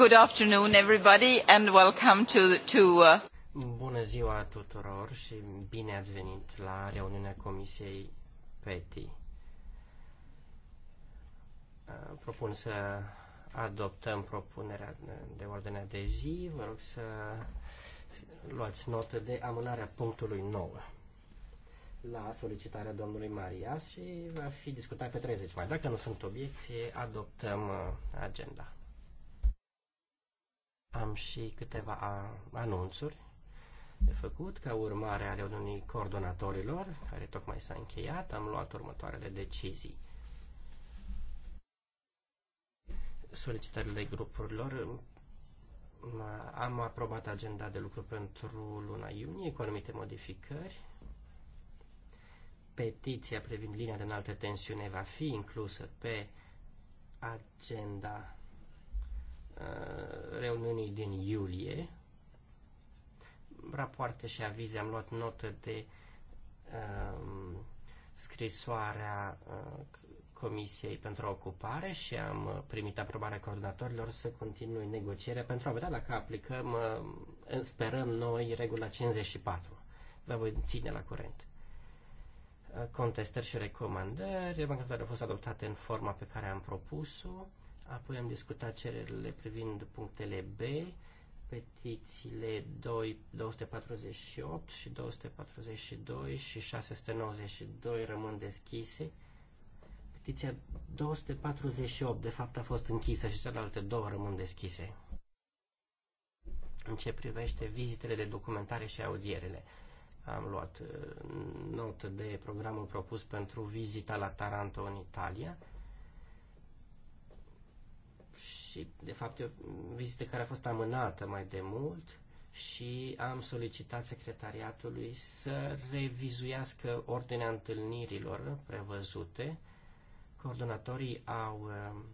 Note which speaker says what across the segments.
Speaker 1: good afternoon everybody and welcome to, to uh...
Speaker 2: Bună ziua tuturor și bine ați venit la reuniunea Comisiei PETI. Uh, propun să adoptăm propunerea de ordine de zi. Vă rog să luați notă de amânarea punctului 9 la solicitarea domnului Marias și va fi discutat pe 30 mai. Dacă nu sunt obiecții, adoptăm uh, agenda. Am și câteva anunțuri de făcut ca urmare ale unui coordonatorilor, care tocmai s-a încheiat, am luat următoarele decizii. Solicitările grupurilor am aprobat agenda de lucru pentru luna iunie cu anumite modificări. Petiția privind linia de înaltă tensiune va fi inclusă pe agenda Uh, reuniunii din iulie. Rapoarte și avize am luat notă de uh, scrisoarea uh, Comisiei pentru Ocupare și am uh, primit aprobarea coordonatorilor să continui negocierea pentru a vedea dacă aplicăm, uh, sperăm noi, regula 54. Vă voi ține la curent uh, contestări și recomandări. Bancatorii au fost adoptate în forma pe care am propus-o. Apoi am discutat cererile privind punctele B, petițiile 2, 248 și 242 și 692 rămân deschise. Petiția 248 de fapt a fost închisă și celelalte două rămân deschise. În ce privește vizitele de documentare și audierele, am luat uh, notă de programul propus pentru vizita la Taranto în Italia și de fapt e o vizită care a fost amânată mai de mult și am solicitat secretariatului să revizuiască ordinea întâlnirilor prevăzute. Coordonatorii au um,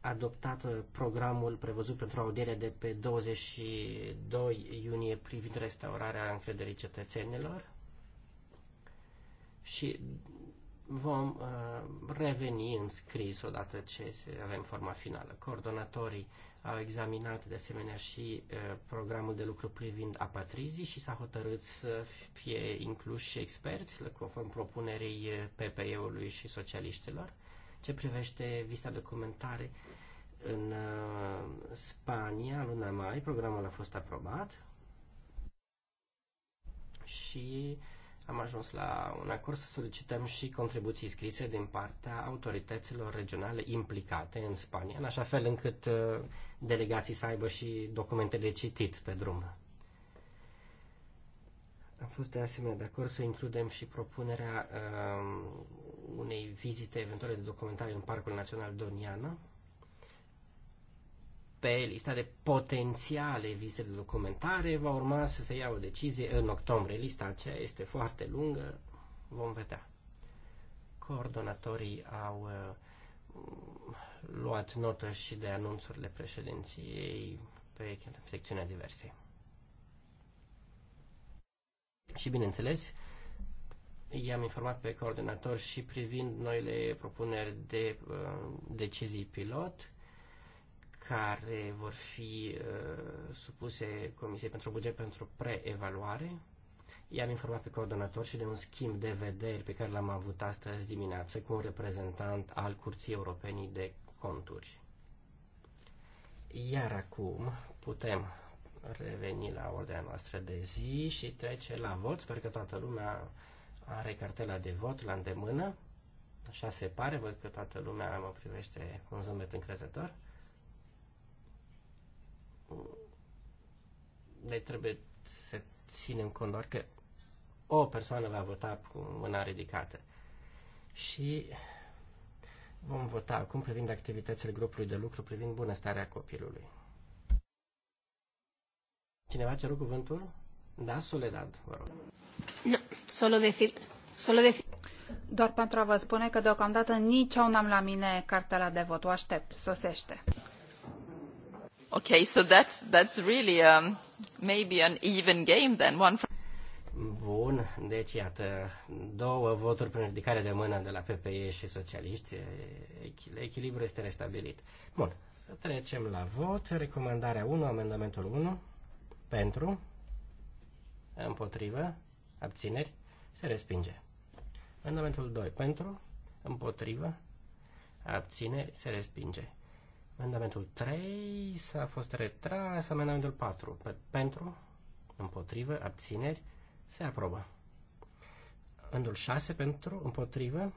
Speaker 2: adoptat uh, programul prevăzut pentru audierea de pe 22 iunie privind restaurarea încrederii cetățenilor și vom uh, reveni în scris odată ce avem forma finală. Coordonatorii au examinat de asemenea și uh, programul de lucru privind apatrizii și s-a hotărât să fie incluși și experți, conform propunerii uh, PPE-ului și socialiștilor. Ce privește vista documentare în uh, Spania, luna mai, programul a fost aprobat și uh, am ajuns la un acord să solicităm și contribuții scrise din partea autorităților regionale implicate în Spania, în așa fel încât uh, delegații să aibă și documentele citit pe drum. Am fost de asemenea de acord să includem și propunerea um, unei vizite eventuale de documentare în Parcul Național Doniana, pe lista de potențiale vize de documentare. Va urma să se ia o decizie în octombrie. Lista aceea este foarte lungă. Vom vedea. Coordonatorii au uh, luat notă și de anunțurile președinției pe secțiunea diverse. Și bineînțeles, i-am informat pe coordonator și privind noile propuneri de uh, decizii pilot care vor fi uh, supuse Comisiei pentru Buget pentru preevaluare. I-am informat pe coordonator și de un schimb de vederi pe care l-am avut astăzi dimineață cu un reprezentant al Curții Europenii de Conturi. Iar acum putem reveni la ordinea noastră de zi și trece la vot. Sper că toată lumea are cartela de vot la îndemână. Așa se pare, văd că toată lumea mă privește cu un zâmbet încrezător ne trebuie să ținem cont doar că o persoană va vota cu mâna ridicată. Și vom vota acum privind activitățile grupului de lucru privind bunăstarea copilului. Cineva ceru cuvântul? Da, Soledad, vă rog.
Speaker 1: No, solo fil. solo fil. Doar pentru a vă spune că deocamdată nici eu n-am la mine cartela de vot, o aștept, sosește. Okay, so that's, that's really um, maybe an even game then. One
Speaker 2: Bun, deci iată, două voturi prin ridicare de mână de la PPE și socialiști, echilibru este restabilit. Bun, să trecem la vot. Recomandarea 1, amendamentul 1, pentru, împotrivă, abțineri, se respinge. Amendamentul 2, pentru, împotrivă, abțineri, se respinge. Amendamentul 3 s-a fost retras, amendamentul 4 pe, pentru, împotrivă, abțineri, se aprobă. Amendamentul 6 pentru, împotrivă,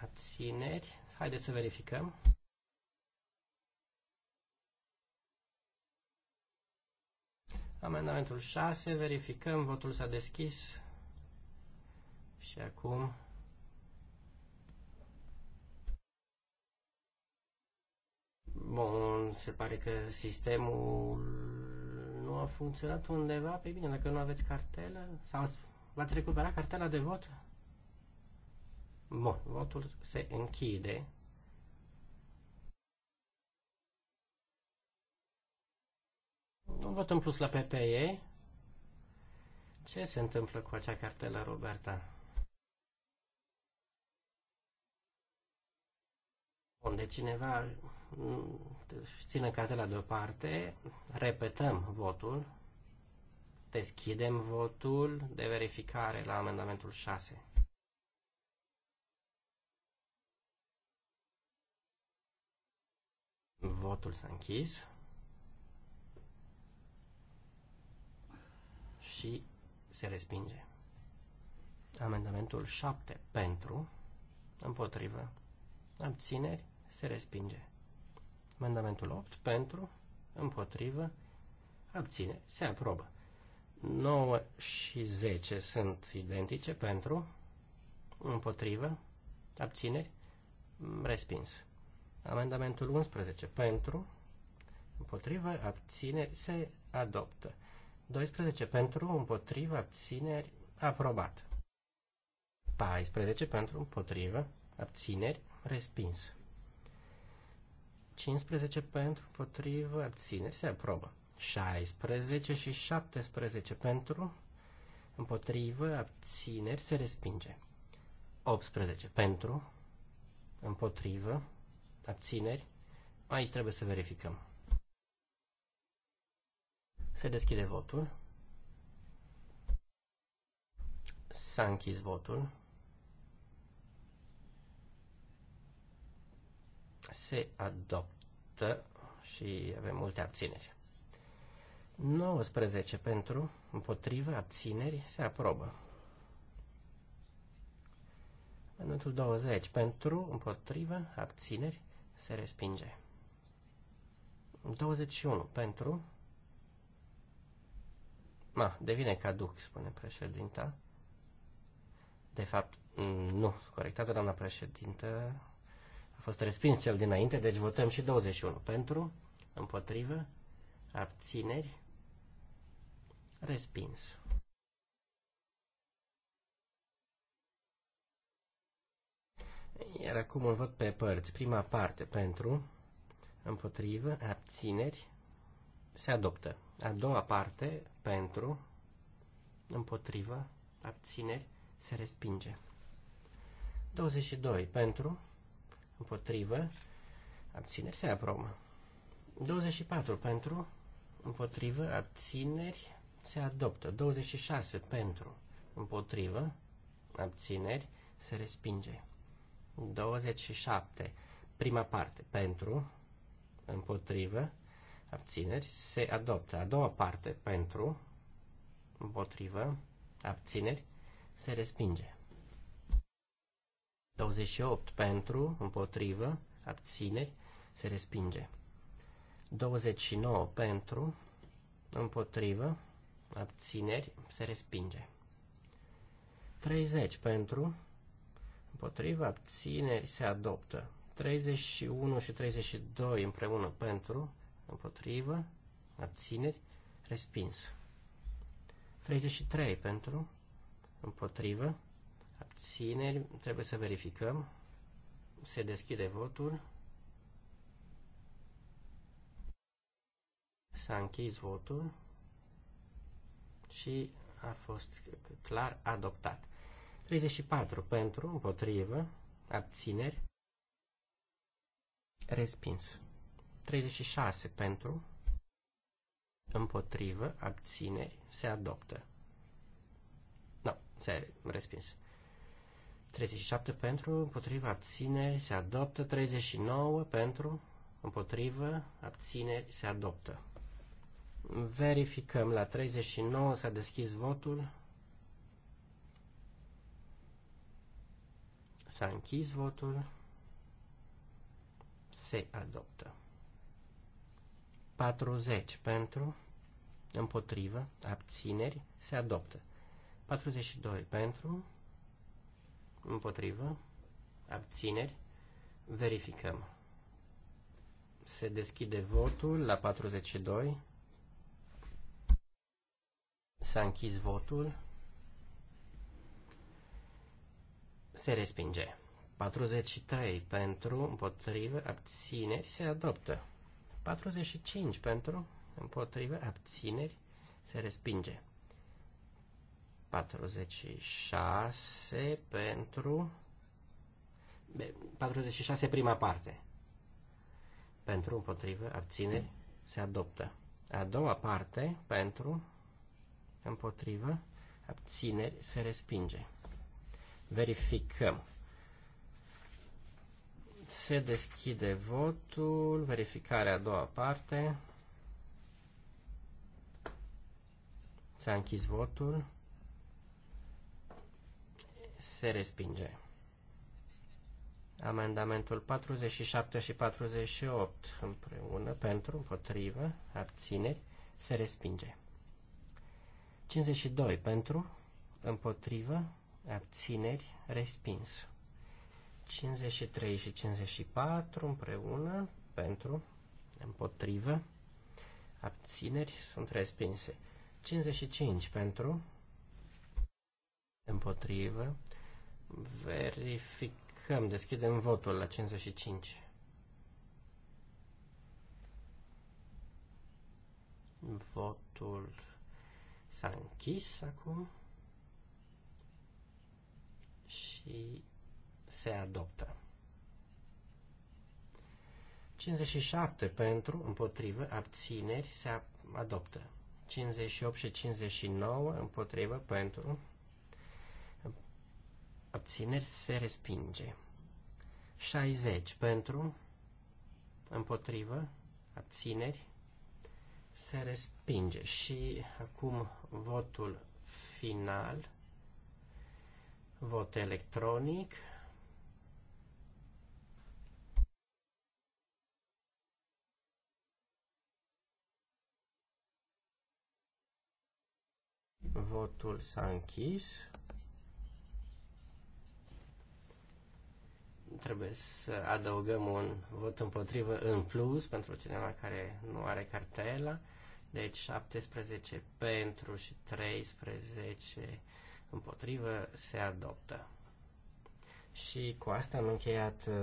Speaker 2: abțineri, haideți să verificăm. Amendamentul 6, verificăm, votul s-a deschis și acum Bun, se pare că sistemul nu a funcționat undeva. Pe păi bine, dacă nu aveți cartelă, sau v-ați recuperat cartela de vot? Bun, votul se închide. Un vot în plus la PPE. Ce se întâmplă cu acea cartelă, Roberta? Unde cineva Mm, ținem cartela deoparte, repetăm votul, deschidem votul de verificare la amendamentul 6. Votul s-a închis. Și se respinge. Amendamentul 7 pentru, împotrivă, abțineri, se respinge. Amendamentul 8 pentru, împotrivă, abține, se aprobă. 9 și 10 sunt identice pentru, împotrivă, abțineri, respins. Amendamentul 11 pentru, împotrivă, abțineri, se adoptă. 12 pentru, împotrivă, abțineri, aprobat. 14 pentru, împotrivă, abțineri, respins. 15 pentru, potrivă, abțineri, se aprobă. 16 și 17 pentru, împotrivă, abțineri, se respinge. 18 pentru, împotrivă, abțineri, aici trebuie să verificăm. Se deschide votul. S-a închis votul. se adoptă și avem multe abțineri. 19 pentru, împotrivă, abțineri, se aprobă. Amendamentul 20 pentru, împotrivă, abțineri, se respinge. 21 pentru, Ma, ah, devine caduc, spune președinta. De fapt, nu, corectează doamna președintă, a fost respins cel dinainte, deci votăm și 21 pentru, împotrivă, abțineri, respins. Iar acum îl văd pe părți. Prima parte pentru, împotrivă, abțineri, se adoptă. A doua parte pentru, împotrivă, abțineri, se respinge. 22. Pentru, împotrivă, abțineri se aprobă. 24 pentru, împotrivă, abțineri se adoptă. 26 pentru, împotrivă, abțineri se respinge. 27 prima parte pentru, împotrivă, abțineri se adoptă. A doua parte pentru, împotrivă, abțineri se respinge. 28 pentru, împotrivă, abțineri, se respinge. 29 pentru, împotrivă, abțineri, se respinge. 30 pentru, împotrivă, abțineri, se adoptă. 31 și 32 împreună pentru, împotrivă, abțineri, respins. 33 pentru, împotrivă, abțineri, trebuie să verificăm. Se deschide votul. S-a închis votul și a fost clar adoptat. 34 pentru, împotrivă, abțineri, respins. 36 pentru, împotrivă, abțineri, se adoptă. Nu, no, se respins. 37 pentru, împotriva abțineri se adoptă, 39 pentru, împotrivă, abțineri se adoptă. Verificăm, la 39 s-a deschis votul, s-a închis votul, se adoptă. 40 pentru, împotrivă, abțineri se adoptă. 42 pentru, împotrivă, abțineri, verificăm. Se deschide votul la 42. S-a închis votul. Se respinge. 43 pentru, împotrivă, abțineri, se adoptă. 45 pentru, împotrivă, abțineri, se respinge. 46 pentru 46 prima parte. Pentru, împotrivă, abțineri, se adoptă. A doua parte, pentru, împotrivă, abțineri, se respinge. Verificăm. Se deschide votul, verificarea a doua parte. S-a închis votul se respinge. Amendamentul 47 și 48 împreună, pentru, împotrivă, abțineri, se respinge. 52 pentru, împotrivă, abțineri, respins. 53 și 54 împreună, pentru, împotrivă, abțineri, sunt respinse. 55 pentru, Împotrivă. Verificăm. Deschidem votul la 55. Votul s-a închis acum și se adoptă. 57 pentru, împotrivă, abțineri, se adoptă. 58 și 59 împotrivă, pentru, abțineri se respinge. 60 pentru, împotrivă, abțineri se respinge. Și acum votul final, vot electronic. Votul s-a închis. trebuie să adăugăm un vot împotrivă în plus pentru cineva care nu are cartela. Deci 17 pentru și 13 împotrivă se adoptă. Și cu asta am încheiat uh,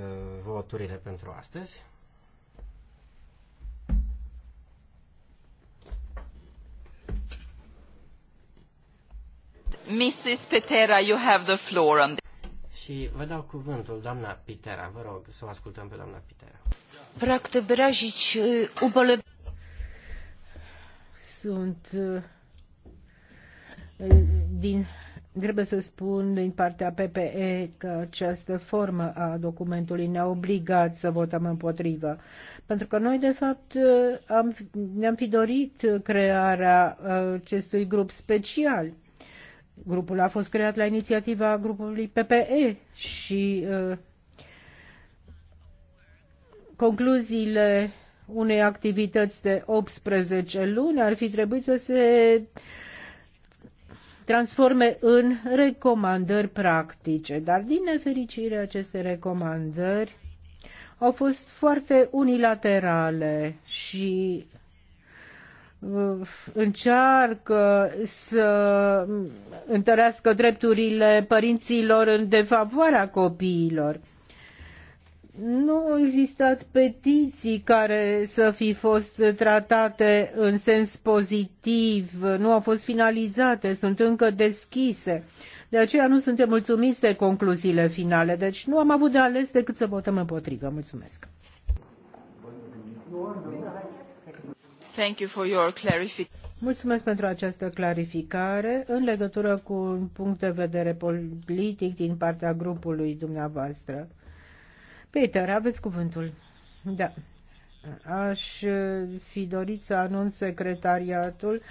Speaker 2: voturile pentru astăzi. Mrs. Petera, you have the floor on this. Și vă dau cuvântul, doamna Pitera, vă rog să o ascultăm pe doamna Pitera.
Speaker 3: Practic, brajici, ubole... Sunt din Trebuie să spun din partea PPE că această formă a documentului ne-a obligat să votăm împotrivă. Pentru că noi, de fapt, am, ne-am fi dorit crearea uh, acestui grup special. Grupul a fost creat la inițiativa grupului PPE și uh, concluziile unei activități de 18 luni ar fi trebuit să se transforme în recomandări practice. Dar, din nefericire, aceste recomandări au fost foarte unilaterale și încearcă să întărească drepturile părinților în defavoarea copiilor. Nu au existat petiții care să fi fost tratate în sens pozitiv, nu au fost finalizate, sunt încă deschise. De aceea nu suntem mulțumiți de concluziile finale, deci nu am avut de ales decât să votăm împotrivă. Mulțumesc! Mulțumesc pentru această clarificare în legătură cu un punct de vedere politic din partea grupului dumneavoastră. Peter, aveți cuvântul. Da. Aș fi dorit să anunț secretariatul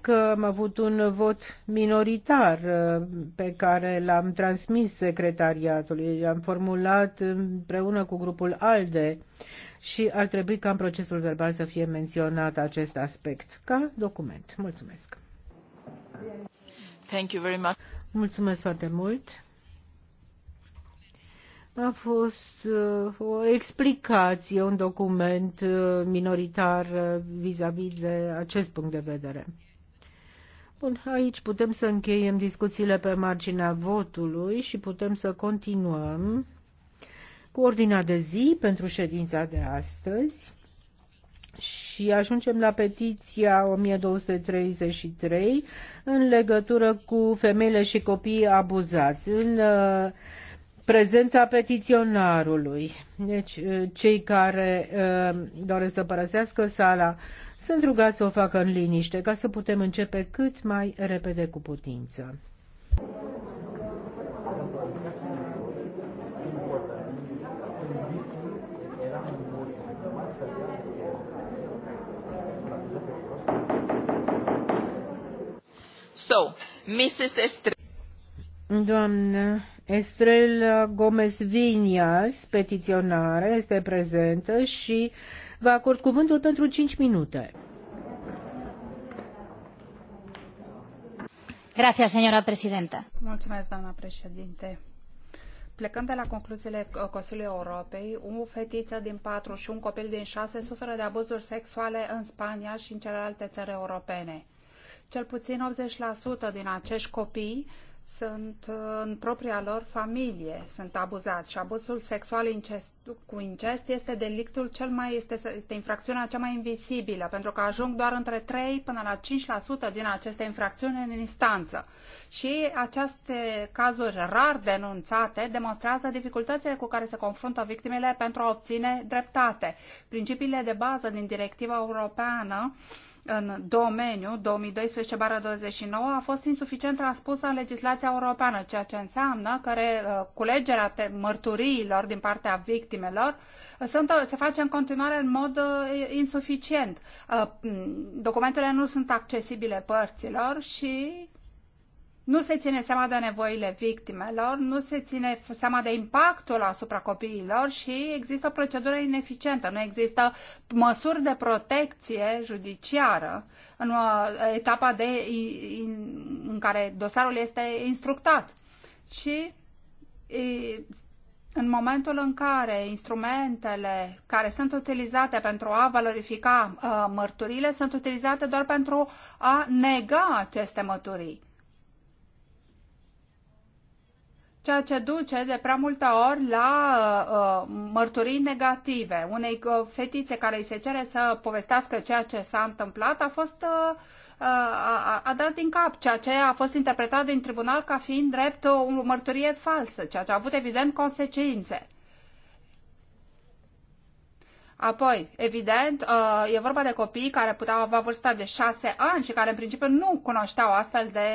Speaker 3: că am avut un vot minoritar uh, pe care l-am transmis secretariatului. Am formulat împreună cu grupul ALDE și ar trebui ca în procesul verbal să fie menționat acest aspect ca document. Mulțumesc!
Speaker 1: Thank you very much.
Speaker 3: Mulțumesc foarte mult! A fost uh, o explicație, un document uh, minoritar uh, vis-a-vis uh, -vis de acest punct de vedere. Bun, aici putem să încheiem discuțiile pe marginea votului și putem să continuăm cu ordinea de zi pentru ședința de astăzi și ajungem la petiția 1233 în legătură cu femeile și copiii abuzați. În uh, prezența petiționarului. Deci, uh, cei care uh, doresc să părăsească sala sunt rugați să o facă în liniște ca să putem începe cât mai repede cu putință. Doamnă Mrs. Estrella. Gomez Vinias, petiționare, este prezentă și vă acord cuvântul pentru 5 minute.
Speaker 1: Gracias, señora presidenta. Mulțumesc, doamna președinte. Plecând de la concluziile Consiliului Europei, o fetiță din patru și un copil din șase suferă de abuzuri sexuale în Spania și în celelalte țări europene. Cel puțin 80% din acești copii sunt uh, în propria lor familie, sunt abuzați și abuzul sexual incest, cu incest este delictul cel mai, este, este infracțiunea cea mai invisibilă, pentru că ajung doar între 3 până la 5% din aceste infracțiuni în instanță. Și aceste cazuri rar denunțate demonstrează dificultățile cu care se confruntă victimele pentru a obține dreptate. Principiile de bază din directiva europeană uh, în domeniu 2012-29 a fost insuficient transpusă în legislația europeană, ceea ce înseamnă că uh, culegerea mărturiilor din partea victimelor uh, sunt, uh, se face în continuare în mod insuficient. Documentele nu sunt accesibile părților și nu se ține seama de nevoile victimelor, nu se ține seama de impactul asupra copiilor și există o procedură ineficientă. Nu există măsuri de protecție judiciară în uh, etapa de, în care dosarul este instructat. Și în momentul în care instrumentele care sunt utilizate pentru a valorifica uh, mărturile sunt utilizate doar pentru a nega aceste mărturii. ceea ce duce de prea multe ori la uh, uh, mărturii negative. Unei uh, fetițe care îi se cere să povestească ceea ce s-a întâmplat a fost uh, uh, a, a dat din cap, ceea ce a fost interpretat din tribunal ca fiind drept o mărturie falsă, ceea ce a avut evident consecințe. Apoi, evident, uh, e vorba de copii care puteau avea vârsta de șase ani și care în principiu nu cunoșteau astfel de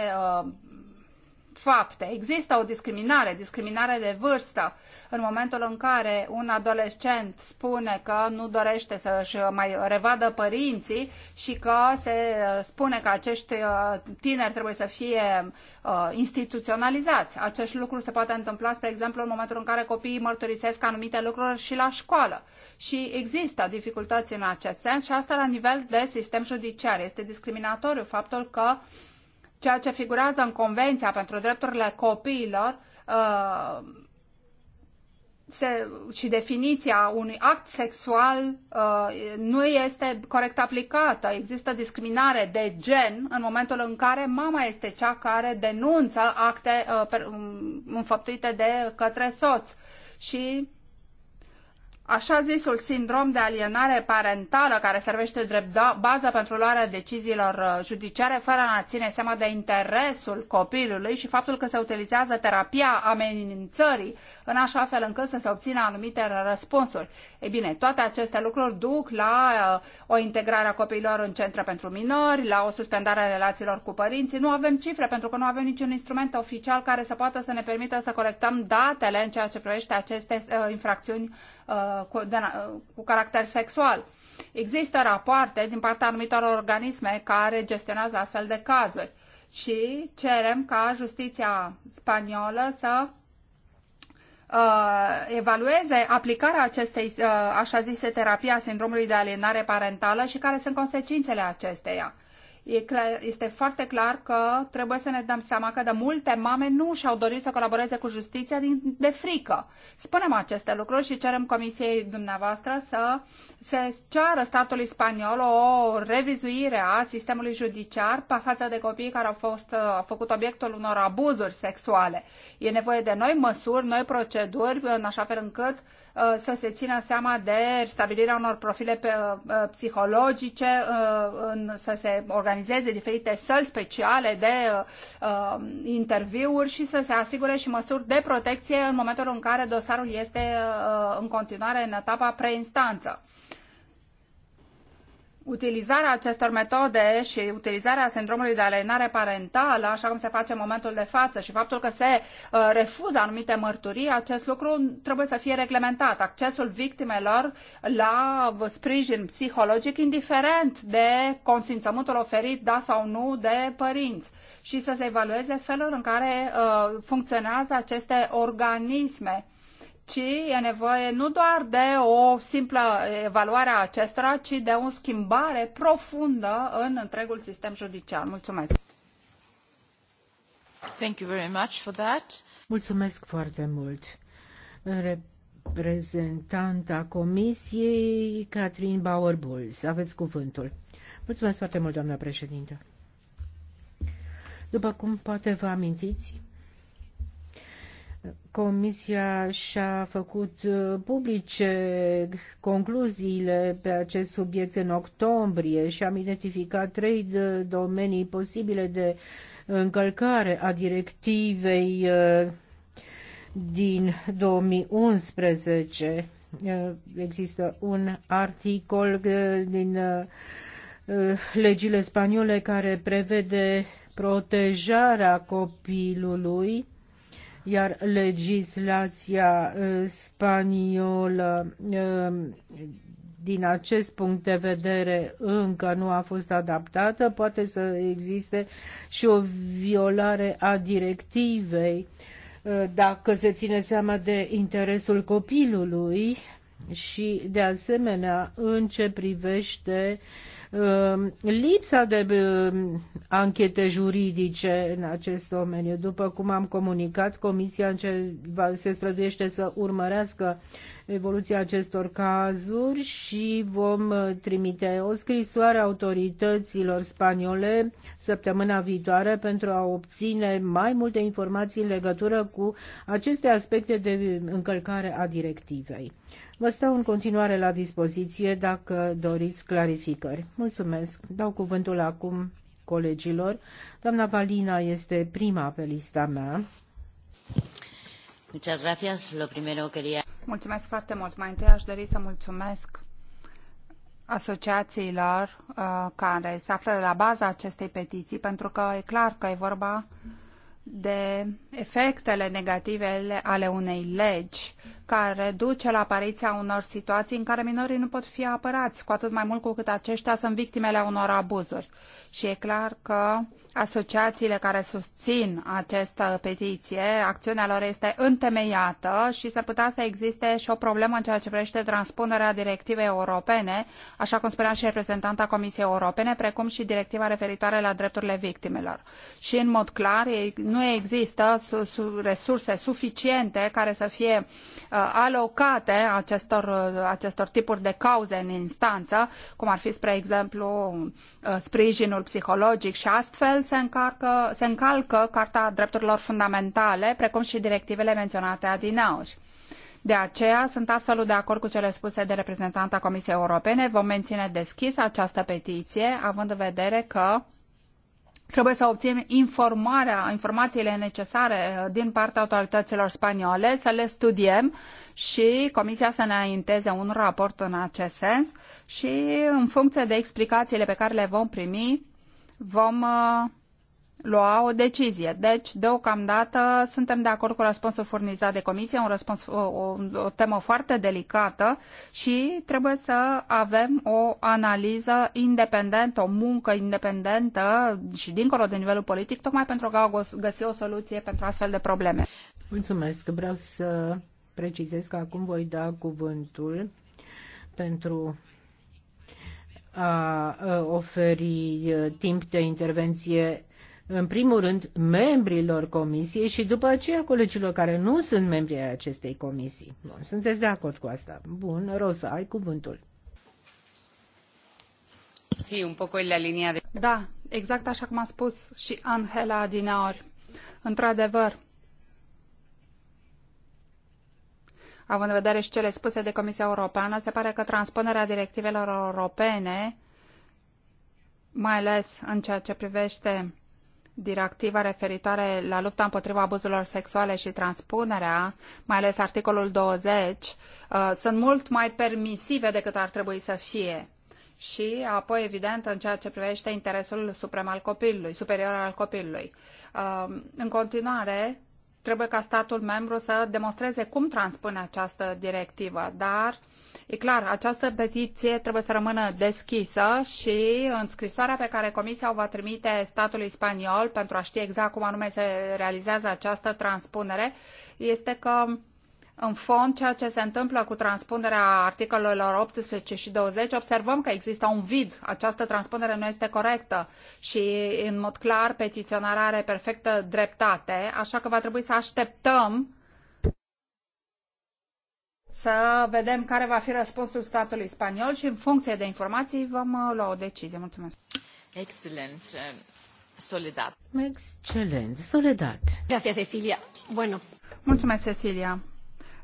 Speaker 1: fapte. Există o discriminare, discriminare de vârstă, în momentul în care un adolescent spune că nu dorește să-și mai revadă părinții și că se uh, spune că acești uh, tineri trebuie să fie uh, instituționalizați. Acest lucru se poate întâmpla, spre exemplu, în momentul în care copiii mărturisesc anumite lucruri și la școală. Și există dificultăți în acest sens și asta la nivel de sistem judiciar. Este discriminatoriu faptul că uh, ceea ce figurează în Convenția pentru Drepturile Copiilor uh, se, și definiția unui act sexual uh, nu este corect aplicată. Există discriminare de gen în momentul în care mama este cea care denunță acte uh, per, um, înfăptuite de către soț. Și așa zisul sindrom de alienare parentală care servește drept da, bază pentru luarea deciziilor uh, judiciare fără a ține seama de interesul copilului și faptul că se utilizează terapia amenințării în așa fel încât să se obțină anumite răspunsuri. E bine, toate aceste lucruri duc la uh, o integrare a copiilor în centre pentru minori, la o suspendare a relațiilor cu părinții. Nu avem cifre pentru că nu avem niciun instrument oficial care să poată să ne permită să colectăm datele în ceea ce privește aceste uh, infracțiuni uh, cu, de, cu caracter sexual. Există rapoarte din partea anumitor organisme care gestionează astfel de cazuri și cerem ca justiția spaniolă să uh, evalueze aplicarea acestei uh, așa zise terapia sindromului de alienare parentală și care sunt consecințele acesteia. E clar, este foarte clar că trebuie să ne dăm seama că de multe mame nu și-au dorit să colaboreze cu justiția din, de frică. Spunem aceste lucruri și cerem Comisiei dumneavoastră să se ceară statului spaniol o revizuire a sistemului judiciar pe față de copii care au fost uh, au făcut obiectul unor abuzuri sexuale. E nevoie de noi măsuri, noi proceduri, în așa fel încât uh, Uh, să se țină seama de stabilirea unor profile uh, uh, psihologice, să se organizeze diferite săli speciale de interviuri și să se asigure și măsuri de protecție în momentul în care dosarul este în continuare în etapa preinstanță utilizarea acestor metode și utilizarea sindromului de alienare parentală, așa cum se face în momentul de față, și faptul că se uh, refuză anumite mărturii, acest lucru trebuie să fie reglementat. Accesul victimelor la sprijin psihologic, indiferent de consimțământul oferit, da sau nu, de părinți și să se evalueze felul în care uh, funcționează aceste organisme ci e nevoie nu doar de o simplă evaluare a acestora, ci de o schimbare profundă în întregul sistem judiciar. Mulțumesc! Thank you very much for that.
Speaker 3: Mulțumesc foarte mult! Reprezentanta Comisiei, Catherine Bauer-Bulls, aveți cuvântul. Mulțumesc foarte mult, doamna președintă! După cum poate vă amintiți, Comisia și-a făcut uh, publice concluziile pe acest subiect în octombrie și am identificat trei domenii posibile de încălcare a directivei uh, din 2011. Uh, există un articol din legile spaniole care prevede protejarea copilului iar legislația uh, spaniolă uh, din acest punct de vedere încă nu a fost adaptată, poate să existe și o violare a directivei uh, dacă se ține seama de interesul copilului și de asemenea în ce privește uh, Ehm, lipsa de ehm, anchete juridice în acest domeniu. După cum am comunicat, Comisia se străduiește să urmărească evoluția acestor cazuri și vom eh, trimite o scrisoare autorităților spaniole săptămâna viitoare pentru a obține mai multe informații în legătură cu aceste aspecte de încălcare a directivei. Vă stau în continuare la dispoziție dacă doriți clarificări. Mulțumesc. Dau cuvântul acum colegilor. Doamna Valina este prima pe
Speaker 1: lista mea. Muchas gracias. Lo primero quería... Mulțumesc foarte mult. Mai întâi aș dori să mulțumesc asociațiilor uh, care se află la baza acestei petiții, pentru că e clar că e vorba de efectele negative ale unei legi care duce la apariția unor situații în care minorii nu pot fi apărați, cu atât mai mult cu cât aceștia sunt victimele unor abuzuri. Și e clar că asociațiile care susțin această petiție, acțiunea lor este întemeiată și s-ar putea să existe și o problemă în ceea ce privește transpunerea directivei europene, așa cum spunea și reprezentanta Comisiei Europene, precum și directiva referitoare la drepturile victimelor. Și, în mod clar, nu există su su resurse suficiente care să fie uh, alocate acestor, uh, acestor tipuri de cauze în instanță, cum ar fi, spre exemplu, uh, sprijinul psihologic și astfel, rând se, încarcă, se încalcă Carta Drepturilor Fundamentale, precum și directivele menționate adinauri. De aceea sunt absolut de acord cu cele spuse de reprezentanta Comisiei Europene. Vom menține deschis această petiție, având în vedere că trebuie să obținem informarea, informațiile necesare uh, din partea autorităților spaniole, să le studiem și Comisia să ne înainteze un raport în acest sens și în funcție de explicațiile pe care le vom primi, vom uh, lua o decizie. Deci, deocamdată, suntem de acord cu răspunsul furnizat de comisie, un răspuns, o, o, temă foarte delicată și trebuie să avem o analiză independentă, o muncă independentă și dincolo de nivelul politic, tocmai pentru a găsi o soluție pentru astfel de probleme.
Speaker 3: Mulțumesc. Vreau să precizez că acum voi da cuvântul pentru a oferi timp de intervenție în primul rând membrilor comisiei și după aceea colegilor care nu sunt membri ai acestei comisii. Bun, sunteți de acord cu asta? Bun, Rosa, ai cuvântul.
Speaker 1: Si, un poco la linia de... Da, exact așa cum a spus și Angela Adinaori. Într-adevăr, având în vedere și cele spuse de Comisia Europeană, se pare că transpunerea directivelor europene, mai ales în ceea ce privește directiva referitoare la lupta împotriva abuzurilor sexuale și transpunerea, mai ales articolul 20, uh, sunt mult mai permisive decât ar trebui să fie. Și apoi, evident, în ceea ce privește interesul suprem al copilului, superior al copilului. Uh, în continuare, Trebuie ca statul membru să demonstreze cum transpune această directivă, dar e clar, această petiție trebuie să rămână deschisă și în scrisoarea pe care Comisia o va trimite statului spaniol pentru a ști exact cum anume se realizează această transpunere, este că în fond ceea ce se întâmplă cu transpunerea articolelor 18 și 20, observăm că există un vid. Această transpunere nu este corectă și, în mod clar, petiționarea are perfectă dreptate, așa că va trebui să așteptăm să vedem care va fi răspunsul statului spaniol și, în funcție de informații, vom uh, lua o decizie. Mulțumesc!
Speaker 3: Excelent! Uh, Soledad.
Speaker 1: Excelent! Soledad! Gracias, Cecilia! Bueno. Mulțumesc, Cecilia!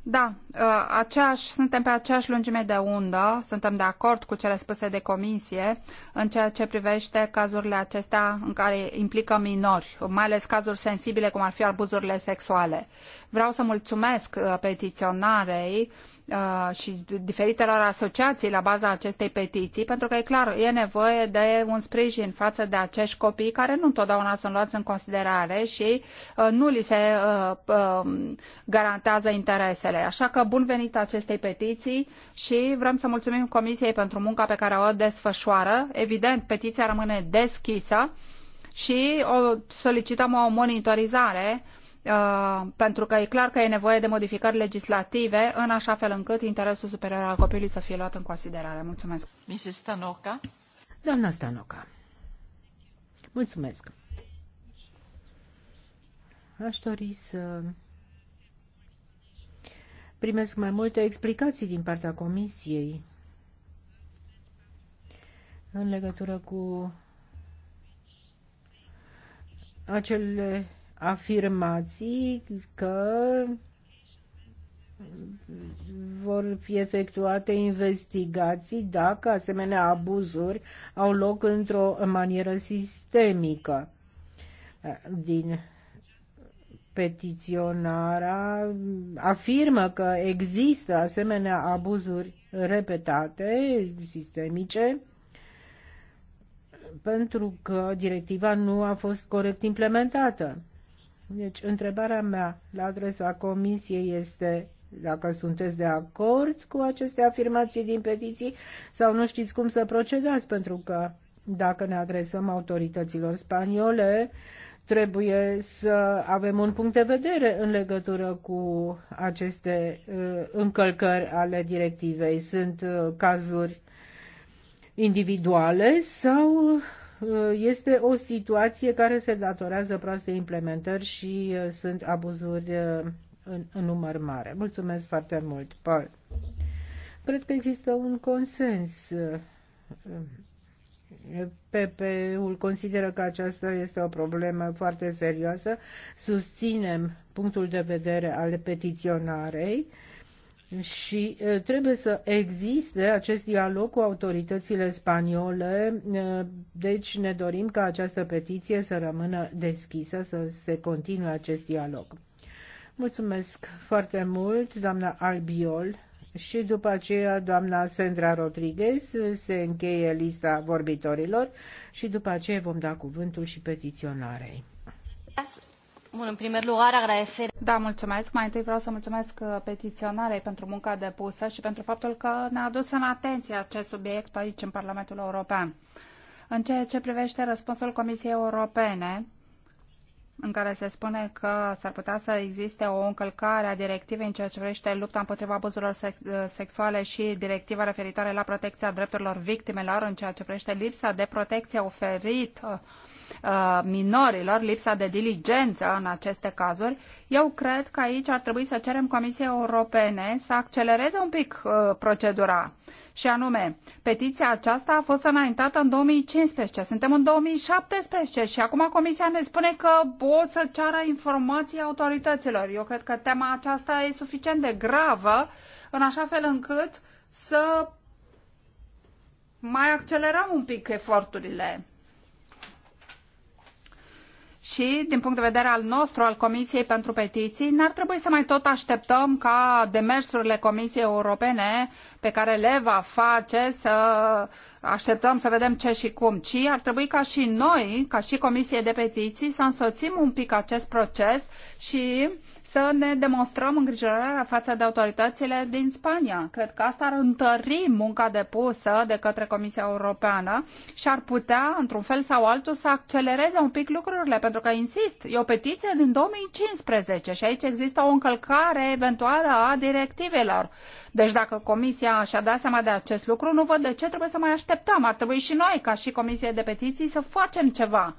Speaker 1: Da, uh, aceeași, suntem pe aceeași lungime de undă, suntem de acord cu cele spuse de comisie în ceea ce privește cazurile acestea în care implică minori, mai ales cazuri sensibile cum ar fi abuzurile sexuale. Vreau să mulțumesc uh, petiționarei uh, Uh, și diferitelor asociații la baza acestei petiții, pentru că e clar, e nevoie de un sprijin față de acești copii care nu întotdeauna sunt luați în considerare și uh, nu li se uh, um, garantează interesele. Așa că bun venit acestei petiții și vrem să mulțumim Comisiei pentru munca pe care o desfășoară. Evident, petiția rămâne deschisă și o solicităm o monitorizare Uh, pentru că e clar că e nevoie de modificări legislative în așa fel încât interesul superior al copilului să fie luat în considerare. Mulțumesc. Mrs. Stanoca. Doamna Stanoca. Mulțumesc.
Speaker 3: Aș dori să primesc mai multe explicații din partea Comisiei în legătură cu acele afirmații că vor fi efectuate investigații dacă asemenea abuzuri au loc într-o manieră sistemică. Din petiționara afirmă că există asemenea abuzuri repetate, sistemice, pentru că directiva nu a fost corect implementată. Deci, întrebarea mea la adresa Comisiei este dacă sunteți de acord cu aceste afirmații din petiții sau nu știți cum să procedați, pentru că dacă ne adresăm autorităților spaniole, trebuie să avem un punct de vedere în legătură cu aceste uh, încălcări ale directivei. Sunt uh, cazuri individuale sau Eh, este o situație care se datorează proaste implementări și eh, sunt abuzuri eh, în, în număr mare. Mulțumesc foarte mult, Paul. Cred că există un consens. PP-ul consideră că aceasta este o problemă foarte serioasă. Susținem punctul de vedere al petiționarei și trebuie să existe acest dialog cu autoritățile spaniole. Deci ne dorim ca această petiție să rămână deschisă, să se continue acest dialog. Mulțumesc foarte mult, doamna Albiol. Și după aceea, doamna Sandra Rodriguez, se încheie lista vorbitorilor și după aceea vom da cuvântul și petiționarei
Speaker 1: în Da, mulțumesc. Mai întâi vreau să mulțumesc uh, petiționarei pentru munca depusă și pentru faptul că ne-a adus în atenție acest subiect aici, în Parlamentul European. În ceea ce privește răspunsul Comisiei Europene, în care se spune că s-ar putea să existe o încălcare a directivei în ceea ce privește lupta împotriva abuzurilor sex uh, sexuale și directiva referitoare la protecția drepturilor victimelor în ceea ce privește lipsa de protecție oferită Uh, minorilor, lipsa de diligență în aceste cazuri, eu cred că aici ar trebui să cerem Comisiei Europene să accelereze un pic uh, procedura. Și anume, petiția aceasta a fost înaintată în 2015, suntem în 2017 și acum Comisia ne spune că o să ceară informații autorităților. Eu cred că tema aceasta e suficient de gravă în așa fel încât să mai accelerăm un pic eforturile și, din punct de vedere al nostru, al Comisiei pentru Petiții, n-ar trebui să mai tot așteptăm ca demersurile Comisiei Europene pe care le va face să așteptăm să vedem ce și cum, ci ar trebui ca și noi, ca și Comisie de Petiții, să însoțim un pic acest proces și să ne demonstrăm îngrijorarea față de autoritățile din Spania. Cred că asta ar întări munca depusă de către Comisia Europeană și ar putea, într-un fel sau altul, să accelereze un pic lucrurile, pentru că, insist, e o petiție din 2015 și aici există o încălcare eventuală a directivelor. Deci dacă Comisia și-a dat seama de acest lucru, nu văd de ce trebuie să mai așteptăm. Ar trebui și noi, ca și Comisie de Petiții, să facem ceva.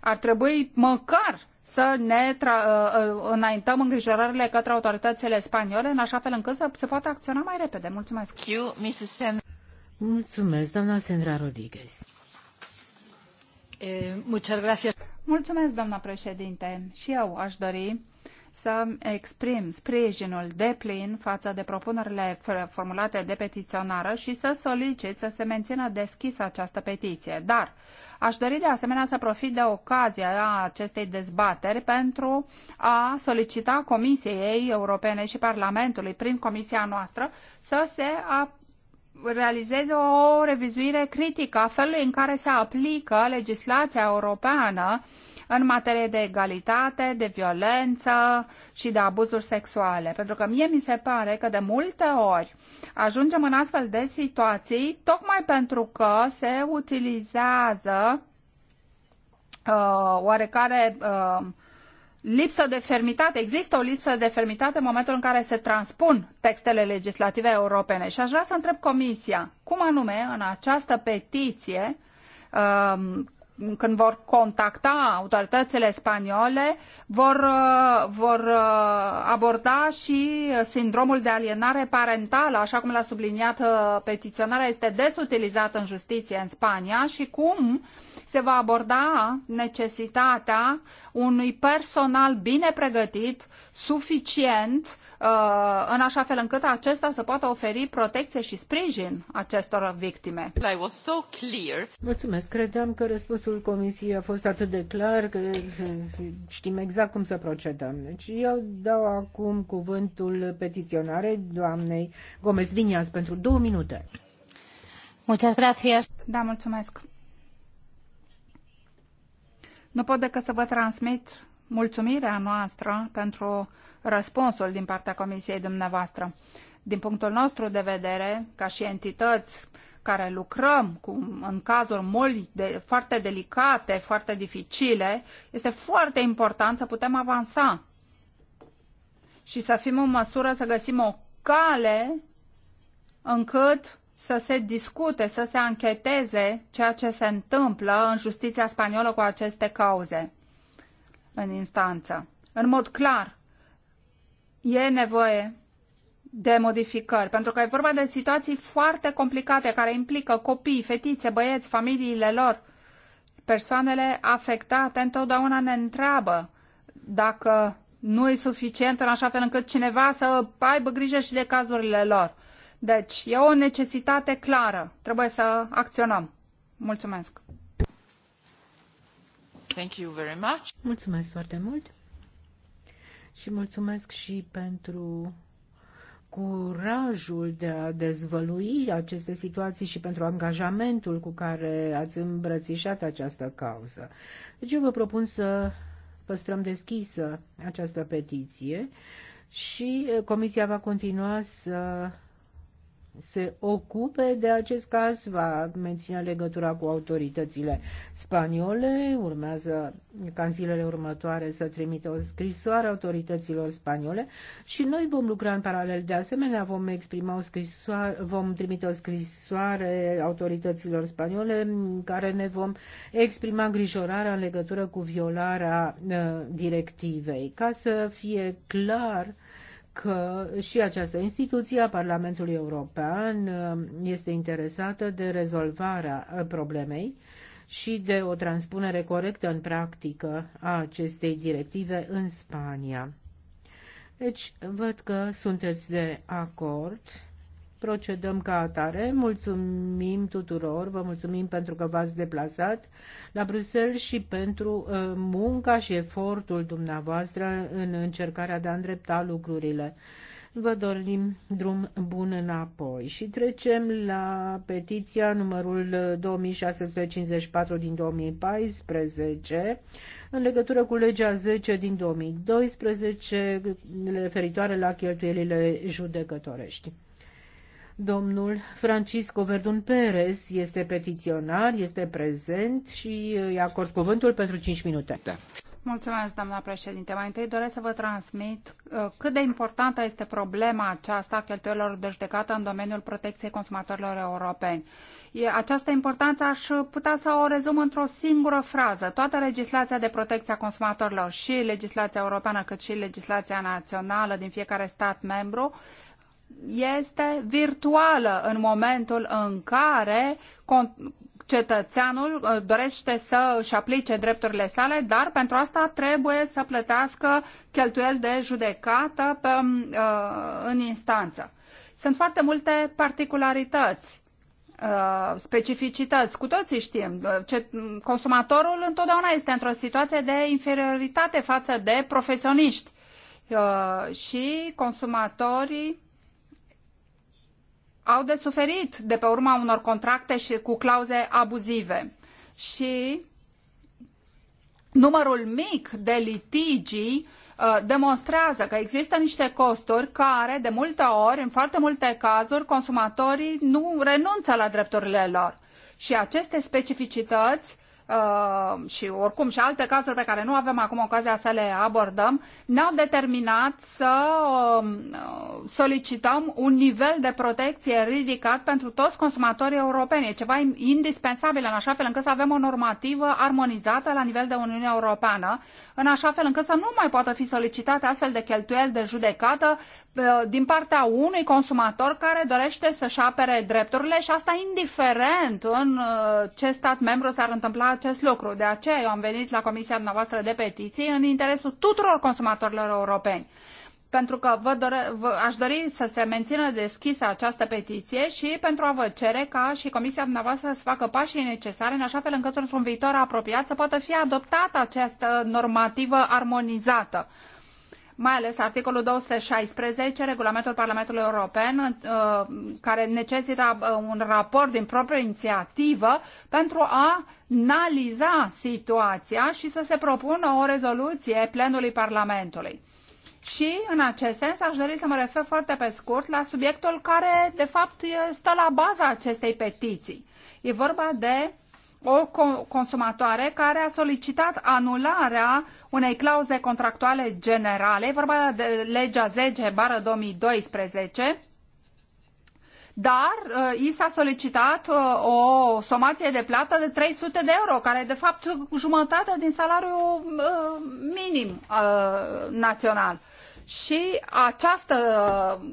Speaker 1: Ar trebui măcar să ne ă, ă, înaintăm îngrijorările către autoritățile spaniole, în așa fel încât să se poată acționa mai repede. Mulțumesc!
Speaker 3: Mulțumesc, doamna Sandra Rodriguez.
Speaker 1: Eh, Mulțumesc, doamna președinte. Și eu aș dori să exprim sprijinul deplin față de propunerile formulate de petiționară și să solicit să se mențină deschisă această petiție. Dar aș dori de asemenea să profit de ocazia acestei dezbateri pentru a solicita Comisiei Europene și Parlamentului prin Comisia noastră să se realizeze o revizuire critică a felului în care se aplică legislația europeană în materie de egalitate, de violență și de abuzuri sexuale. Pentru că mie mi se pare că de multe ori ajungem în astfel de situații tocmai pentru că se utilizează uh, oarecare uh, lipsă de fermitate, există o lipsă de fermitate în momentul în care se transpun textele legislative europene. Și aș vrea să întreb Comisia, cum anume în această petiție um, când vor contacta autoritățile spaniole, vor, uh, vor uh, aborda și sindromul de alienare parentală, așa cum l-a subliniat uh, petiționarea, este des utilizat în justiție în Spania și cum se va aborda necesitatea unui personal bine pregătit, suficient, Uh, în așa fel încât acesta să poată oferi protecție și sprijin acestor victime.
Speaker 3: Mulțumesc. Credeam că răspunsul Comisiei a fost atât de clar că știm exact cum să procedăm. Deci eu dau acum cuvântul petiționare doamnei Gomez
Speaker 1: Vinias pentru două minute. Muchas gracias. Da, mulțumesc. Nu pot decât să vă transmit mulțumirea noastră pentru răspunsul din partea Comisiei dumneavoastră. Din punctul nostru de vedere, ca și entități care lucrăm cu, în cazuri mult de, foarte delicate, foarte dificile, este foarte important să putem avansa și să fim în măsură să găsim o cale încât să se discute, să se ancheteze ceea ce se întâmplă în justiția spaniolă cu aceste cauze în instanță. În mod clar, e nevoie de modificări, pentru că e vorba de situații foarte complicate care implică copii, fetițe, băieți, familiile lor. Persoanele afectate întotdeauna ne întreabă dacă nu e suficient în așa fel încât cineva să aibă grijă și de cazurile lor. Deci, e o necesitate clară. Trebuie să acționăm. Mulțumesc! Mulțumesc foarte mult
Speaker 3: și mulțumesc și pentru curajul de a dezvălui aceste situații și pentru angajamentul cu care ați îmbrățișat această cauză. Deci eu vă propun să păstrăm deschisă această petiție și Comisia va continua să se ocupe de acest caz, va menține legătura cu autoritățile spaniole, urmează ca în zilele următoare să trimită o scrisoare autorităților spaniole și noi vom lucra în paralel. De asemenea, vom exprima o scrisoare, vom trimite o scrisoare autorităților spaniole în care ne vom exprima îngrijorarea în legătură cu violarea uh, directivei. Ca să fie clar, că și această instituție a Parlamentului European uh, este interesată de rezolvarea uh, problemei și de o transpunere corectă în practică a acestei directive în Spania. Deci, văd că sunteți de acord procedăm ca atare. Mulțumim tuturor, vă mulțumim pentru că v-ați deplasat la Bruxelles și pentru uh, munca și efortul dumneavoastră în încercarea de a îndrepta lucrurile. Vă dorim drum bun înapoi și trecem la petiția numărul 2654 uh, din 2014 în legătură cu legea 10 din 2012 referitoare la cheltuielile judecătorești. Domnul Francisco Verdun Perez este petiționar, este prezent și îi acord cuvântul pentru 5 minute. Da.
Speaker 1: Mulțumesc, doamna președinte. Mai întâi doresc să vă transmit uh, cât de importantă este problema aceasta a cheltuielor de judecată în domeniul protecției consumatorilor europeni. Această importanță aș putea să o rezum într-o singură frază. Toată legislația de protecție a consumatorilor, și legislația europeană, cât și legislația națională din fiecare stat membru, este virtuală în momentul în care cetățeanul uh, dorește să își aplice drepturile sale, dar pentru asta trebuie să plătească cheltuieli de judecată pe, uh, în instanță. Sunt foarte multe particularități uh, specificități. Cu toții știm, consumatorul întotdeauna este într-o situație de inferioritate față de profesioniști și consumatorii au de suferit de pe urma unor contracte și cu clauze abuzive. Și numărul mic de litigii uh, demonstrează că există niște costuri care, de multe ori, în foarte multe cazuri, consumatorii nu renunță la drepturile lor. Și aceste specificități Uh, și oricum și alte cazuri pe care nu avem acum ocazia să le abordăm, ne-au determinat să um, uh, solicităm un nivel de protecție ridicat pentru toți consumatorii europeni. E ceva indispensabil în așa fel încât să avem o normativă armonizată la nivel de Uniunea Europeană, în așa fel încât să nu mai poată fi solicitate astfel de cheltuieli de judecată uh, din partea unui consumator care dorește să-și apere drepturile și asta indiferent în ce stat membru s-ar întâmpla acest lucru. De aceea eu am venit la Comisia noastră de petiții în interesul tuturor consumatorilor europeni pentru că vă dore, vă, aș dori să se mențină deschisă această petiție și pentru a vă cere ca și Comisia dumneavoastră să facă pașii necesare în așa fel încât într-un viitor apropiat să poată fi adoptată această normativă armonizată mai ales articolul 216, regulamentul Parlamentului European, uh, care necesită uh, un raport din proprie inițiativă pentru a analiza situația și să se propună o rezoluție plenului Parlamentului. Și, în acest sens, aș dori să mă refer foarte pe scurt la subiectul care, de fapt, stă la baza acestei petiții. E vorba de o consumatoare care a solicitat anularea unei clauze contractuale generale, vorba de legea 10 bară 2012, dar uh, i s-a solicitat uh, o somație de plată de 300 de euro, care e de fapt jumătate din salariul uh, minim uh, național. Și această uh,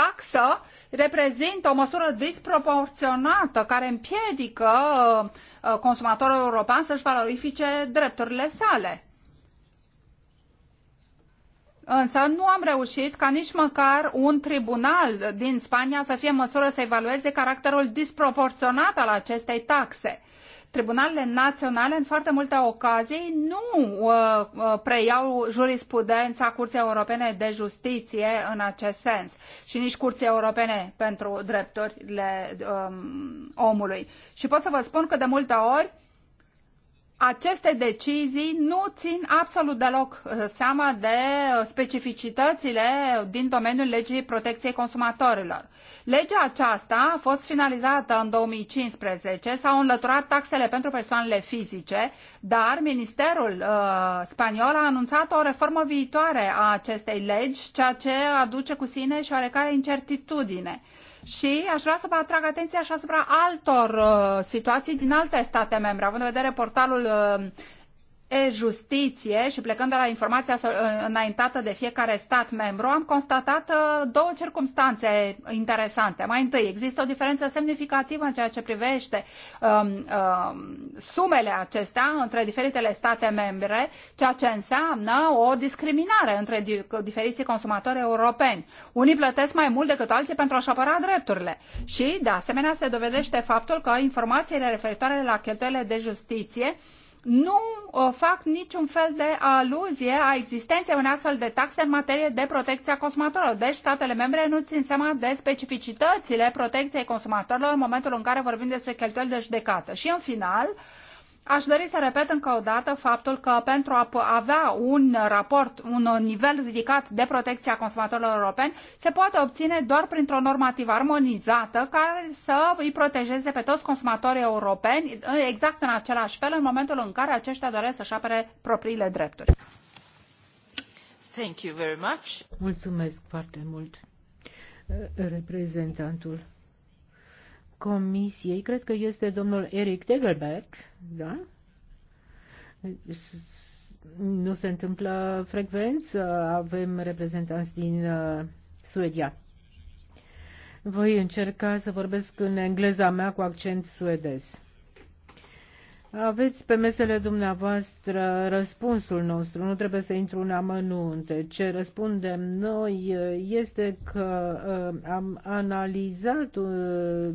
Speaker 1: taxă reprezintă o măsură disproporționată care împiedică uh, uh, consumatorul european să-și valorifice drepturile sale. Însă nu am reușit ca nici măcar un tribunal din Spania să fie în măsură să evalueze caracterul disproporționat al acestei taxe tribunalele naționale în foarte multe ocazii nu uh, uh, preiau jurisprudența Curții Europene de Justiție în acest sens și nici Curții Europene pentru drepturile um, omului. Și pot să vă spun că de multe ori aceste decizii nu țin absolut deloc uh, seama de uh, specificitățile din domeniul legii protecției consumatorilor. Legea aceasta a fost finalizată în 2015, s-au înlăturat taxele pentru persoanele fizice, dar Ministerul uh, Spaniol a anunțat o reformă viitoare a acestei legi, ceea ce aduce cu sine și oarecare incertitudine. Uh, și aș vrea să vă atrag atenția și asupra altor uh, situații din alte state membre, având în vedere portalul uh, e-justiție și plecând de la informația ă, înaintată de fiecare stat membru, am constatat ă, două circumstanțe interesante. Mai întâi, există o diferență semnificativă în ceea ce privește um, um, sumele acestea între diferitele state membre, ceea ce înseamnă o discriminare între diferiții consumatori europeni. Unii plătesc mai mult decât alții pentru a-și apăra drepturile și, de asemenea, se dovedește faptul că informațiile referitoare la cheltuielile de justiție nu uh, fac niciun fel de aluzie a existenței unei astfel de taxe în materie de protecție a consumatorilor. Deci statele membre nu țin seama de specificitățile protecției consumatorilor în momentul în care vorbim despre cheltuieli de judecată. Și în final, uh, Aș dori să repet încă o dată faptul că pentru a avea un raport, un nivel ridicat de protecție a consumatorilor europeni, se poate obține doar printr-o normativă armonizată care să îi protejeze pe toți consumatorii europeni exact în același fel în momentul în care aceștia doresc să-și apere propriile drepturi.
Speaker 3: Thank you very much. Mulțumesc foarte mult, reprezentantul Comisiei, cred că este domnul Eric Degelberg, da? Nu se întâmplă frecvent să avem reprezentanți din uh, Suedia. Voi încerca să vorbesc în engleza mea cu accent suedez. Aveți pe mesele dumneavoastră răspunsul nostru, nu trebuie să intru în amănunte. Ce răspundem noi eh, este că eh, am analizat eh,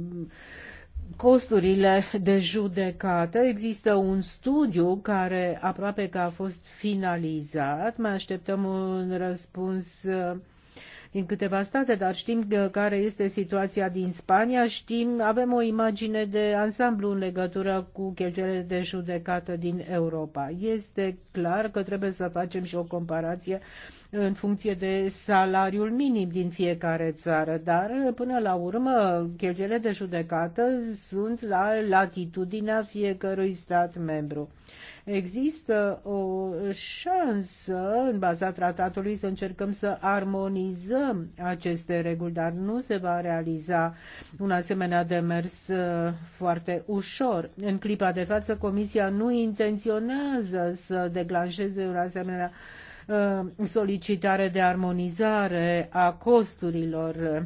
Speaker 3: costurile de judecată. Există un studiu care aproape că a fost finalizat. Mai așteptăm un răspuns din câteva state, dar știm uh, care este situația din Spania, știm, avem o imagine de ansamblu în legătură cu cheltuielile de judecată din Europa. Este clar că trebuie să facem și o comparație în funcție de salariul minim din fiecare țară, dar până la urmă cheltuielile de judecată sunt la latitudinea fiecărui stat membru. Există o șansă în baza tratatului să încercăm să armonizăm aceste reguli, dar nu se va realiza un asemenea demers uh, foarte ușor. În clipa de față, Comisia nu intenționează să declanșeze un asemenea uh, Uh, solicitare de armonizare a costurilor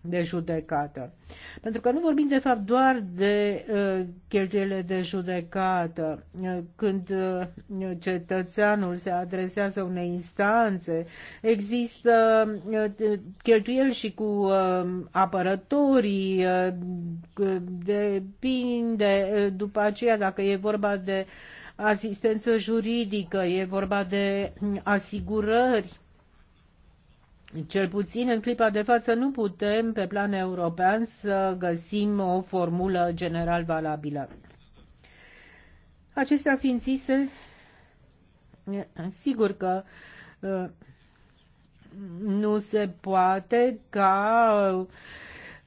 Speaker 3: de judecată. Pentru că nu vorbim de fapt doar de uh, cheltuielile de judecată. Uh, când uh, cetățeanul se adresează unei instanțe, există cheltuieli și cu apărătorii, depinde după aceea dacă e vorba de uh, asistență juridică, e vorba de asigurări. Cel puțin în clipa de față nu putem pe plan european să găsim o formulă general valabilă. Acestea fiind zise, sigur că uh, nu se poate ca uh,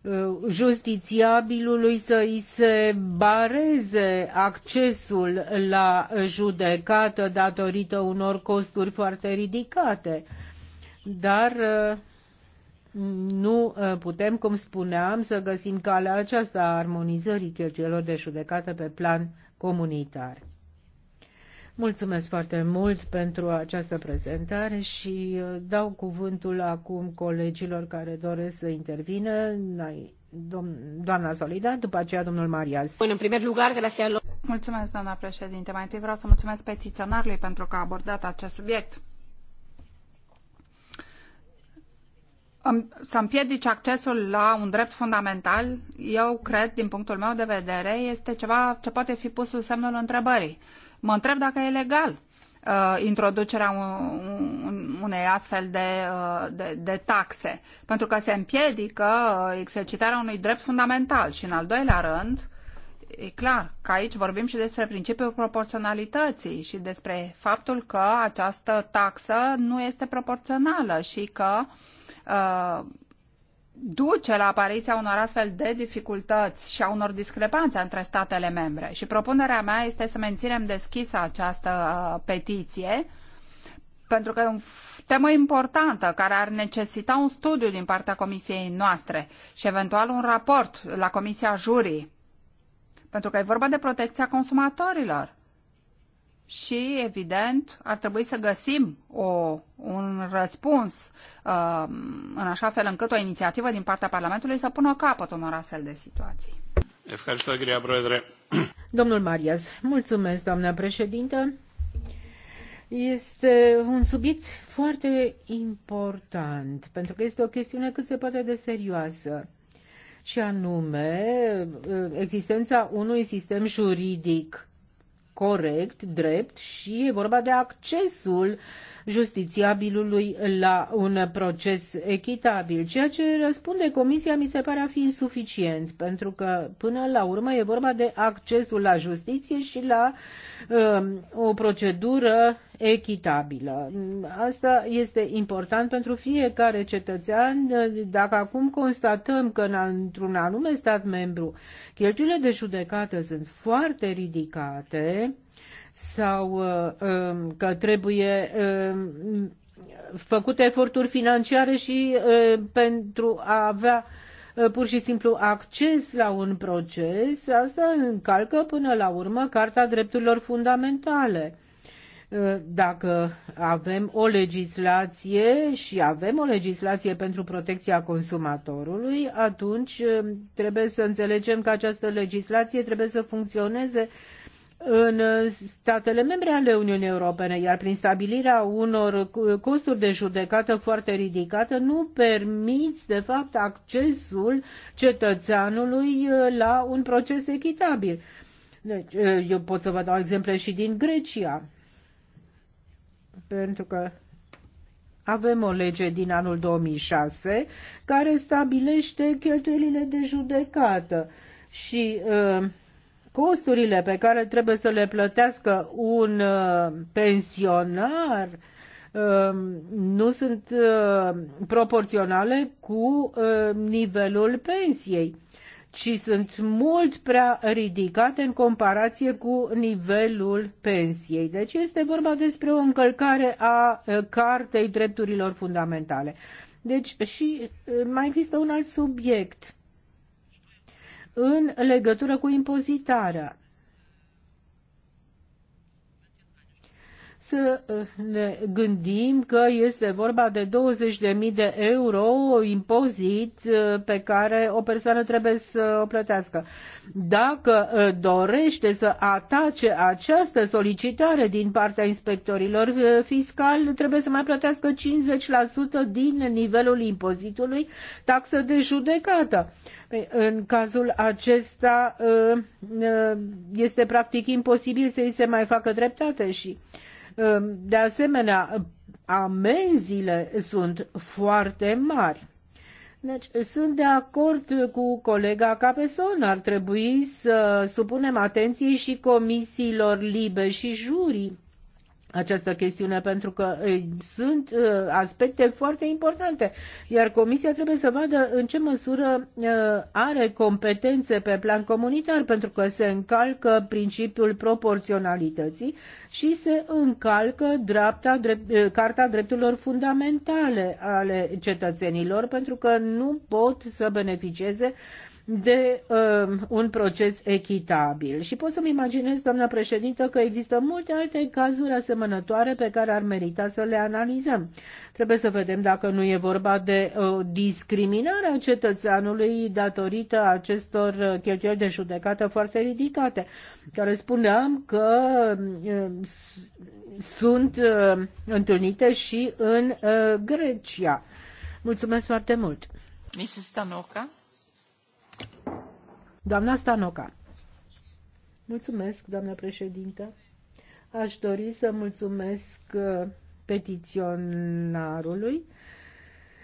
Speaker 3: Uh, justițiabilului să îi se bareze accesul la judecată datorită unor costuri foarte ridicate. Dar uh, nu uh, putem, cum spuneam, să găsim calea aceasta a armonizării cheltuielor de judecată pe plan comunitar. Mulțumesc foarte mult pentru această prezentare și uh, dau cuvântul acum colegilor care doresc să intervină. Doamna Solida, după aceea domnul Marias. În
Speaker 1: primul lugar, gracias. Mulțumesc, doamna președinte. Mai întâi vreau să mulțumesc petiționarului pentru că a abordat acest subiect. Să împiedici accesul la un drept fundamental, eu cred, din punctul meu de vedere, este ceva ce poate fi pus în semnul întrebării. Mă întreb dacă e legal uh, introducerea unei astfel de, uh, de, de taxe, pentru că se împiedică uh, exercitarea unui drept fundamental. Și în al doilea rând, e clar că aici vorbim și despre principiul proporționalității și despre faptul că această taxă nu este proporțională și că uh, duce la apariția unor astfel de dificultăți și a unor discrepanțe între statele membre. Și propunerea mea este să menținem deschisă această uh, petiție, pentru că e o temă importantă care ar necesita un studiu din partea comisiei noastre și eventual un raport la comisia jurii, pentru că e vorba de protecția consumatorilor și, evident, ar trebui să găsim o, un răspuns uh, în așa fel încât o inițiativă din partea Parlamentului să pună capăt unor astfel de situații. Domnul Marias,
Speaker 3: mulțumesc, doamna președintă. Este un subiect foarte important, pentru că este o chestiune cât se poate de serioasă și anume uh, existența unui sistem juridic corect, drept și e vorba de accesul justițiabilului la un proces echitabil. Ceea ce răspunde Comisia mi se pare a fi insuficient, pentru că până la urmă e vorba de accesul la justiție și la um, o procedură echitabilă. Asta este important pentru fiecare cetățean. Dacă acum constatăm că într-un anume stat membru cheltuielile de judecată sunt foarte ridicate, sau uh, um, că trebuie um, făcute eforturi financiare și uh, pentru a avea uh, pur și simplu acces la un proces, asta încalcă până la urmă Carta Drepturilor Fundamentale. Dacă avem o legislație și avem o legislație pentru protecția consumatorului, atunci trebuie să înțelegem că această legislație trebuie să funcționeze în statele membre ale Uniunii Europene, iar prin stabilirea unor costuri de judecată foarte ridicate, nu permiți, de fapt, accesul cetățeanului uh, la un proces echitabil. Deci, uh, eu pot să vă dau exemple și din Grecia, pentru că avem o lege din anul 2006 care stabilește cheltuielile de judecată și uh, costurile pe care trebuie să le plătească un uh, pensionar um, nu sunt uh, proporționale cu uh, nivelul pensiei ci sunt mult prea ridicate în comparație cu nivelul pensiei. Deci este vorba despre o încălcare a Cartei Drepturilor Fundamentale. Deci și mai există un alt subiect în legătură cu impozitarea. să eh, ne gândim că este vorba de 20.000 de euro impozit eh, pe care o persoană trebuie să o plătească. Dacă eh, dorește să atace această solicitare din partea inspectorilor fiscali, trebuie să mai plătească 50% din nivelul impozitului taxă de judecată. Păi, în cazul acesta este practic imposibil să îi se mai facă dreptate și Ehm, de asemenea, amenziile sunt foarte mari. Deci sunt de acord cu colega Capeson, ar trebui să supunem atenție și comisiilor libe și jurii această chestiune pentru că sunt aspecte foarte importante, iar Comisia trebuie să vadă în ce măsură are competențe pe plan comunitar, pentru că se încalcă principiul proporționalității și se încalcă dreapta, drept, Carta Drepturilor Fundamentale ale cetățenilor, pentru că nu pot să beneficieze de uh, un proces echitabil. Și pot să-mi imaginez, doamna președintă, că există multe alte cazuri asemănătoare pe care ar merita să le analizăm. Trebuie să vedem dacă nu e vorba de uh, discriminarea cetățeanului datorită acestor uh, cheltuieli de judecată foarte ridicate, care spuneam că uh, sunt uh, întâlnite și în uh, Grecia. Mulțumesc foarte mult! Mrs. Stanoka. Doamna Stanoca. Mulțumesc, doamna președintă. Aș dori să mulțumesc uh, petiționarului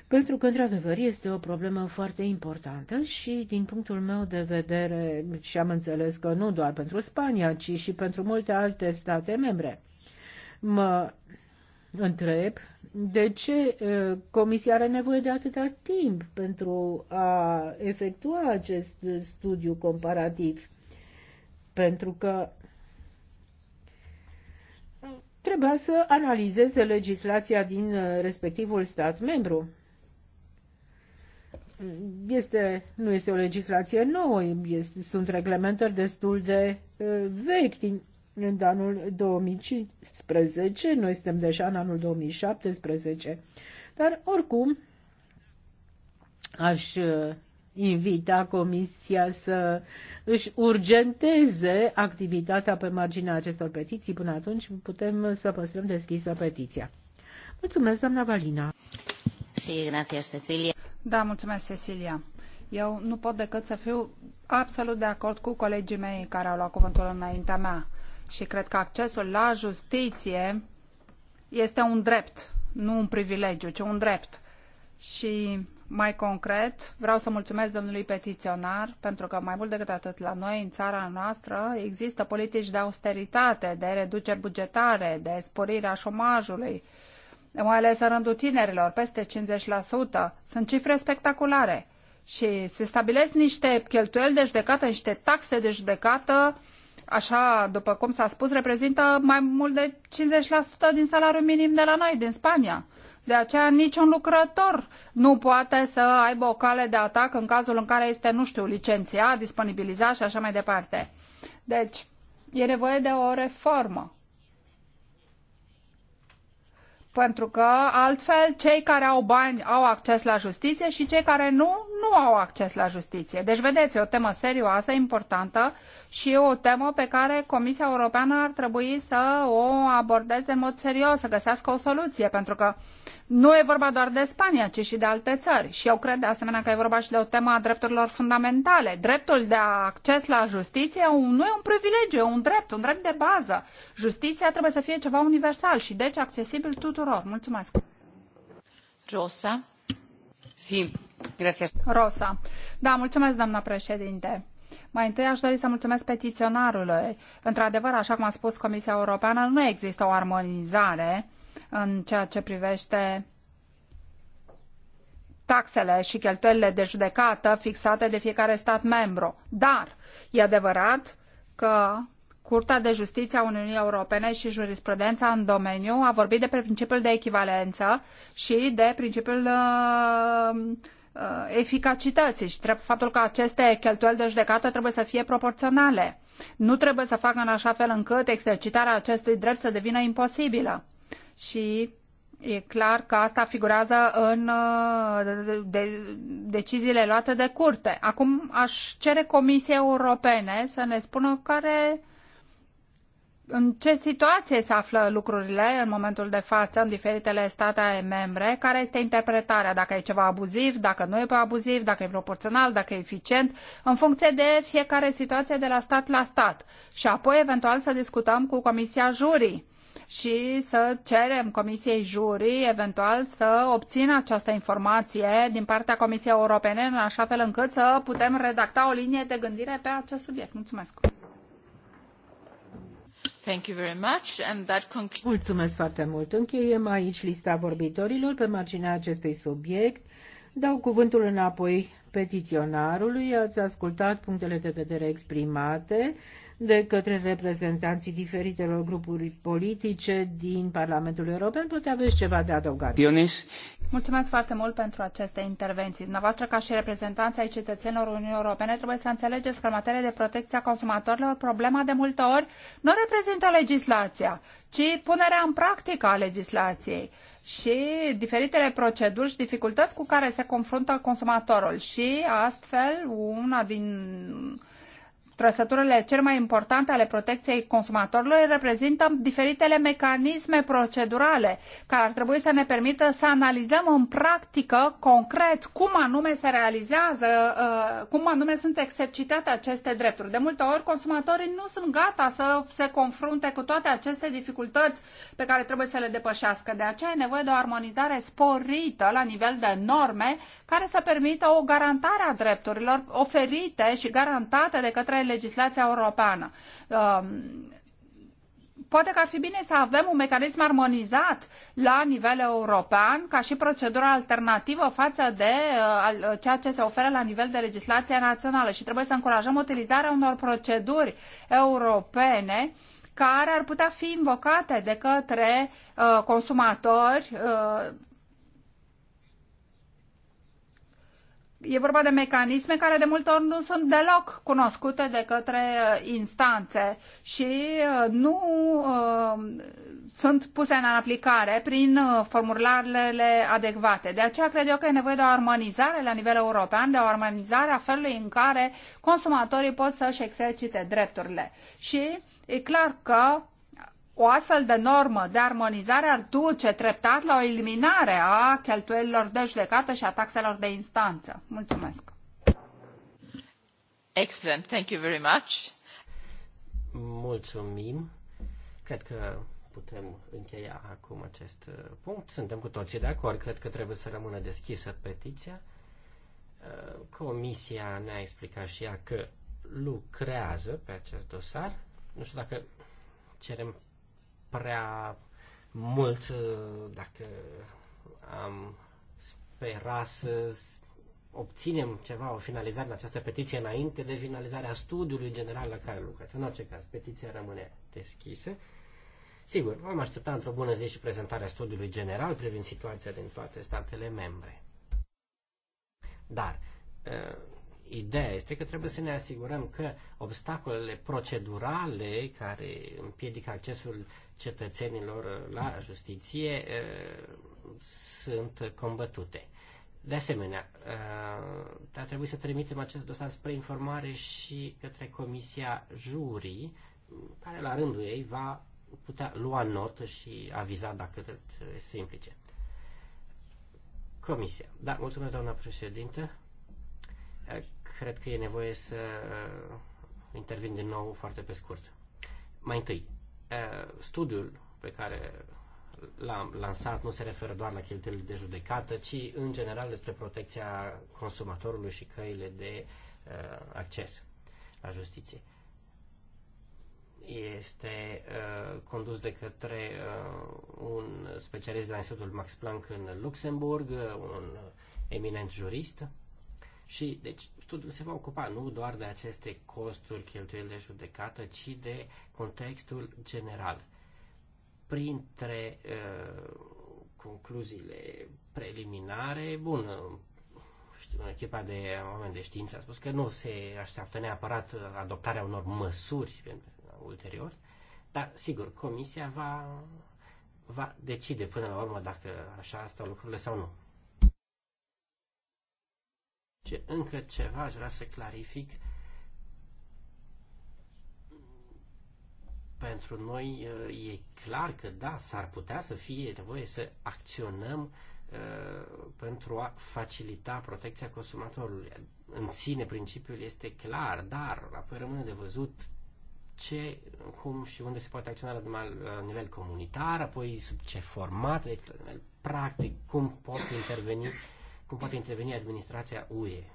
Speaker 3: pentru că, într-adevăr, este o problemă foarte importantă și, din punctul meu de vedere, și am înțeles că nu doar pentru Spania, ci și pentru multe alte state membre, mă întreb de ce Comisia are nevoie de atâta timp pentru a efectua acest studiu comparativ. Pentru că trebuia să analizeze legislația din respectivul stat membru. Este, nu este o legislație nouă, este, sunt reglementări destul de vechi din în anul 2015, noi suntem deja în anul 2017, dar oricum aș uh, invita Comisia să își urgenteze activitatea pe marginea acestor petiții. Până atunci putem să păstrăm deschisă petiția. Mulțumesc, doamna Valina.
Speaker 1: Sí, gracias, Cecilia. Da, mulțumesc, Cecilia. Eu nu pot decât să fiu absolut de acord cu colegii mei care au luat cuvântul înaintea mea și cred că accesul la justiție este un drept, nu un privilegiu, ci un drept. Și mai concret, vreau să mulțumesc domnului petiționar, pentru că mai mult decât atât, la noi, în țara noastră, există politici de austeritate, de reduceri bugetare, de sporirea șomajului, mai ales în rândul tinerilor, peste 50%. Sunt cifre spectaculare. Și se stabilesc niște cheltuieli de judecată, niște taxe de judecată așa, după cum s-a spus, reprezintă mai mult de 50% din salariul minim de la noi, din Spania. De aceea niciun lucrător nu poate să aibă o cale de atac în cazul în care este, nu știu, licențiat, disponibilizat și așa mai departe. Deci, e nevoie de o reformă. Pentru că altfel cei care au bani au acces la justiție și cei care nu, nu au acces la justiție. Deci, vedeți, e o temă serioasă, importantă și e o temă pe care Comisia Europeană ar trebui să o abordeze în mod serios, să găsească o soluție, pentru că nu e vorba doar de Spania, ci și de alte țări. Și eu cred de asemenea că e vorba și de o temă a drepturilor fundamentale. Dreptul de acces la justiție nu e un privilegiu, e un drept, un drept de bază. Justiția trebuie să fie ceva universal și deci accesibil tuturor. Mulțumesc! Rosa. Sí, gracias. Rosa. Da, mulțumesc, doamna președinte. Mai întâi aș dori să mulțumesc petiționarului. Într-adevăr, așa cum a spus Comisia Europeană, nu există o armonizare în ceea ce privește taxele și cheltuielile de judecată fixate de fiecare stat membru. Dar e adevărat că Curtea de Justiție a Uniunii Europene și jurisprudența în domeniu a vorbit de principiul de echivalență și de principiul uh, Uh, eficacității și trebuie, faptul că aceste cheltuieli de judecată trebuie să fie proporționale. Nu trebuie să facă în așa fel încât exercitarea acestui drept să devină imposibilă. Și e clar că asta figurează în uh, de, deciziile luate de curte. Acum aș cere Comisiei Europene să ne spună care în ce situație se află lucrurile în momentul de față în diferitele state membre, care este interpretarea, dacă e ceva abuziv, dacă nu e abuziv, dacă e proporțional, dacă e eficient, în funcție de fiecare situație de la stat la stat. Și apoi, eventual, să discutăm cu Comisia Jurii și să cerem Comisiei Jurii, eventual, să obțină această informație din partea Comisiei Europene, în așa fel încât să putem redacta o linie de gândire pe acest subiect. Mulțumesc!
Speaker 3: Mulțumesc foarte mult. Încheiem aici lista vorbitorilor pe marginea acestui subiect. Dau cuvântul înapoi petiționarului. Ați ascultat punctele de vedere exprimate de către reprezentanții diferitelor grupuri politice din Parlamentul European. Poate aveți ceva de adăugat.
Speaker 2: Dionis.
Speaker 1: Mulțumesc foarte mult pentru aceste intervenții. Dumneavoastră, ca și reprezentanți ai cetățenilor Uniunii Europene, trebuie să înțelegeți că în materie de protecție a consumatorilor, problema de multe ori nu reprezintă legislația, ci punerea în practică a legislației și diferitele proceduri și dificultăți cu care se confruntă consumatorul. Și astfel, una din trăsăturile cel mai importante ale protecției consumatorilor reprezintă diferitele mecanisme procedurale care ar trebui să ne permită să analizăm în practică concret cum anume se realizează, uh, cum anume sunt exercitate aceste drepturi. De multe ori consumatorii nu sunt gata să se confrunte cu toate aceste dificultăți pe care trebuie să le depășească. De aceea e nevoie de o armonizare sporită la nivel de norme care să permită o garantare a drepturilor oferite și garantate de către legislația europeană. Um, poate că ar fi bine să avem un mecanism armonizat la nivel european, ca și procedura alternativă față de uh, uh, ceea ce se oferă la nivel de legislație națională. Și trebuie să încurajăm utilizarea unor proceduri europene care ar putea fi invocate de către uh, consumatori uh, e vorba de mecanisme care de multe ori nu sunt deloc cunoscute de către uh, instanțe și uh, nu uh, sunt puse în aplicare prin uh, formularele adecvate. De aceea cred eu că e nevoie de o armonizare la nivel european, de o armonizare a felului în care consumatorii pot să-și exercite drepturile. Și e clar că o astfel de normă de armonizare ar duce treptat la o eliminare a cheltuielilor de judecată și a taxelor de instanță. Mulțumesc!
Speaker 3: Excellent, thank you very much!
Speaker 2: Mulțumim! Cred că putem încheia acum acest uh, punct. Suntem cu toții de acord, cred că trebuie să rămână deschisă petiția. Uh, comisia ne-a explicat și ea că lucrează pe acest dosar. Nu știu dacă cerem prea mult uh, dacă am spera să obținem ceva, o finalizare la această petiție înainte de finalizarea studiului general la care lucrați. În orice caz, petiția rămâne deschisă. Sigur, vom aștepta într-o bună zi și prezentarea studiului general privind situația din toate statele membre. Dar, uh, Ideea este că trebuie să ne asigurăm că obstacolele procedurale care împiedică accesul cetățenilor la justiție eh, sunt combătute. De asemenea, eh, ar trebui să trimitem acest dosar spre informare și către Comisia Jurii, care la rândul ei va putea lua notă și aviza dacă trebuie să implice. Comisia. Da, mulțumesc, doamna președintă cred că e nevoie să uh, intervin din nou foarte pe scurt. Mai întâi, uh, studiul pe care l-am lansat nu se referă doar la cheltuielile de judecată, ci în general despre protecția consumatorului și căile de uh, acces la justiție. Este condus de către un specialist de la Institutul Max Planck în Luxemburg, un eminent jurist și deci studiul se va ocupa nu doar de aceste costuri, cheltuieli de judecată, ci de contextul general. Printre uh, concluziile preliminare, bun, știu, echipa de oameni de știință a spus că nu se așteaptă neapărat adoptarea unor măsuri ulterior, dar sigur, comisia va, va decide până la urmă dacă așa stau lucrurile sau nu. Ce încă ceva aș vrea să clarific. Pentru noi uh, e clar că da, s-ar putea să fie nevoie să acționăm uh, pentru a facilita protecția consumatorului. În sine principiul este clar, dar apoi rămâne de văzut ce, cum și unde se poate acționa la nivel comunitar, apoi sub ce format, deci la nivel practic, cum pot interveni cum poate interveni administrația UE.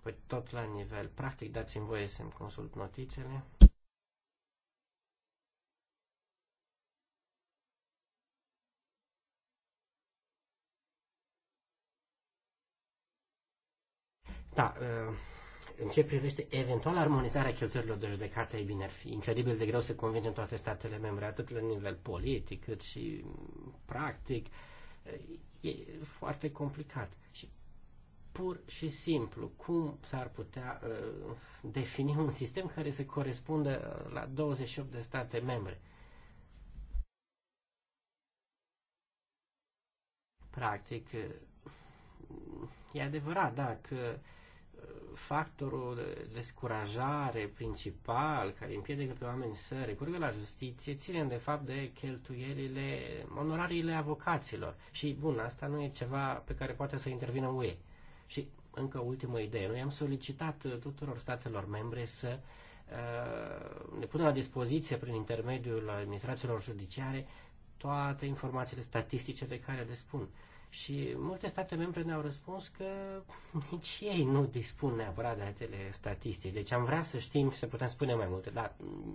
Speaker 2: Păi tot la nivel practic, dați-mi voie să-mi consult notițele. Da, uh, în ce privește eventual armonizarea cheltuielor de judecată, e bine, ar fi incredibil de greu să convingem toate statele membre, atât la nivel politic, cât și practic. E foarte complicat. Și pur și simplu, cum s-ar putea uh, defini un sistem care să corespundă uh, la 28 de state membre? Practic, uh, e adevărat, da, că uh, factorul de descurajare principal care împiedică pe oameni să recurgă la justiție ține de fapt de cheltuielile, onorariile avocaților. Și bun, asta nu e ceva pe care poate să intervină UE. Și încă ultimă idee. Noi am solicitat tuturor statelor membre să uh, ne pună la dispoziție prin intermediul administrațiilor judiciare toate informațiile statistice de care le spun. Și multe state membre ne-au răspuns că nici ei nu dispun neapărat de acele statistici. Deci am vrea să știm și să putem spune mai multe, dar mm,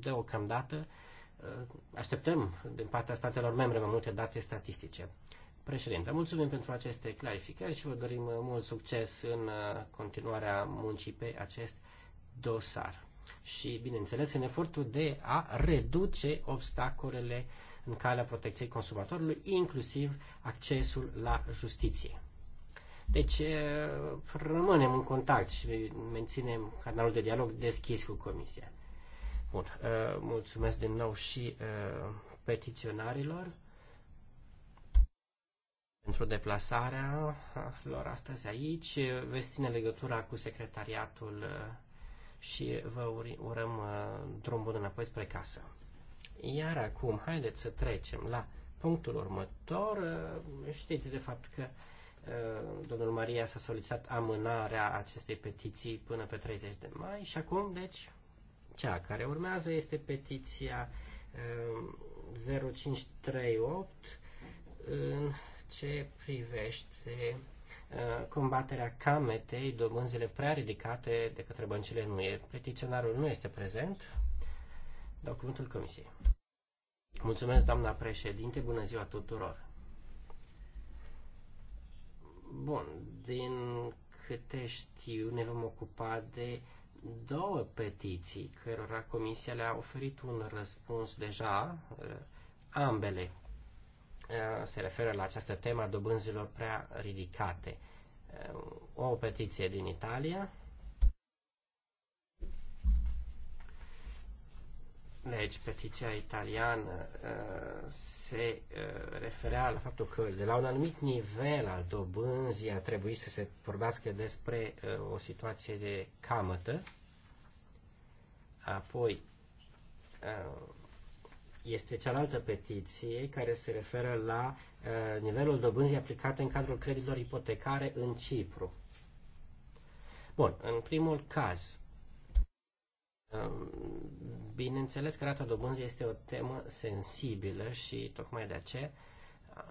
Speaker 2: deocamdată uh, așteptăm din partea statelor membre mai multe date statistice. Președinte, mulțumim pentru aceste clarificări și vă dorim uh, mult succes în uh, continuarea muncii pe acest dosar. Și, bineînțeles, în efortul de a reduce obstacolele în calea protecției consumatorului, inclusiv accesul la justiție. Deci rămânem în contact și menținem canalul de dialog deschis cu Comisia. Bun, mulțumesc din nou și petiționarilor pentru deplasarea lor astăzi aici. Veți ține legătura cu secretariatul și vă urăm drum bun înapoi spre casă. Iar acum, haideți să trecem la punctul următor. Știți de fapt că uh, domnul Maria s-a solicitat amânarea acestei petiții până pe 30 de mai și acum, deci, cea care urmează este petiția 0538 uh, în ce privește uh, combaterea cametei, domânzile prea ridicate de către băncile nu e. Petiționarul nu este prezent, dau cuvântul comisiei. Mulțumesc, doamna președinte, bună ziua tuturor. Bun, din câte știu, ne vom ocupa de două petiții cărora Comisia le-a oferit un răspuns deja, eh, ambele eh, se referă la această temă a dobânzilor prea ridicate. Eh, o petiție din Italia Deci, petiția italiană uh, se uh, referea la faptul că de la un anumit nivel al dobânzii ar trebui să se vorbească despre uh, o situație de camătă. Apoi, este cealaltă petiție care se referă la nivelul dobânzii aplicat în cadrul creditelor ipotecare în Cipru. Bun, în primul caz, Bineînțeles că rata dobânzii este o temă sensibilă și tocmai de aceea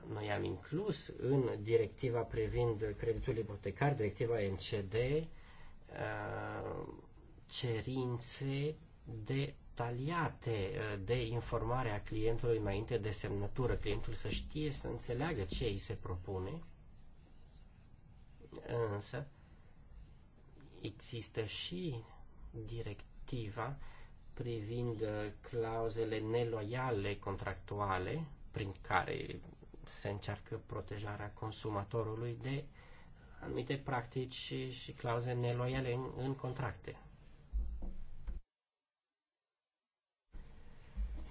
Speaker 2: noi am inclus în directiva privind creditul ipotecar, directiva NCD, cerințe detaliate de informare a clientului înainte de semnătură. Clientul să știe, să înțeleagă ce îi se propune, însă există și direct directiva privind uh, clauzele neloiale contractuale prin care se încearcă protejarea consumatorului de anumite practici și, și clauze neloiale în, în contracte.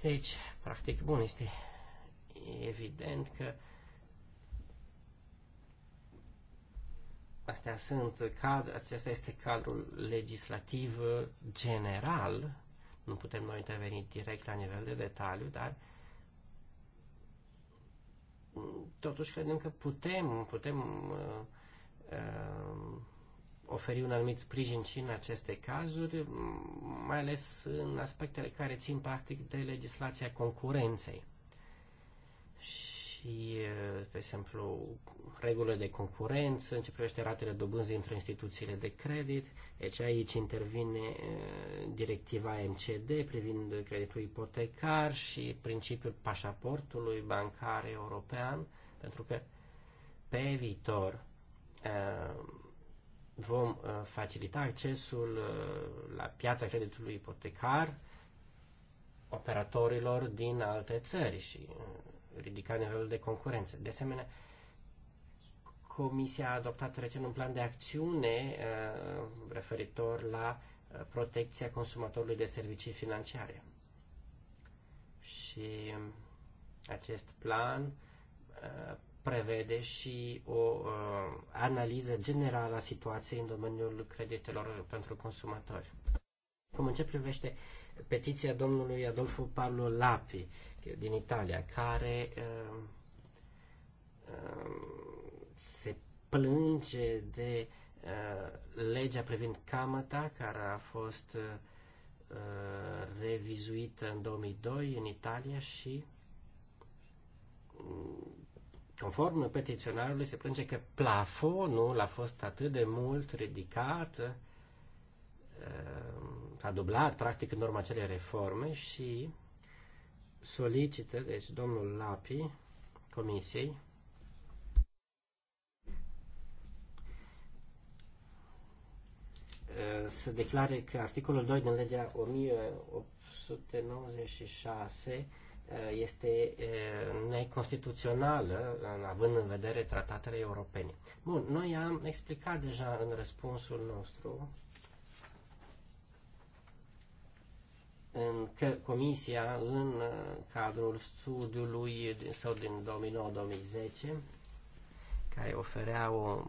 Speaker 2: Deci, practic, bun, este evident că Astea sunt, cadr, acesta este cadrul legislativ uh, general, nu putem noi interveni direct la nivel de detaliu, dar mm, totuși credem că putem, putem uh, uh, oferi un anumit sprijin și în aceste cazuri, mm, mai ales în aspectele care țin practic de legislația concurenței. Și și, de exemplu, regulile de concurență, în ce privește ratele dobânzii între instituțiile de credit. Deci aici intervine directiva MCD privind creditul ipotecar și principiul pașaportului bancar european, pentru că pe viitor vom facilita accesul la piața creditului ipotecar operatorilor din alte țări și ridica nivelul de concurență. De asemenea, Comisia a adoptat recent un plan de acțiune uh, referitor la uh, protecția consumatorului de servicii financiare. Și um, acest plan uh, prevede și o analiză generală a situației în domeniul creditelor pentru consumatori. Cum în ce privește uh, petiția domnului Adolfo Pablo Lapi din Italia, care uh, uh, se plânge de uh, legea privind camata, care a fost uh, uh revizuită în 2002 în Italia și mm, conform petiționarului se plânge că plafonul a fost atât de mult ridicat uh, a dublat practic în urma acelei reforme și solicită, deci domnul Lapi, comisiei, să declare că articolul 2 din legea 1896 uh, este uh, neconstituțională, având în vedere tratatele europene. Bun, noi am explicat deja în răspunsul nostru în comisia în uh, cadrul studiului din, sau din 2009-2010 care oferea o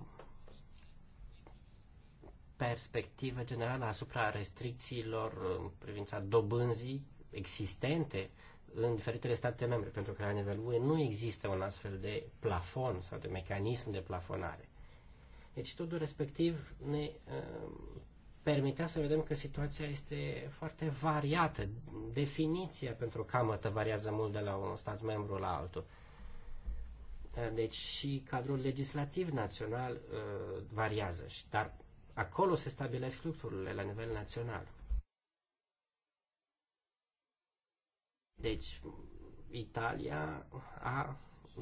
Speaker 2: perspectivă generală asupra restricțiilor în privința dobânzii existente în diferitele state membre, pentru că la nivelul UE nu există un astfel de plafon sau de mecanism de plafonare. Deci studiul respectiv ne uh, permitea să vedem că situația este foarte variată. Definiția pentru camătă variază mult de la un stat membru la altul. Eh, deci și cadrul legislativ național uh, variază, dar acolo se stabilesc lucrurile la nivel național. Deci Italia a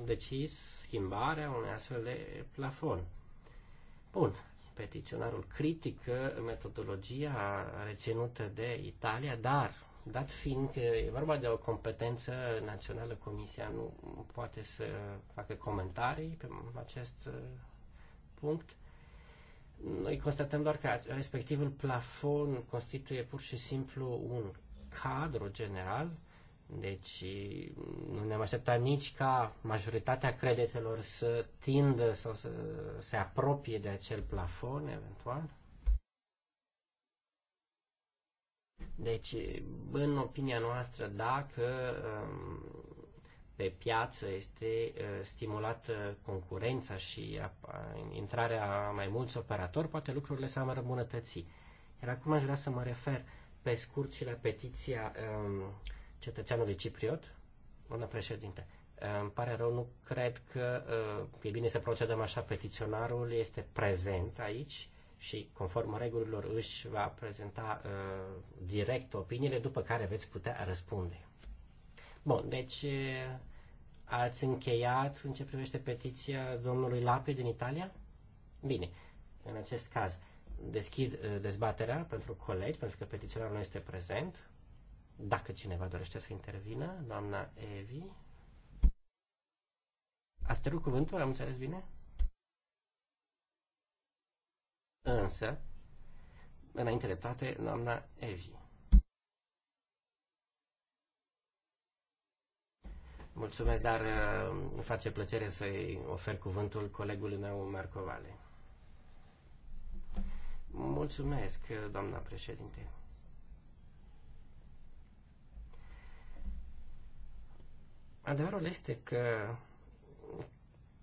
Speaker 2: decis schimbarea unui astfel de plafon. Bun, petiționarul critică metodologia reținută de Italia, dar dat fiind că e vorba de o competență națională, Comisia nu poate să facă comentarii pe acest uh, punct. Noi constatăm doar că respectivul plafon constituie pur și simplu un cadru general deci nu ne-am așteptat nici ca majoritatea credetelor să tindă sau să se apropie de acel plafon eventual. Deci, în opinia noastră, dacă um, pe piață este uh, stimulată concurența și intrarea mai mulți operatori, poate lucrurile s-ar îmbunătăți. Iar acum aș vrea să mă refer pe scurt și la petiția um, cetățeanului cipriot, doamna președinte, îmi pare rău, nu cred că uh, e bine să procedăm așa. Petiționarul este prezent aici și, conform regulilor, își va prezenta uh, direct opiniile, după care veți putea răspunde. Bun, deci uh, ați încheiat în ce privește petiția domnului Lapi din Italia? Bine, în acest caz deschid dezbaterea pentru colegi, pentru că petiționarul nu este prezent. Dacă cineva dorește să intervină, doamna Evi. Ați cerut cuvântul? Am înțeles bine? Însă, înainte de toate, doamna Evi. Mulțumesc, dar îmi uh, face plăcere să-i ofer cuvântul colegului meu, Marco Vale. Mulțumesc, doamna președinte. Adevărul este că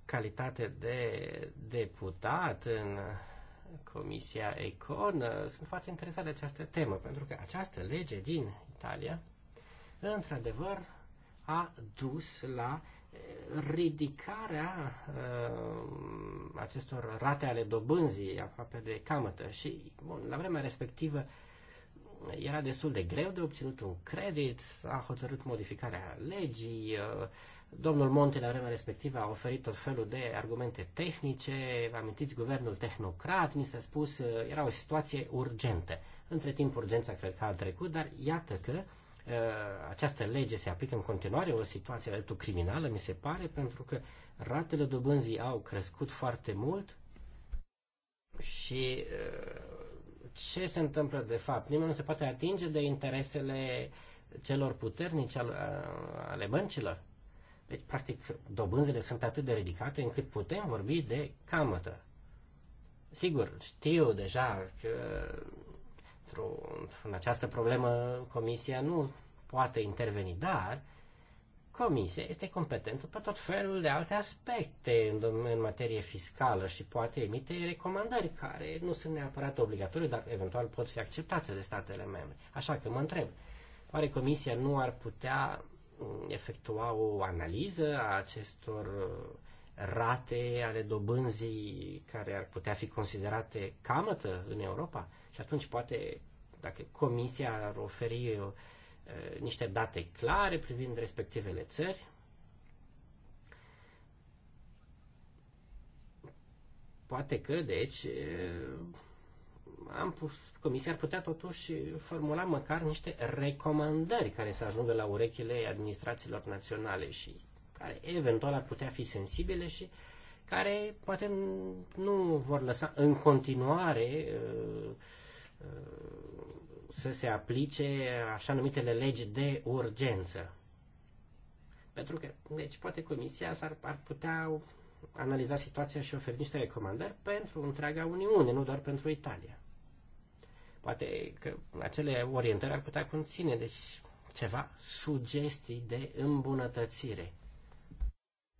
Speaker 2: calitate de deputat în Comisia Econ, uh, sunt foarte interesat de această temă, pentru că această lege din Italia, într-adevăr, a dus la uh, ridicarea uh, acestor rate ale dobânzii aproape de camătă și bun, la vremea respectivă era destul de greu de obținut un credit, a hotărât modificarea legii, uh, domnul Monte la vremea respectivă a oferit tot felul de argumente tehnice, amintiți guvernul tehnocrat, ni s-a spus, uh, era o situație urgentă. Între timp urgența cred că a trecut, dar iată că uh, această lege se aplică în continuare, o situație de criminală, mi se pare, pentru că ratele dobânzii au crescut foarte mult și ce se întâmplă de fapt. Nimeni nu se poate atinge de interesele celor puternici al, ale băncilor. Deci, practic, dobânzile sunt atât de ridicate încât putem vorbi de camătă. Sigur, știu deja că în această problemă Comisia nu poate interveni, dar uh, Comisia este competentă pe tot felul de alte aspecte în, în materie fiscală și poate emite recomandări care nu sunt neapărat obligatorii, dar eventual pot fi acceptate de statele membre. Așa că mă întreb, oare Comisia nu ar putea mm, efectua o analiză a acestor uh, rate ale dobânzii care ar putea fi considerate camătă în Europa? Și atunci poate, dacă Comisia ar oferi uh, Eh, niște date clare privind respectivele țări. Poate că, deci, eh, am pus, comisia ar putea totuși formula măcar niște recomandări care să ajungă la urechile administrațiilor naționale și care eventual ar putea fi sensibile și care poate nu vor lăsa în continuare uh, uh, să se aplice așa numitele legi de urgență. Pentru că, deci, poate Comisia s-ar, ar putea analiza situația și oferi niște recomandări pentru întreaga Uniune, nu doar pentru Italia. Poate că acele orientări ar putea conține, deci, ceva sugestii de îmbunătățire.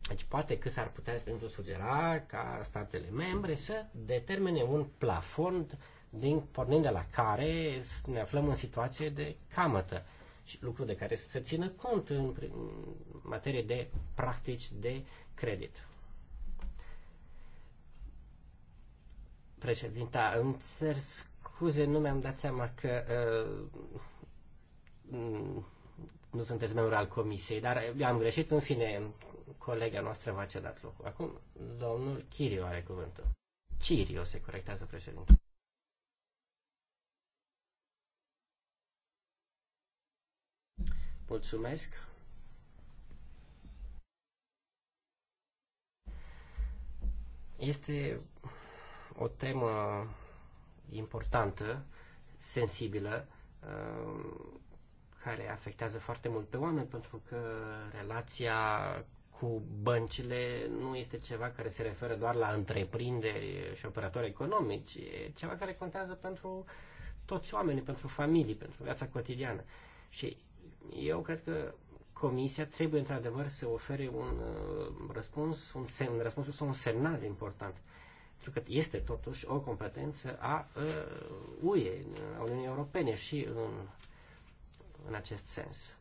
Speaker 2: Deci poate că s-ar putea, spre sugera ca statele membre să determine un plafond din, pornind de la care ne aflăm în situație de camătă. Și lucru de care să se țină cont în, în materie de practici de credit. Președinta, îmi cer scuze, nu mi-am dat seama că uh, mm, nu sunteți membru al comisiei, dar am greșit, în fine, colega noastră v-a cedat locul. Acum, domnul Chirio are cuvântul. Cirio se corectează președinte. Mulțumesc. Este o temă importantă, sensibilă, uh, care afectează foarte mult pe oameni, pentru că relația cu băncile nu este ceva care se referă doar la întreprinderi și operatori economici, e ceva care contează pentru toți oamenii, pentru familii, pentru viața cotidiană. Și eu cred că Comisia trebuie într-adevăr să ofere un uh, răspuns, un, semn, răspunsul răspuns sau un semnal important. Pentru că este totuși o competență a UE, uh, a Uniunii Europene și în, în acest sens.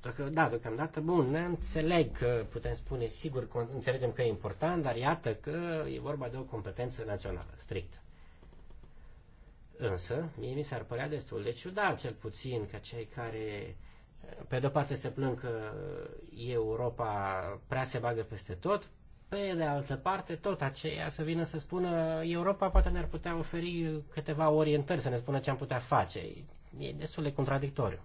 Speaker 2: Dacă, da, deocamdată, bun, ne înțeleg că putem spune, sigur, înțelegem că e important, dar iată că e vorba de o competență națională, strictă. Însă, mie mi s-ar părea destul de ciudat, cel puțin, că cei care, pe de-o parte, se plâng că Europa prea se bagă peste tot, pe de altă parte, tot aceea să vină să spună Europa poate ne-ar putea oferi câteva orientări, să ne spună ce am putea face. E destul de contradictoriu.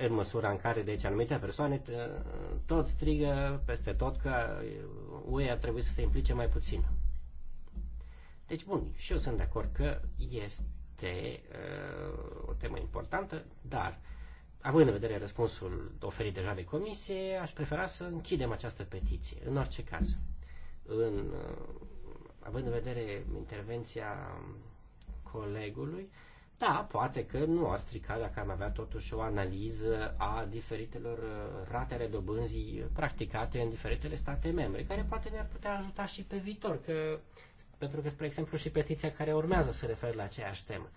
Speaker 2: în măsura în care, deci, anumite persoane tot strigă peste tot că UE ar trebui să se implice mai puțin. Deci, bun, și eu sunt de acord că este uh, o temă importantă, dar, având în vedere răspunsul oferit deja de comisie, aș prefera să închidem această petiție, în orice caz. În, uh, având în vedere intervenția colegului, da, poate că nu ar strica dacă am avea totuși o analiză a diferitelor uh, rate ale dobânzii practicate în diferitele state membre, care poate ne-ar putea ajuta și pe viitor, că pentru că, spre exemplu, și petiția care urmează se referă la aceeași temă.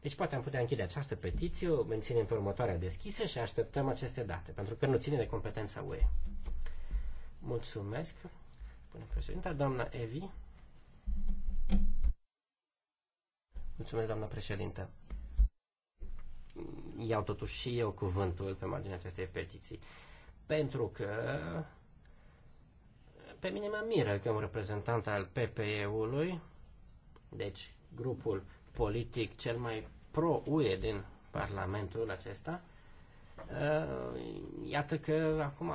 Speaker 2: Deci poate am putea închide această petiție, o menținem pe următoarea deschisă și așteptăm aceste date, pentru că nu ține de competența UE. Mulțumesc, spune președinta, doamna Evi. Mulțumesc, doamna președintă. Iau totuși și eu cuvântul pe marginea acestei petiții, pentru că pe mine mă miră că un reprezentant al PPE-ului, deci grupul politic cel mai pro-UE din Parlamentul acesta, uh, iată că acum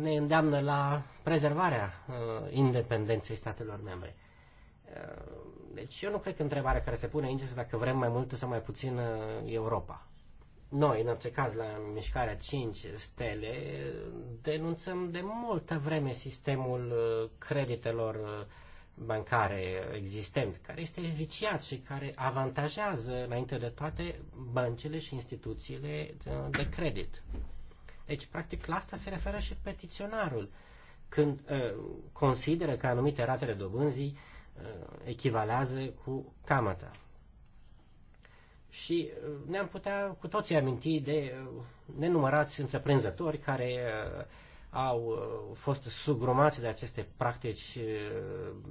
Speaker 2: ne îndeamnă la prezervarea uh, independenței statelor membre. Uh, deci eu nu cred că întrebarea care se pune aici este dacă vrem mai multă sau mai puțin Europa. Noi, în orice caz, la mișcarea 5 stele, denunțăm de multă vreme sistemul uh, creditelor uh, bancare existent, care este viciat și care avantajează, înainte de toate, băncile și instituțiile uh, de credit. Deci, practic, la asta se referă și petiționarul, când uh, consideră că anumite de dobânzii uh, echivalează cu camata și uh, ne-am putea cu toții aminti de uh, nenumărați întreprinzători care uh, au fost sugrumați de aceste practici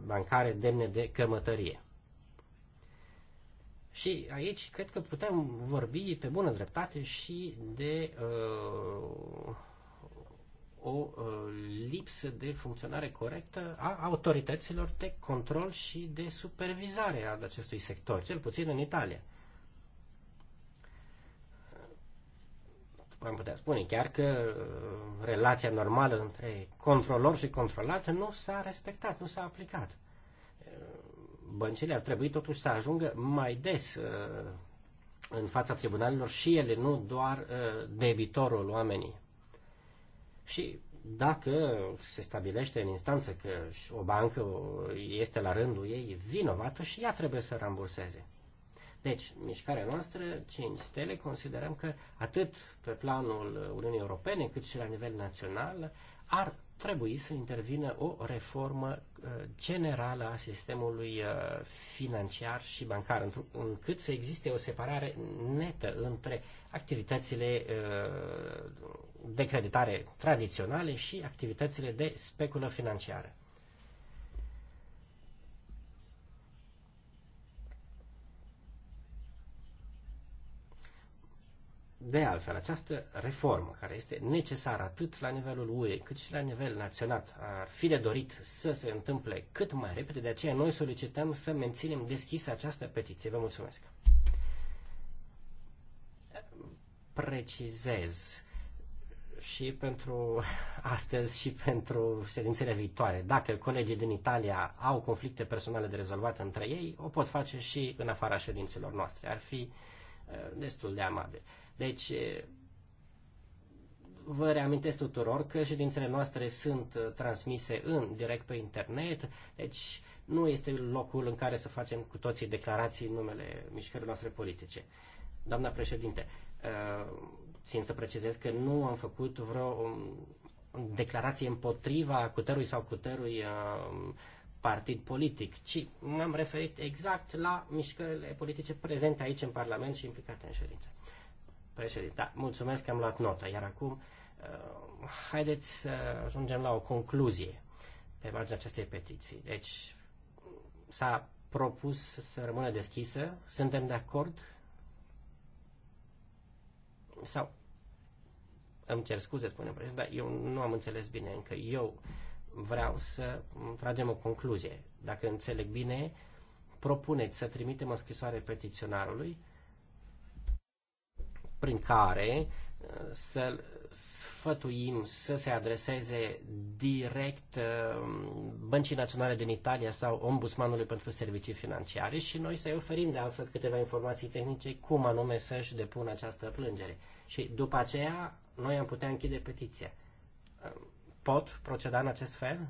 Speaker 2: bancare demne de cămătărie. Și aici cred că putem vorbi pe bună dreptate și de uh, o uh, lipsă de funcționare corectă a autorităților de control și de supervizare a acestui sector, cel puțin în Italia. am putea spune chiar că uh, relația normală între controlor și controlat nu s-a respectat, nu s-a aplicat. Uh, băncile ar trebui totuși să ajungă mai des uh, în fața tribunalelor și ele, nu doar debitorul oamenii. Și dacă se stabilește în instanță că o bancă este la rândul ei vinovată și ea trebuie să ramburseze. Deci, mișcarea noastră, 5 stele, considerăm că atât pe planul Uniunii Europene cât și la nivel național ar trebui să intervină o reformă uh, generală a sistemului uh, financiar și bancar, încât să existe o separare netă între activitățile uh, de creditare tradiționale și activitățile de speculă financiară. De altfel, această reformă care este necesară atât la nivelul UE cât și la nivel național ar fi de dorit să se întâmple cât mai repede, de aceea noi solicităm să menținem deschisă această petiție. Vă mulțumesc! Precizez și pentru astăzi și pentru ședințele viitoare. Dacă colegii din Italia au conflicte personale de rezolvat între ei, o pot face și în afara ședințelor noastre. Ar fi Eh, destul de amabil. Deci, eh, vă reamintesc tuturor că ședințele noastre sunt eh, transmise în direct pe internet, deci nu este locul în care să facem cu toții declarații în numele mișcării noastre politice. Doamna președinte, țin să precizez că nu am făcut vreo mm, declarație împotriva cutărui sau cutărui partid politic, ci m-am referit exact la mișcările politice prezente aici în Parlament și implicate în ședință. Președinte, da, mulțumesc că am luat notă. Iar acum, uh, haideți să ajungem la o concluzie pe marginea acestei petiții. Deci, s-a propus să rămână deschisă. Suntem de acord? Sau, îmi cer scuze, spune președinte, dar eu nu am înțeles bine încă. Eu vreau să tragem o concluzie. Dacă înțeleg bine, propuneți să trimitem o scrisoare petiționarului prin care uh, să sfătuim să se adreseze direct uh, Băncii Naționale din Italia sau Ombudsmanului pentru Servicii Financiare și noi să-i oferim de altfel câteva informații tehnice cum anume să-și depună această plângere. Și după aceea noi am putea închide petiția. Uh, pot proceda în acest fel?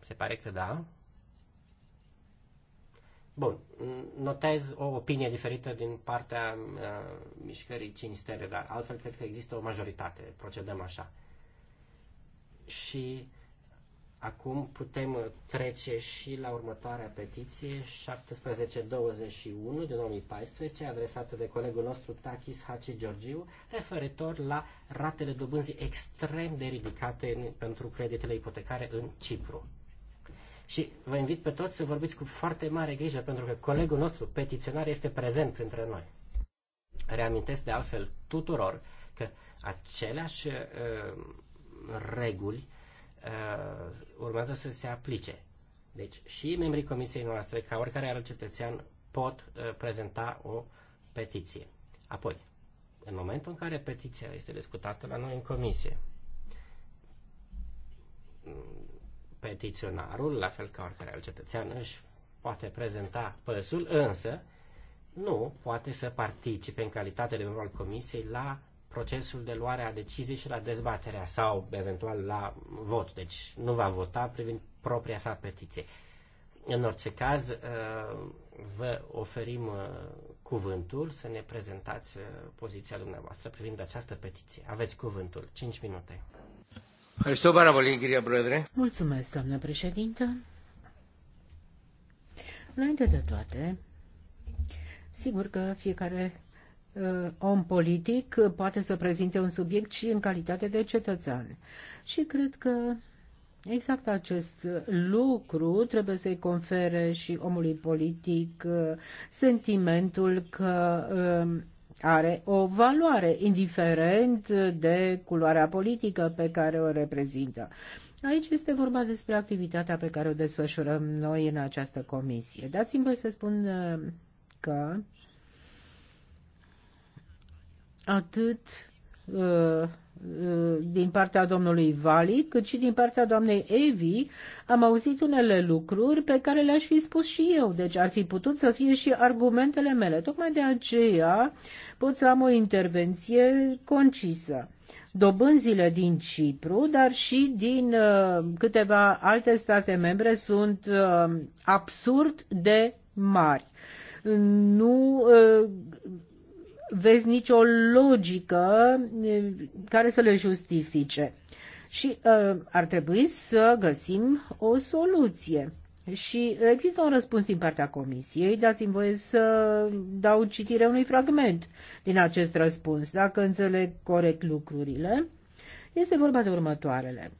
Speaker 2: Se pare că da. Bun, notez o opinie diferită din partea uh, mișcării 5 stele, dar altfel cred că există o majoritate, procedăm așa. Și uh, Acum putem uh, trece și la următoarea petiție 1721 din 2014, adresată de colegul nostru Takis Haci Georgiu, referitor la ratele dobânzii extrem de ridicate în, pentru creditele ipotecare în Cipru. Și vă invit pe toți să vorbiți cu foarte mare grijă, pentru că colegul nostru petiționar este prezent printre noi. Reamintesc de altfel tuturor că aceleași uh, reguli uh, urmează să se aplice. Deci și membrii comisiei noastre, ca oricare alt cetățean, pot uh, prezenta o petiție. Apoi, în momentul în care petiția este discutată la noi în comisie, petiționarul, la fel ca oricare alt cetățean, își poate prezenta păsul, însă nu poate să participe în calitate de membru al comisiei la procesul de luare a decizii și la dezbaterea sau eventual la vot. Deci nu va vota privind propria sa petiție. În orice caz, uh, vă oferim uh, cuvântul să ne prezentați uh, poziția dumneavoastră privind această petiție. Aveți cuvântul. 5 minute.
Speaker 3: Mulțumesc, doamnă președintă. Înainte de toate, sigur că fiecare Uh, om politic uh, poate să prezinte un subiect și în calitate de cetățean. Și cred că Exact acest lucru trebuie să-i confere și omului politic uh, sentimentul că um, are o valoare, indiferent de culoarea politică pe care o reprezintă. Aici este vorba despre activitatea pe care o desfășurăm noi în această comisie. Dați-mi voi să spun că atât uh, uh, din partea domnului Vali, cât și din partea doamnei Evi, am auzit unele lucruri pe care le-aș fi spus și eu, deci ar fi putut să fie și argumentele mele. Tocmai de aceea pot să am o intervenție concisă. Dobânzile din Cipru, dar și din uh, câteva alte state membre sunt uh, absurd de mari. Nu uh, vezi nicio logică care să le justifice. Și uh, ar trebui să găsim o soluție. Și există un răspuns din partea comisiei, dați-mi voie să dau citire unui fragment din acest răspuns, dacă înțeleg corect lucrurile. Este vorba de următoarele.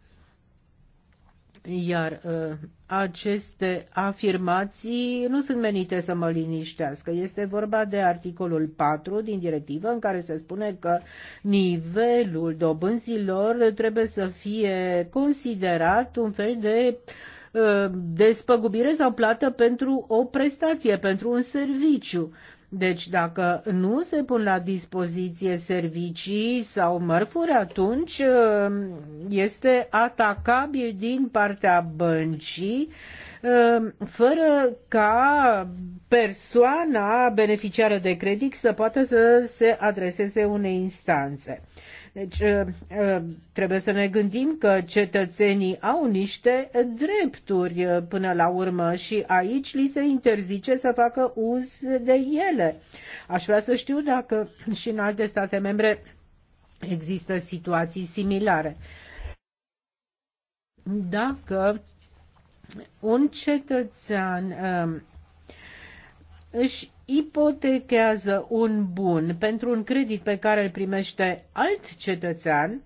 Speaker 3: Iar uh, aceste afirmații nu sunt menite să mă liniștească. Este vorba de articolul 4 din directivă în care se spune că nivelul dobânzilor trebuie să fie considerat un fel de uh, despăgubire sau plată pentru o prestație, pentru un serviciu. Deci dacă nu se pun la dispoziție servicii sau mărfuri, atunci um, este atacabil din partea băncii um, fără ca persoana beneficiară de credit să poată să se adreseze unei instanțe. Deci uh, uh, trebuie să ne gândim că cetățenii au niște drepturi uh, până la urmă și aici li se interzice să facă uz de ele. Aș vrea să știu dacă și în alte state membre există situații similare. Dacă un cetățean își ipotechează un bun pentru un credit pe care îl primește alt cetățean,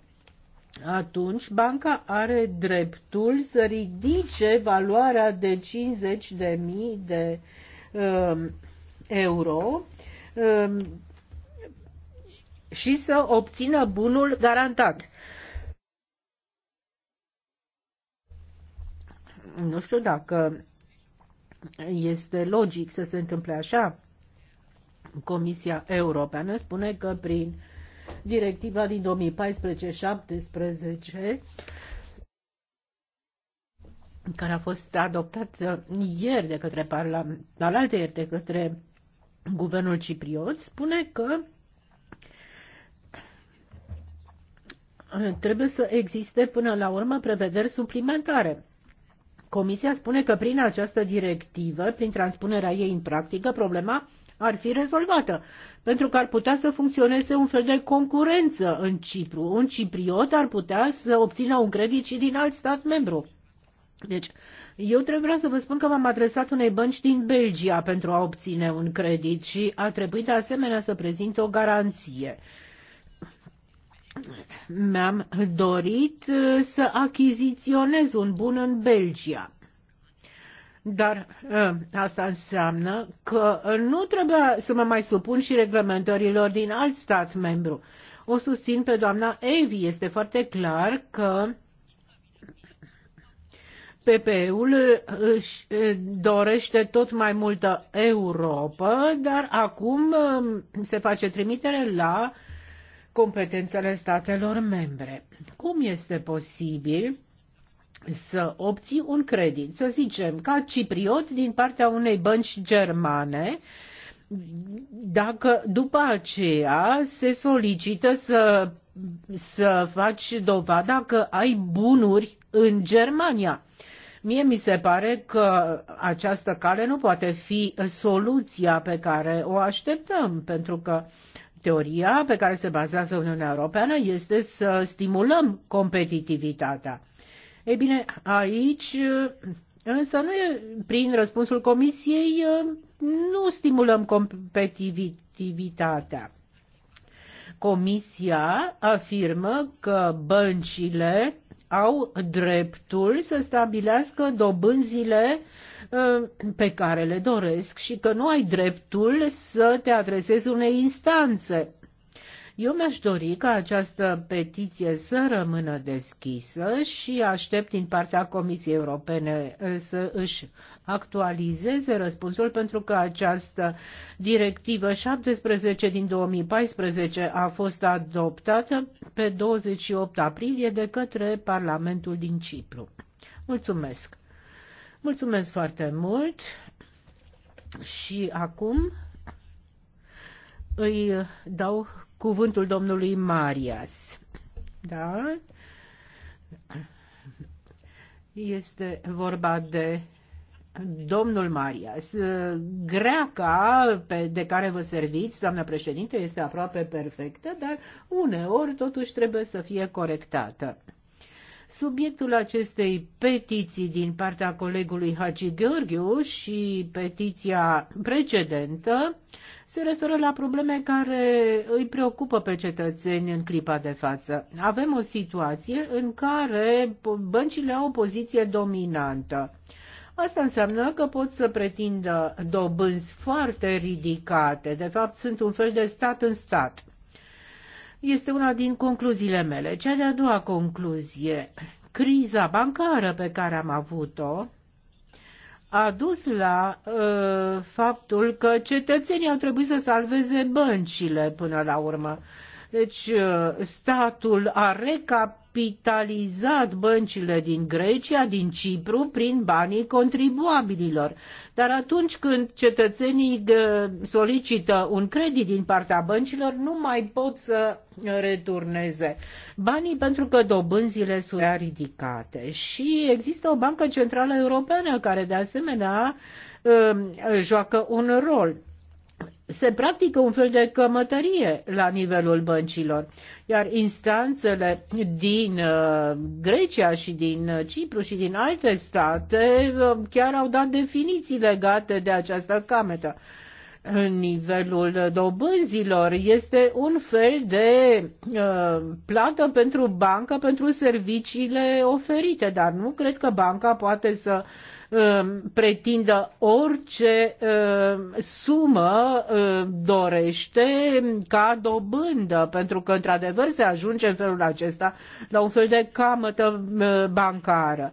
Speaker 3: atunci banca are dreptul să ridice valoarea de 50 de mii de um, euro um, și să obțină bunul garantat. Nu știu dacă este logic să se întâmple așa. Comisia Europeană spune că prin directiva din 2014-17 care a fost adoptată ieri de către Parlament, alaltă ieri de către guvernul cipriot, spune că trebuie să existe până la urmă prevederi suplimentare. Comisia spune că prin această directivă, prin transpunerea ei în practică, problema ar fi rezolvată, pentru că ar putea să funcționeze un fel de concurență în Cipru. Un cipriot ar putea să obțină un credit și din alt stat membru. Deci, eu trebuie să vă spun că m-am adresat unei bănci din Belgia pentru a obține un credit și ar trebui de asemenea să prezint o garanție. Uh, mi-am dorit uh, să achiziționez un bun în Belgia. Dar uh, asta înseamnă că nu trebuie să mă mai supun și reglementărilor din alt stat membru. O susțin pe doamna Evi. Este foarte clar că PPE-ul uh, își dorește tot mai multă Europa, dar acum se face trimitere la uh, competențele statelor membre. Cum este posibil să obții un credit, să zicem, ca cipriot din partea unei bănci germane, dacă după aceea se solicită să, să faci dovada că ai bunuri în Germania. Mie mi se pare că această cale nu poate fi soluția pe care o așteptăm, pentru că teoria pe care se bazează Uniunea Europeană este să stimulăm competitivitatea. Ei bine, aici însă nu e, prin răspunsul Comisiei nu stimulăm competitivitatea. Comisia afirmă că băncile au dreptul să stabilească dobânzile uh, pe care le doresc și că nu ai dreptul să te adresezi unei instanțe. Eu mi-aș dori ca această petiție să rămână deschisă și aștept din partea Comisiei Europene uh, să își actualizeze răspunsul pentru că această directivă 17 din 2014 a fost adoptată pe 28 aprilie de către Parlamentul din Cipru. Mulțumesc! Mulțumesc foarte mult și acum îi dau cuvântul domnului Marias. Da? Este vorba de Domnul Marias, greaca pe, de care vă serviți, doamna președinte, este aproape perfectă, dar uneori totuși trebuie să fie corectată. Subiectul acestei petiții din partea colegului Hagi Gheorghiu și petiția precedentă se referă la probleme care îi preocupă pe cetățeni în clipa de față. Avem o situație în care băncile au o poziție dominantă Asta înseamnă că pot să pretindă dobânzi foarte ridicate. De fapt, sunt un fel de stat în stat. Este una din concluziile mele. Cea de-a doua concluzie, criza bancară pe care am avut-o, a dus la uh, faptul că cetățenii au trebuit să salveze băncile până la urmă. Deci uh, statul a recap capitalizat băncile din Grecia, din Cipru, prin banii contribuabililor. Dar atunci când cetățenii uh, solicită un credit din partea băncilor, nu mai pot să returneze banii pentru că dobânzile sunt ridicate. Și există o bancă centrală europeană care de asemenea uh, joacă un rol se practică un fel de cămătărie la nivelul băncilor, iar instanțele din uh, Grecia și din uh, Cipru și din alte state uh, chiar au dat definiții legate de această cametă. Nivelul dobânzilor este un fel de uh, plată pentru bancă pentru serviciile oferite, dar nu cred că banca poate să uh, Um, pretindă orice um, sumă um, dorește ca dobândă, pentru că într-adevăr se ajunge în felul acesta la un fel de camătă bancară.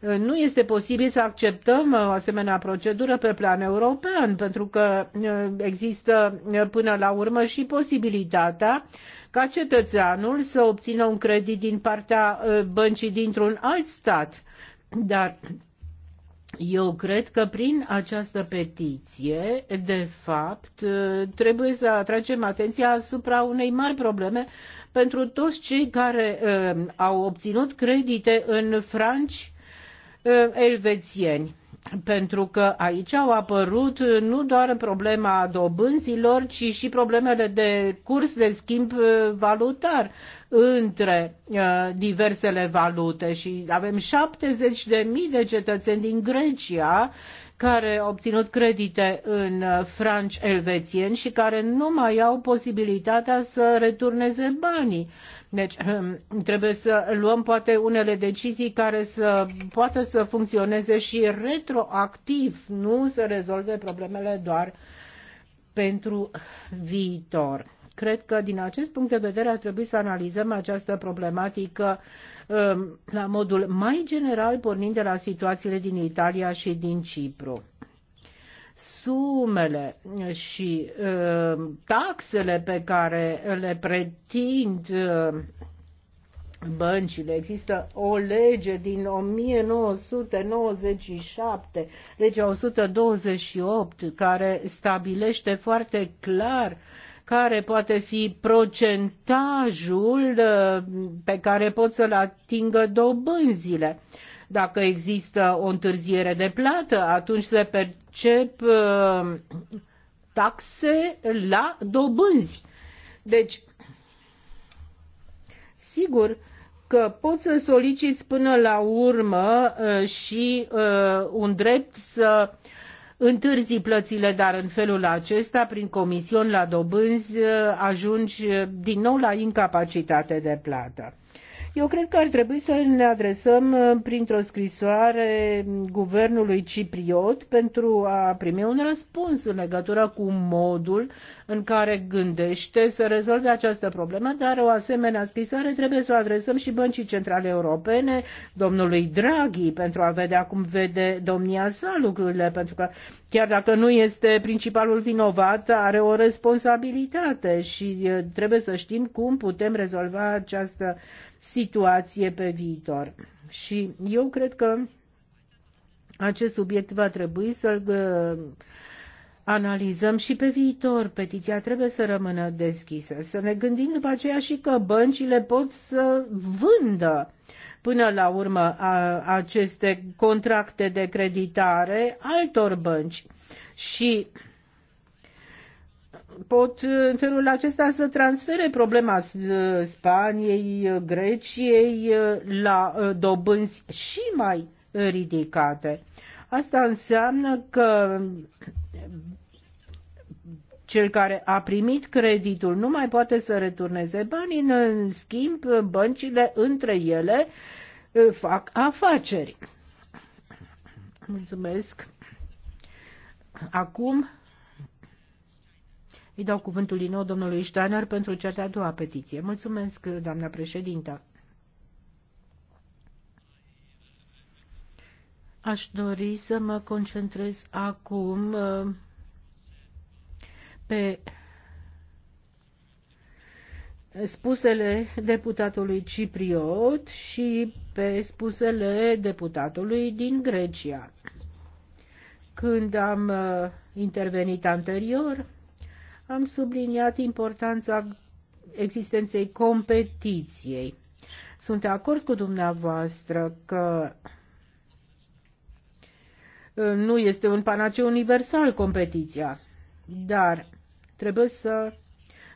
Speaker 3: Uh, nu este posibil să acceptăm uh, o asemenea procedură pe plan european, pentru că uh, există până la urmă și posibilitatea ca cetățeanul să obțină un credit din partea băncii dintr-un alt stat. Dar eu cred că prin această petiție, de fapt, trebuie să atragem atenția asupra unei mari probleme pentru toți cei care uh, au obținut credite în franci uh, elvețieni. Pentru că aici au apărut nu doar problema dobânzilor, ci și problemele de curs de schimb eh, valutar între uh, diversele valute și avem 70 de mii de cetățeni din Grecia care au obținut credite în uh, franci elvețieni și care nu mai au posibilitatea să returneze banii. Deci hmm, trebuie să luăm poate unele decizii care să poată să funcționeze și retroactiv, nu să rezolve problemele doar pentru viitor. Cred că din acest punct de vedere ar trebui să analizăm această problematică um, la modul mai general, pornind de la situațiile din Italia și din Cipru sumele și um, taxele pe care le pretind um, băncile. Există o lege din 1997, legea 128, care stabilește foarte clar uh, care poate fi procentajul uh, pe care pot să-l atingă dobânzile. Dacă există o întârziere de plată, atunci se percep uh, taxe la dobânzi. Deci, sigur că poți să soliciți până la urmă uh, și un drept să întârzi plățile, dar în felul acesta, prin comision la dobânzi, ajungi din nou la incapacitate de plată. Eu cred că ar trebui să ne adresăm uh, printr-o scrisoare guvernului cipriot pentru a primi un răspuns în legătură cu modul în care gândește să rezolve această problemă, dar o asemenea scrisoare trebuie să o adresăm și Băncii Centrale Europene, domnului Draghi, pentru a vedea cum vede domnia sa lucrurile, pentru că chiar dacă nu este principalul vinovat, are o responsabilitate și uh, trebuie să știm cum putem rezolva această situație pe viitor. Și eu cred că acest subiect va trebui să-l uh, analizăm și pe viitor. Petiția trebuie să rămână deschisă. Să ne gândim după aceea și că băncile pot să vândă până la urmă a, aceste contracte de creditare altor bănci. Și pot în felul acesta să transfere problema uh, Spaniei, uh, Greciei uh, la dobânzi și mai ridicate. Asta înseamnă că cel care a primit creditul nu mai poate să returneze banii, în schimb băncile între ele fac afaceri. Mulțumesc. Acum îi dau cuvântul din nou domnului Steiner pentru cea de-a doua petiție. Mulțumesc, doamna președintă. Aș dori să mă concentrez acum uh, pe spusele deputatului cipriot și pe spusele deputatului din Grecia. Când am uh, intervenit anterior, am subliniat importanța existenței competiției. Sunt de acord cu dumneavoastră că uh, nu este un panaceu universal competiția, dar trebuie să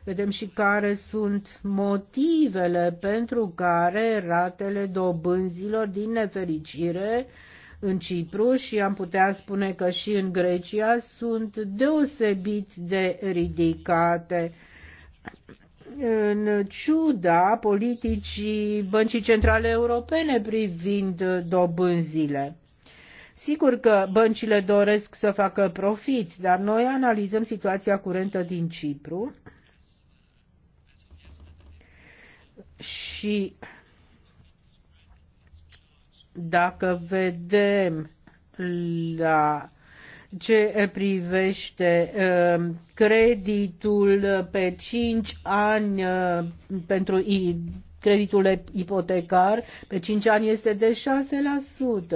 Speaker 3: vedem și care sunt motivele pentru care ratele dobânzilor, din nefericire, uh, în Cipru și am putea spune că și în Grecia sunt deosebit de ridicate în ciuda politicii Băncii Centrale Europene privind dobânzile. Sigur că băncile doresc să facă profit, dar noi analizăm situația curentă din Cipru și dacă vedem la ce privește uh, creditul pe 5 ani uh, pentru creditul ipotecar, pe 5 ani este de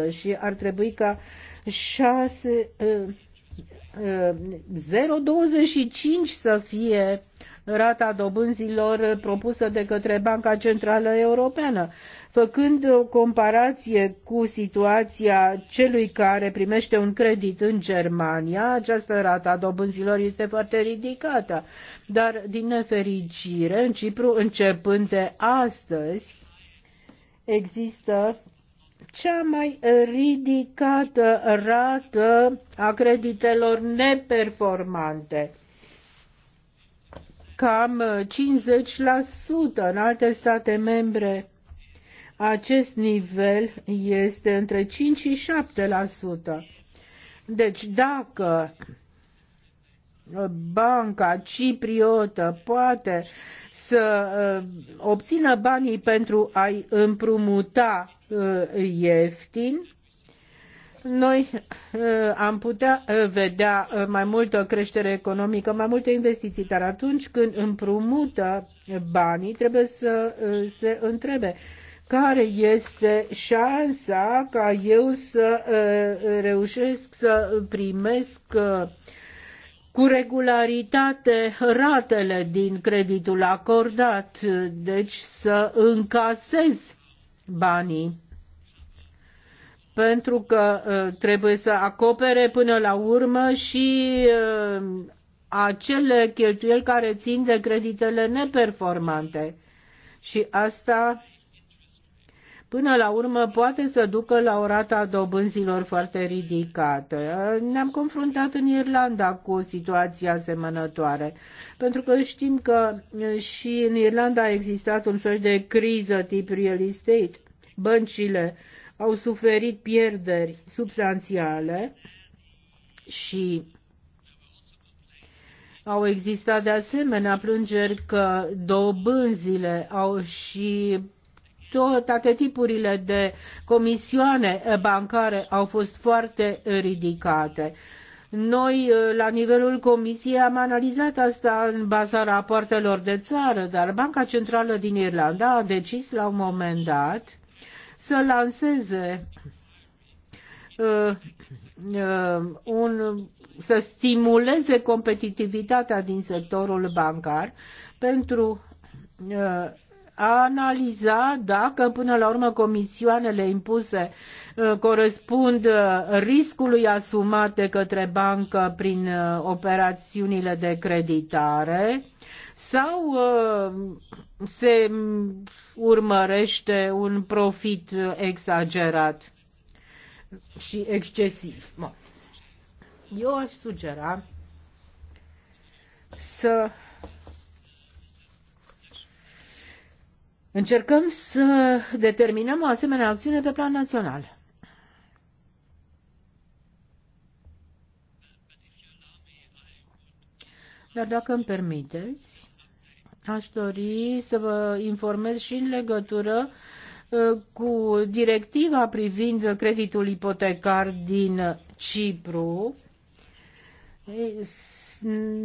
Speaker 3: 6% și ar trebui ca 6 0,25 uh, să fie rata dobânzilor propusă de către Banca Centrală Europeană, făcând o comparație cu situația celui care primește un credit în Germania, această rata dobânzilor este foarte ridicată. Dar, din nefericire, în Cipru, începând de astăzi, există cea mai ridicată rată a creditelor neperformante cam 50%. Uh, În alte state membre acest nivel este între 5 și 7%. Deci dacă uh, banca cipriotă poate să uh, obțină banii pentru a-i împrumuta ieftin, noi uh, am putea uh, vedea uh, mai multă creștere economică, mai multe investiții, dar atunci când împrumută banii, trebuie să se întrebe care este șansa ca eu să reușesc să primesc cu regularitate ratele din creditul acordat, deci să încasez banii pentru că uh, trebuie să acopere până la urmă și uh, acele cheltuieli care țin de creditele neperformante. Și asta până la urmă poate să ducă la o rată a dobânzilor foarte ridicată. Ne-am confruntat în Irlanda cu o situație asemănătoare, pentru că știm că uh, și în Irlanda a existat un fel de criză tip real estate. Băncile uh, au suferit pierderi substanțiale și au existat de asemenea plângeri că dobânzile au și toate tipurile de comisioane bancare au fost foarte ridicate. Noi, la nivelul Comisiei, am analizat asta în baza rapoartelor de țară, dar Banca Centrală din Irlanda a decis la un moment dat să lanseze uh, uh, un, să stimuleze competitivitatea din sectorul bancar pentru uh, a analiza dacă până la urmă comisioanele impuse uh, corespund uh, riscului asumat de către bancă prin uh, operațiunile de creditare sau se urmărește un profit exagerat și excesiv. Eu aș sugera să încercăm să determinăm o asemenea acțiune pe plan național. Dar dacă îmi permiteți, Aș dori să vă informez și în legătură uh, cu directiva privind creditul ipotecar din Cipru.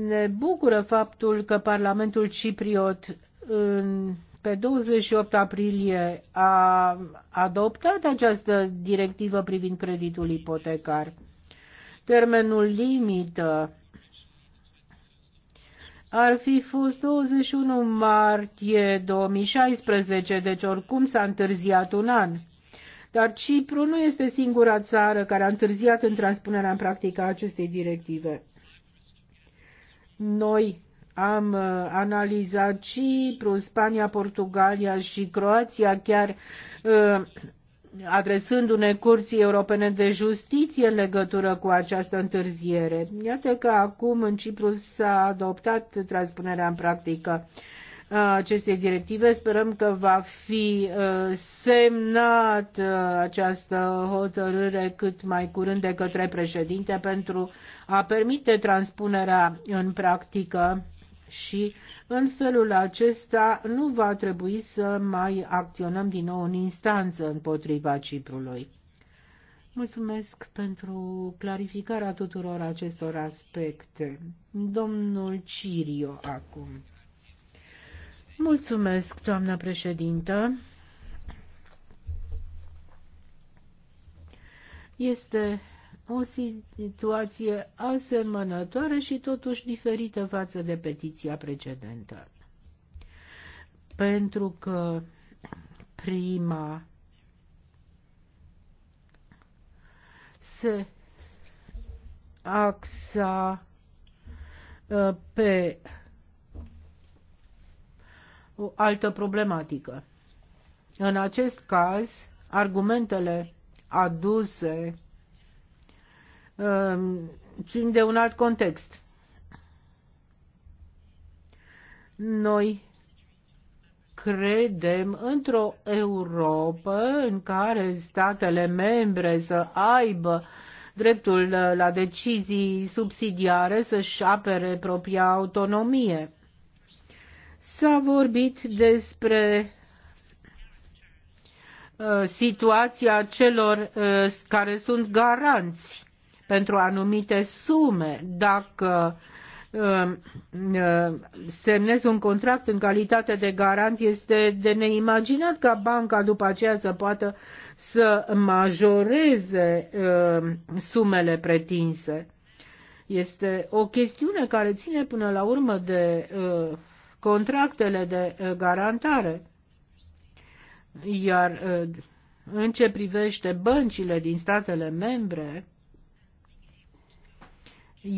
Speaker 3: Ne bucură faptul că Parlamentul Cipriot în pe 28 aprilie a adoptat această directivă privind creditul ipotecar. Termenul limită ar fi fost 21 martie 2016, deci oricum s-a întârziat un an. Dar Cipru nu este singura țară care a întârziat în transpunerea în practică a acestei directive. Noi am uh, analizat Cipru, Spania, Portugalia și Croația, chiar uh, adresându-ne Curții Europene de Justiție în legătură cu această întârziere. Iată că acum în Cipru s-a adoptat transpunerea în practică acestei directive. Sperăm că va fi uh, semnat uh, această hotărâre cât mai curând de către președinte pentru a permite transpunerea în practică și în felul acesta nu va trebui să mai acționăm din nou în instanță împotriva Ciprului. Mulțumesc pentru clarificarea tuturor acestor aspecte. Domnul Cirio acum. Mulțumesc, doamna președintă. Este o situație asemănătoare și totuși diferită față de petiția precedentă. Pentru că prima se axa uh, pe o altă problematică. În acest caz, argumentele aduse Um, țin de un alt context. Noi credem într-o Europa în care statele membre să aibă dreptul la decizii subsidiare, să-și apere propria autonomie. S-a vorbit despre uh, situația celor uh, care sunt garanți pentru anumite sume. Dacă um, um, semnezi un contract în calitate de garant, este de neimaginat ca banca după aceea să poată să majoreze um, sumele pretinse. Este o chestiune care ține până la urmă de uh, contractele de uh, garantare. Iar uh, în ce privește băncile din statele membre,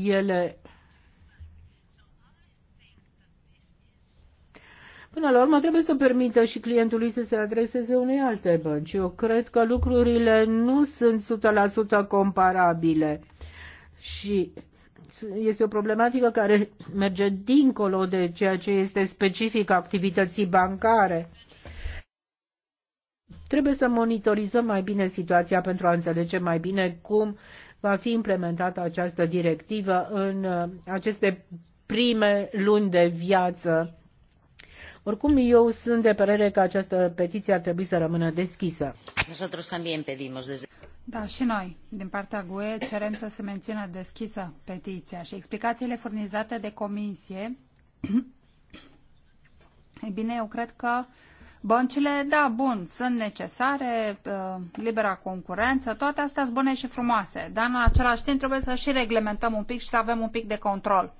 Speaker 3: ele Până la urmă, trebuie să permită și clientului să se adreseze unei alte bănci. Eu cred că lucrurile nu sunt 100% comparabile și este o problematică care merge dincolo de ceea ce este specific activității bancare. Trebuie să monitorizăm mai bine situația pentru a înțelege mai bine cum va fi implementată această directivă în uh, aceste prime luni de viață. Oricum, eu sunt de părere că această petiție ar trebui să rămână deschisă.
Speaker 1: Da, și noi, din partea GUE, cerem să se mențină deschisă petiția și explicațiile furnizate de comisie. E bine, eu cred că uh, Băncile, da, bun, sunt necesare, uh, libera concurență, toate astea sunt bune și frumoase, dar în același timp trebuie să și reglementăm un pic și să avem un pic de control.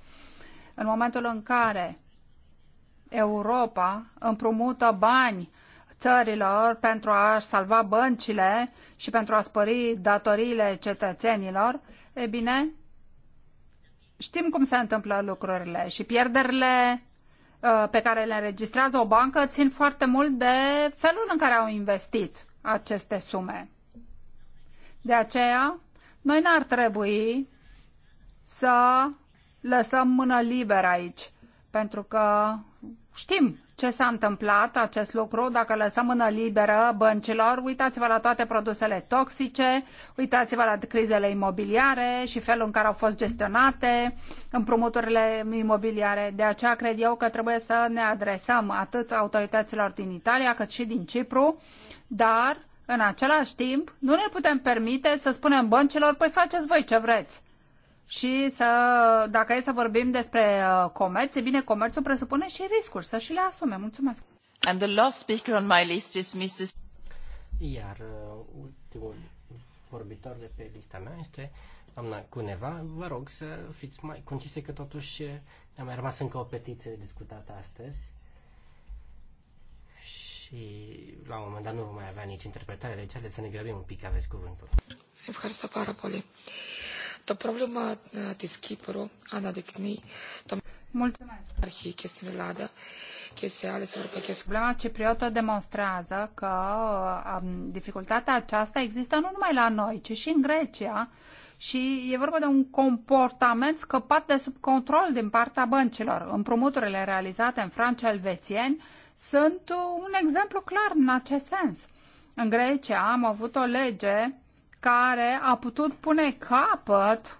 Speaker 1: În momentul în care Europa împrumută bani țărilor pentru a salva băncile și pentru a spări datoriile cetățenilor, e bine, știm cum se întâmplă lucrurile și pierderile Uh, pe care le înregistrează o bancă țin foarte mult de felul în care au investit aceste sume. De aceea, noi n-ar trebui să lăsăm mână liberă aici, pentru că Știm ce s-a întâmplat acest lucru, dacă lăsăm mână liberă băncilor, uitați-vă la toate produsele toxice, uitați-vă la crizele imobiliare și felul în care au fost gestionate împrumuturile imobiliare. De aceea cred eu că trebuie să ne adresăm atât autorităților din Italia cât și din Cipru, dar în același timp nu ne putem permite să spunem băncilor, păi faceți voi ce vreți și să, dacă e să vorbim despre uh, comerț, e bine, comerțul presupune și riscuri, să și le asume. Mulțumesc. And the last speaker on my list is Mrs.
Speaker 2: Iar uh, ultimul vorbitor de pe lista mea este doamna Cuneva. Vă rog să fiți mai concise că totuși uh, ne-a mai rămas încă o petiție discutată astăzi și la un moment dat nu vom mai avea nici interpretare, deci haideți să ne grăbim un pic, aveți cuvântul.
Speaker 1: Ευχαριστώ Poli. Uh, Problema πρόβλημα της Κύπρου αναδεικνύει το Mulțumesc. Arhiche στην Ελλάδα και σε άλλες ευρωπαϊκές... Problema cipriotă demonstrează că um, dificultatea aceasta există nu numai la noi, ci și în Grecia și e vorba de un comportament scăpat de sub control din partea băncilor. Împrumuturile realizate în franci elvețieni sunt un exemplu clar în acest sens. În Grecia am avut o lege care a putut pune capăt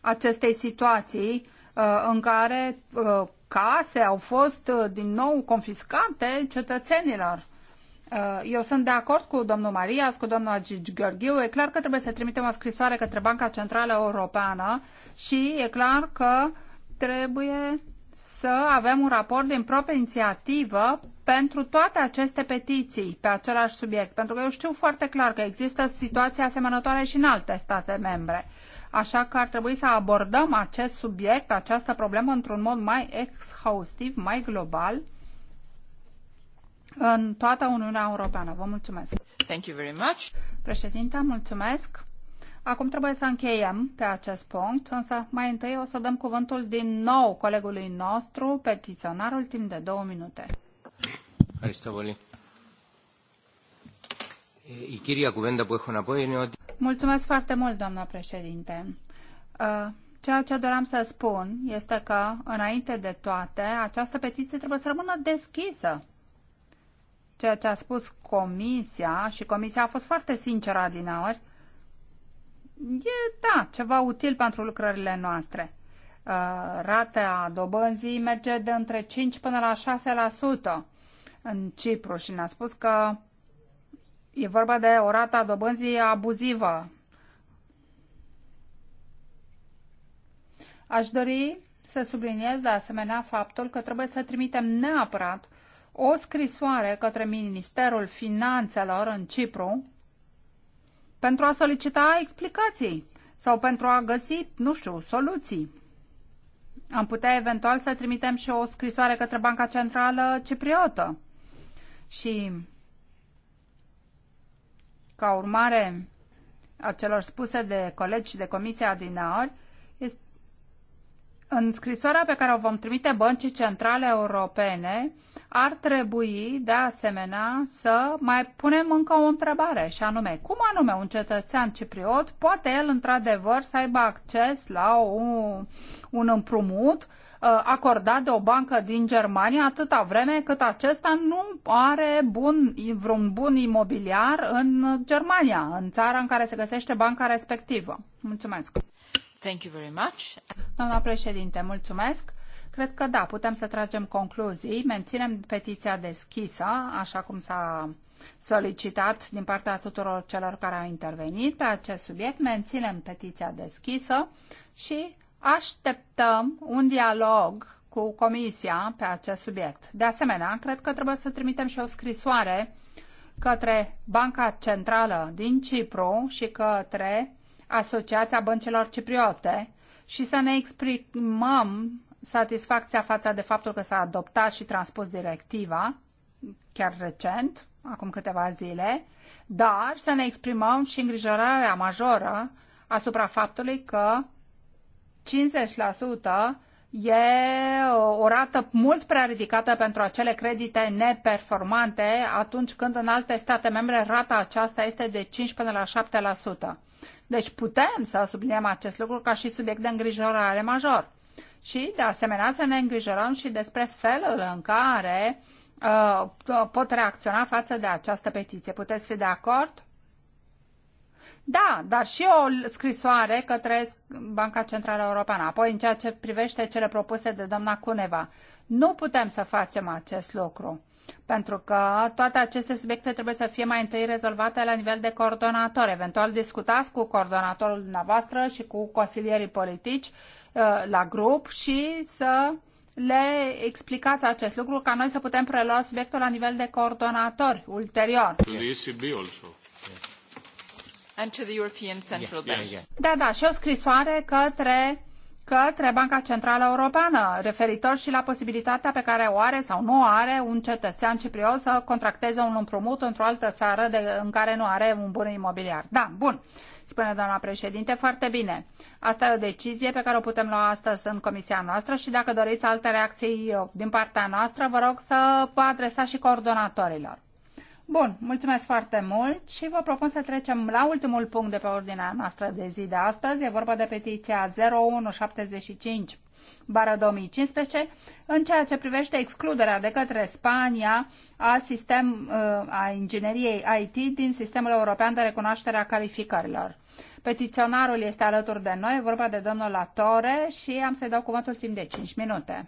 Speaker 1: acestei situații uh, în care uh, case au fost uh, din nou confiscate cetățenilor. Eu sunt de acord cu domnul Marias, cu domnul Gigi Gheorghiu. E clar că trebuie să trimitem o scrisoare către Banca Centrală Europeană și e clar că trebuie să avem un raport din proprie inițiativă pentru toate aceste petiții pe același subiect, pentru că eu știu foarte clar că există situații asemănătoare și în alte state membre. Așa că ar trebui să abordăm acest subiect, această problemă într-un mod mai exhaustiv, mai global în toată Uniunea Europeană. Vă mulțumesc. Thank you very much. Președinte, mulțumesc. Acum trebuie să încheiem pe acest punct, însă mai întâi o să dăm cuvântul din nou colegului nostru, petiționarul, timp de două minute.
Speaker 2: Aristoboli. Păi
Speaker 1: Mulțumesc foarte mult, doamna președinte. Uh, ceea ce doream să spun este că, înainte de toate, această petiție trebuie să rămână deschisă. Ceea ce a spus comisia, și comisia a fost foarte sinceră din adineori, e, da, ceva util pentru lucrările noastre. Uh, rata dobânzii merge de între 5 până la 6% în Cipru și ne-a spus că e vorba de o rata dobânzii abuzivă. Aș dori să subliniez de asemenea faptul că trebuie să trimitem neapărat o scrisoare către Ministerul Finanțelor în Cipru pentru a solicita explicații sau pentru a găsi, nu știu, soluții. Am putea eventual să trimitem și o scrisoare către Banca Centrală Cipriotă. Și ca urmare a celor spuse de colegi și de comisia din Aori, în scrisoarea pe care o vom trimite băncii centrale europene, ar trebui, de asemenea, să mai punem încă o întrebare, și anume, cum anume un cetățean cipriot poate el, într-adevăr, să aibă acces la un, un împrumut uh, acordat de o bancă din Germania atâta vreme cât acesta nu are bun, vreun bun imobiliar în Germania, în țara în care se găsește banca respectivă. Mulțumesc! Doamnă președinte, mulțumesc. Cred că da, putem să tragem concluzii, menținem petiția deschisă, așa cum s-a solicitat din partea tuturor celor care au intervenit pe acest subiect, menținem petiția deschisă și așteptăm un dialog cu Comisia pe acest subiect. De asemenea, cred că trebuie să trimitem și o scrisoare către Banca Centrală din Cipru și către Asociația Băncelor Cipriote și să ne exprimăm satisfacția față de faptul că s-a adoptat și transpus directiva, chiar recent, acum câteva zile, dar să ne exprimăm și îngrijorarea majoră asupra faptului că 50% e o rată mult prea ridicată pentru acele credite neperformante, atunci când în alte state membre rata aceasta este de 5 până la 7%. Deci putem să subliniem acest lucru ca și subiect de îngrijorare major. Și, de asemenea, să ne îngrijorăm și despre felul în care uh, pot reacționa față de această petiție. Puteți fi de acord? Da, dar și o scrisoare către Banca Centrală Europeană. Apoi, în ceea ce privește cele propuse de doamna Cuneva, nu putem să facem acest lucru pentru că toate aceste subiecte trebuie să fie mai întâi rezolvate la nivel de coordonator. Eventual discutați cu coordonatorul dumneavoastră și cu consilierii politici uh, la grup și să le explicați acest lucru ca noi să putem prelua subiectul la nivel de coordonator ulterior. Da, da, și o scrisoare către către Banca Centrală Europeană, referitor și la posibilitatea pe care o are sau nu are un cetățean ciprios să contracteze un împrumut într-o altă țară de, în care nu are un bun imobiliar. Da, bun, spune doamna președinte, foarte bine. Asta e o decizie pe care o putem lua astăzi în comisia noastră și dacă doriți alte reacții din partea noastră, vă rog să vă adresați și coordonatorilor. Bun, mulțumesc foarte mult și vă propun să trecem la ultimul punct de pe ordinea noastră de zi de astăzi. E vorba de petiția 0175 bară 2015 în ceea ce privește excluderea de către Spania a, sistem, uh, a ingineriei IT din sistemul european de recunoaștere a calificărilor. Petiționarul este alături de noi, vorba de domnul Latore și am să-i dau cuvântul timp de 5 minute.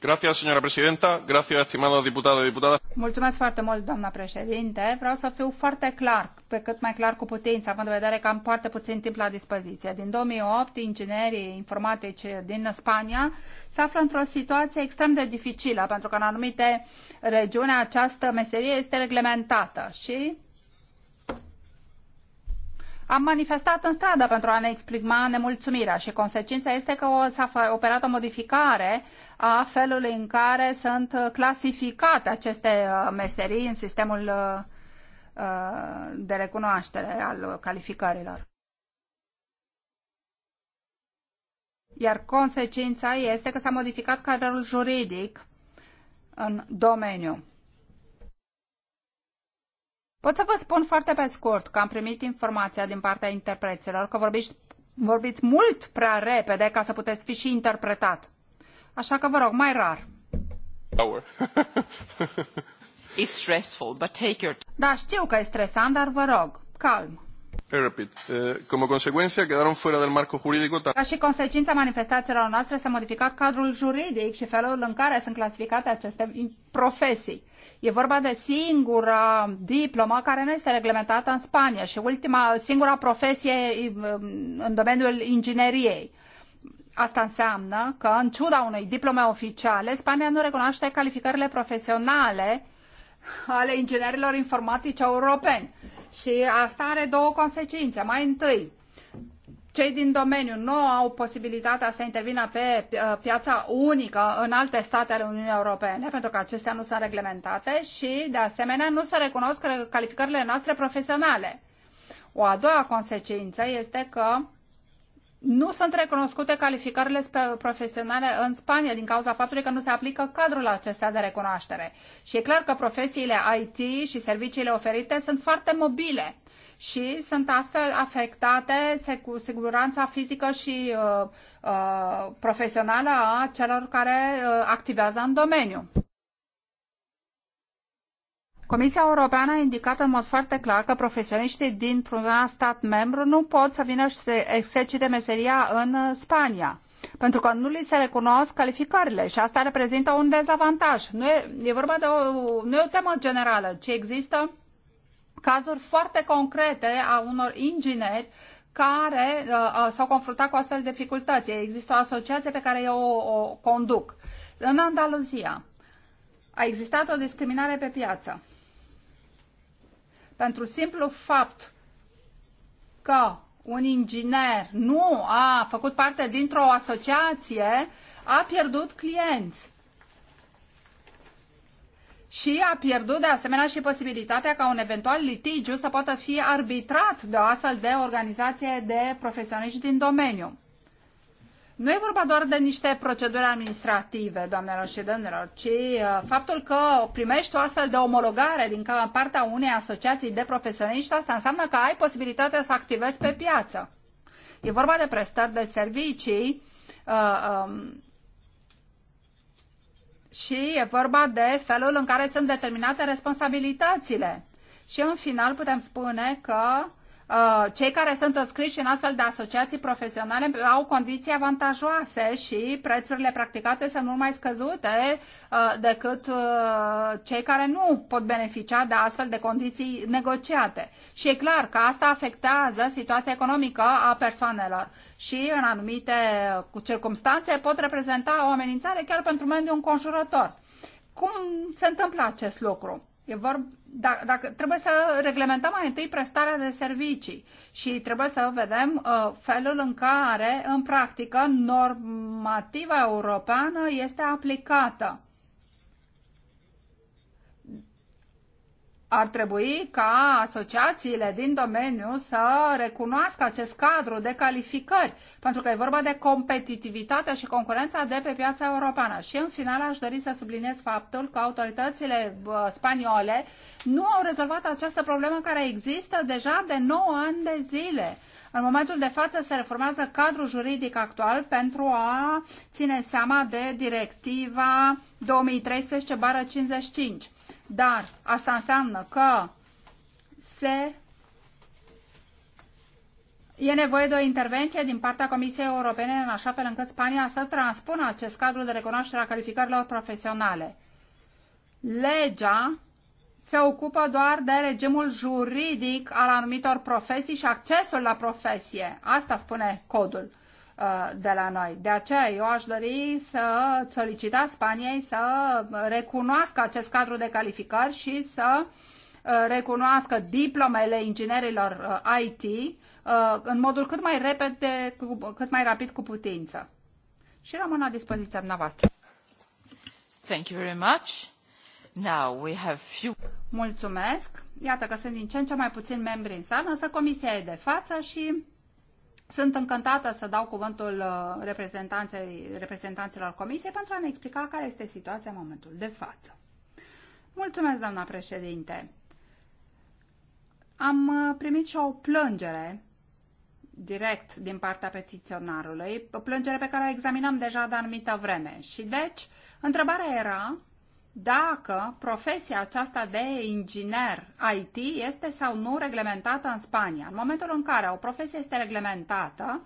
Speaker 2: Gracias, señora presidenta. Gracias, estimados
Speaker 1: diputados diputadas. Mulțumesc foarte mult, doamna președinte. Vreau să fiu foarte clar, pe cât mai clar cu putință, având în vedere că am foarte puțin timp la dispoziție. Din 2008, inginerii informatici din Spania se află într-o situație extrem de dificilă, pentru că în anumite regiuni această meserie este reglementată și am manifestat în stradă pentru a ne exprima nemulțumirea și consecința este că s-a operat o modificare a felului în care sunt clasificate aceste uh, meserii în sistemul uh, uh, de recunoaștere al calificărilor. Iar consecința este că s-a modificat cadrul juridic în domeniu. Pot să vă spun foarte pe scurt că am primit informația din partea interpreților că vorbiți, vorbiți mult prea repede ca să puteți fi și interpretat. Așa că vă rog, mai rar. It's stressful, but take your... Da, știu că e stresant, dar vă rog, calm. Ca și consecința manifestațiilor noastre s-a modificat cadrul juridic și felul în care sunt clasificate aceste profesii. E vorba de singura diplomă care nu este reglementată în Spania și ultima, singura profesie um, în domeniul ingineriei. Asta înseamnă că, în ciuda unei diplome oficiale, Spania nu recunoaște calificările profesionale ale inginerilor informatici europeni. Și asta are două consecințe. Mai întâi, cei din domeniu nu au posibilitatea să intervină pe uh, piața unică în alte state ale Uniunii Europene, pentru că acestea nu sunt reglementate și, de asemenea, nu se recunosc calificările noastre profesionale. O a doua consecință este că nu sunt recunoscute calificările profesionale în Spania din cauza faptului că nu se aplică cadrul acesta de recunoaștere. Și e clar că profesiile IT și serviciile oferite sunt foarte mobile și sunt astfel afectate cu siguranța fizică și uh, uh, profesională a celor care uh, activează în domeniu. Comisia Europeană a indicat în mod foarte clar că profesioniștii dintr-un stat membru nu pot să vină și să exercite meseria în Spania pentru că nu li se recunosc calificările și asta reprezintă un dezavantaj. Nu e, e vorba de o, nu e o temă generală, ci există cazuri foarte concrete a unor ingineri care uh, uh s-au confruntat cu astfel de dificultăți. Există o asociație pe care eu o, o conduc. În Andaluzia a existat o discriminare pe piață pentru simplu fapt că un inginer nu a făcut parte dintr-o asociație, a pierdut clienți. Și a pierdut de asemenea și posibilitatea ca un eventual litigiu să poată fi arbitrat de o astfel de organizație de profesioniști din domeniu. Nu e vorba doar de niște proceduri administrative, doamnelor și domnilor, ci uh, faptul că primești o astfel de omologare din partea unei asociații de profesioniști, asta înseamnă că ai posibilitatea să activezi pe piață. E vorba de prestări de servicii uh, um, și e vorba de felul în care sunt determinate responsabilitățile. Și în final putem spune că Uh, cei care sunt înscriși în astfel de asociații profesionale au condiții avantajoase și prețurile practicate sunt mult mai scăzute uh, decât uh, cei care nu pot beneficia de astfel de condiții negociate. Și e clar că asta afectează situația economică a persoanelor și în anumite circunstanțe pot reprezenta o amenințare chiar pentru mediul înconjurător. Cum se întâmplă acest lucru? E vorba dacă, dacă, trebuie să reglementăm mai întâi prestarea de servicii și trebuie să vedem uh, felul în care, în practică, normativa europeană este aplicată. ar trebui ca asociațiile din domeniu să recunoască acest cadru de calificări, pentru că e vorba de competitivitatea și concurența de pe piața europeană. Și în final aș dori să subliniez faptul că autoritățile uh, spaniole nu au rezolvat această problemă care există deja de 9 ani de zile. În momentul de față se reformează cadrul juridic actual pentru a ține seama de directiva 2013-55. Dar asta înseamnă că se E nevoie de o intervenție din partea Comisiei Europene în așa fel încât Spania să transpună acest cadru de recunoaștere a calificărilor profesionale. Legea se ocupă doar de regimul juridic al anumitor profesii și accesul la profesie. Asta spune codul uh, de la noi. De aceea eu aș dori să solicita Spaniei să recunoască acest cadru de calificări și să uh, recunoască diplomele inginerilor uh, IT în modul cât mai repede, cât mai rapid cu putință. Și rămân la dispoziția noastră. Thank you very much. Now we have few... Mulțumesc. Iată că sunt din ce în ce mai puțin membri în sală, însă comisia e de față și sunt încântată să dau cuvântul uh, reprezentanților comisiei pentru a ne explica care este situația în momentul de față. Mulțumesc, doamna președinte. Am uh, primit și o plângere direct din partea petiționarului, o plângere pe care o examinăm deja de anumită vreme. Și deci, întrebarea era dacă profesia aceasta de inginer IT este sau nu reglementată în Spania. În momentul în care o profesie este reglementată,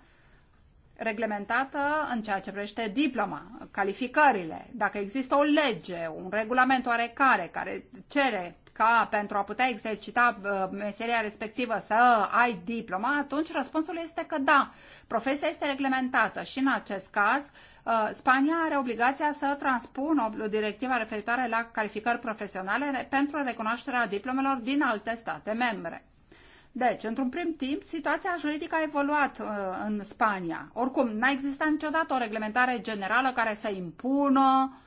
Speaker 1: reglementată în ceea ce privește diploma, calificările, dacă există o lege, un regulament oarecare care cere ca pentru a putea exercita uh, meseria respectivă să ai diploma, atunci răspunsul este că da, profesia este reglementată și în acest caz Uh, Spania are obligația să transpună o directivă referitoare la calificări profesionale pentru recunoașterea diplomelor din alte state membre. Deci, într-un prim timp, situația juridică a evoluat uh, în Spania. Oricum, n-a existat niciodată o reglementare generală care să impună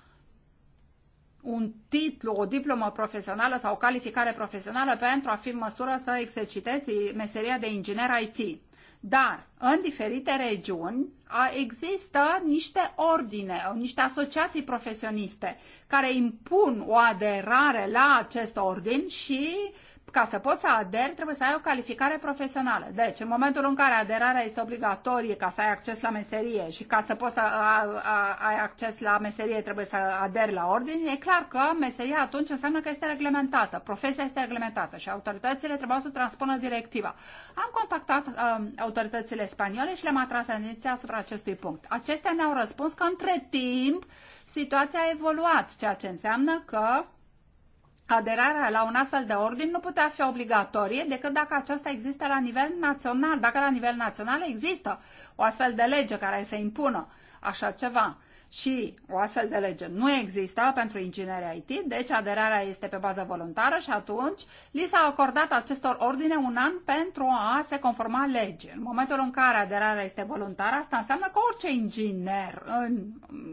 Speaker 1: un titlu, o diplomă profesională sau o calificare profesională pentru a fi în măsură să exercitezi meseria de inginer IT. Dar în diferite regiuni există niște ordine, niște asociații profesioniste care impun o aderare la acest ordin și ca să poți să aderi, trebuie să ai o calificare profesională. Deci, în momentul în care aderarea este obligatorie ca să ai acces la meserie și ca să poți să ai acces la meserie trebuie să aderi la ordine, e clar că meseria atunci înseamnă că este reglementată, profesia este reglementată și autoritățile trebuiau să transpună directiva. Am contactat um, autoritățile spaniole și le-am atras atenția asupra acestui punct. Acestea ne-au răspuns că între timp situația a evoluat, ceea ce înseamnă că Aderarea la un astfel de ordin nu putea fi obligatorie decât dacă aceasta există la nivel național, dacă la nivel național există o astfel de lege care să impună așa ceva și o astfel de lege nu exista pentru inginerii IT, deci aderarea este pe bază voluntară și atunci li s-a acordat acestor ordine un an pentru a se conforma legii. În momentul în care aderarea este voluntară, asta înseamnă că orice inginer în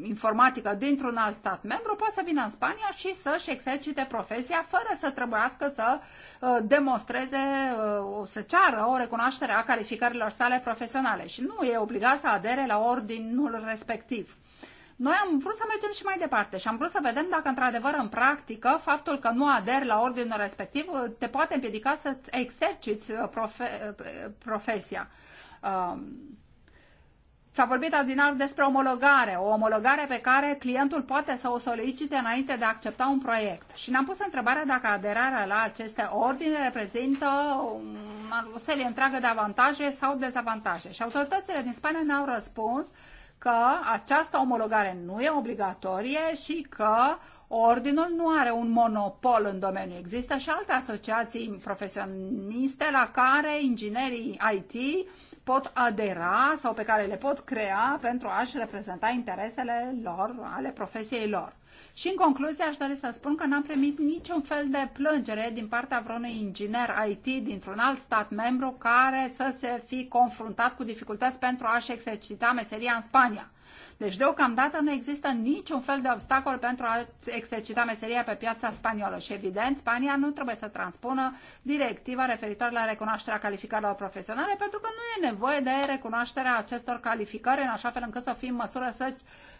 Speaker 1: informatică dintr-un alt stat membru poate să vină în Spania și să-și exercite profesia fără să trebuiască să uh, demonstreze, uh, să ceară o recunoaștere a calificărilor sale profesionale și nu e obligat să adere la ordinul respectiv. Noi am vrut să mergem și mai departe și am vrut să vedem dacă într-adevăr în practică faptul că nu aderi la ordinul respectiv te poate împiedica să exerciți uh, profe- uh, profesia. Um, s-a vorbit adinar despre omologare, o omologare pe care clientul poate să o solicite înainte de a accepta un proiect. Și ne-am pus întrebarea dacă aderarea la aceste ordine reprezintă o serie întreagă de avantaje sau dezavantaje. Și autoritățile din Spania ne-au răspuns uh, că această omologare nu e obligatorie și că Ordinul nu are un monopol în domeniu. Există și alte asociații profesioniste la care inginerii IT pot adera sau pe care le pot crea pentru a-și reprezenta interesele lor, ale profesiei lor. Și în concluzie aș dori să spun că n-am primit niciun fel de plângere din partea vreunui inginer IT dintr-un alt stat membru care să se fi confruntat cu dificultăți pentru a-și exercita meseria în Spania. Deci, deocamdată nu există niciun fel de obstacol pentru a exercita meseria pe piața spaniolă și, evident, Spania nu trebuie să transpună directiva referitoare la recunoașterea calificărilor profesionale pentru că nu e nevoie de recunoașterea acestor calificări în așa fel încât să fim în măsură să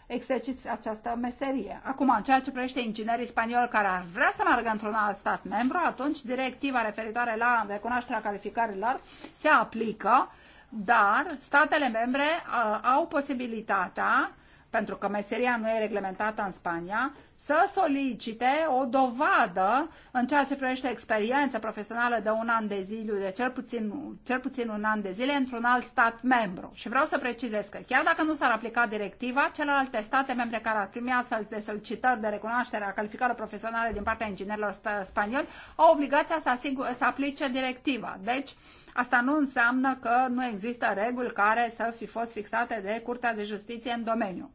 Speaker 1: exerciți această meserie. Acum, în ceea ce privește inginerii spanioli care ar vrea să meargă într-un alt stat membru, atunci directiva referitoare la recunoașterea calificărilor se aplică dar statele membre uh, au posibilitatea, pentru că meseria nu e reglementată în Spania, să solicite o dovadă în ceea ce privește experiență profesională de un an de zile, de cel puțin, cel puțin un an de zile, într-un alt stat membru. Și vreau să precizez că chiar dacă nu s-ar aplica directiva, celelalte state membre care ar primi astfel de solicitări de recunoaștere a calificărilor profesionale din partea inginerilor spanioli au obligația să, asigur, să aplice directiva. Deci, uh, Asta nu înseamnă că nu există reguli care să fi fost fixate de Curtea de Justiție în domeniu.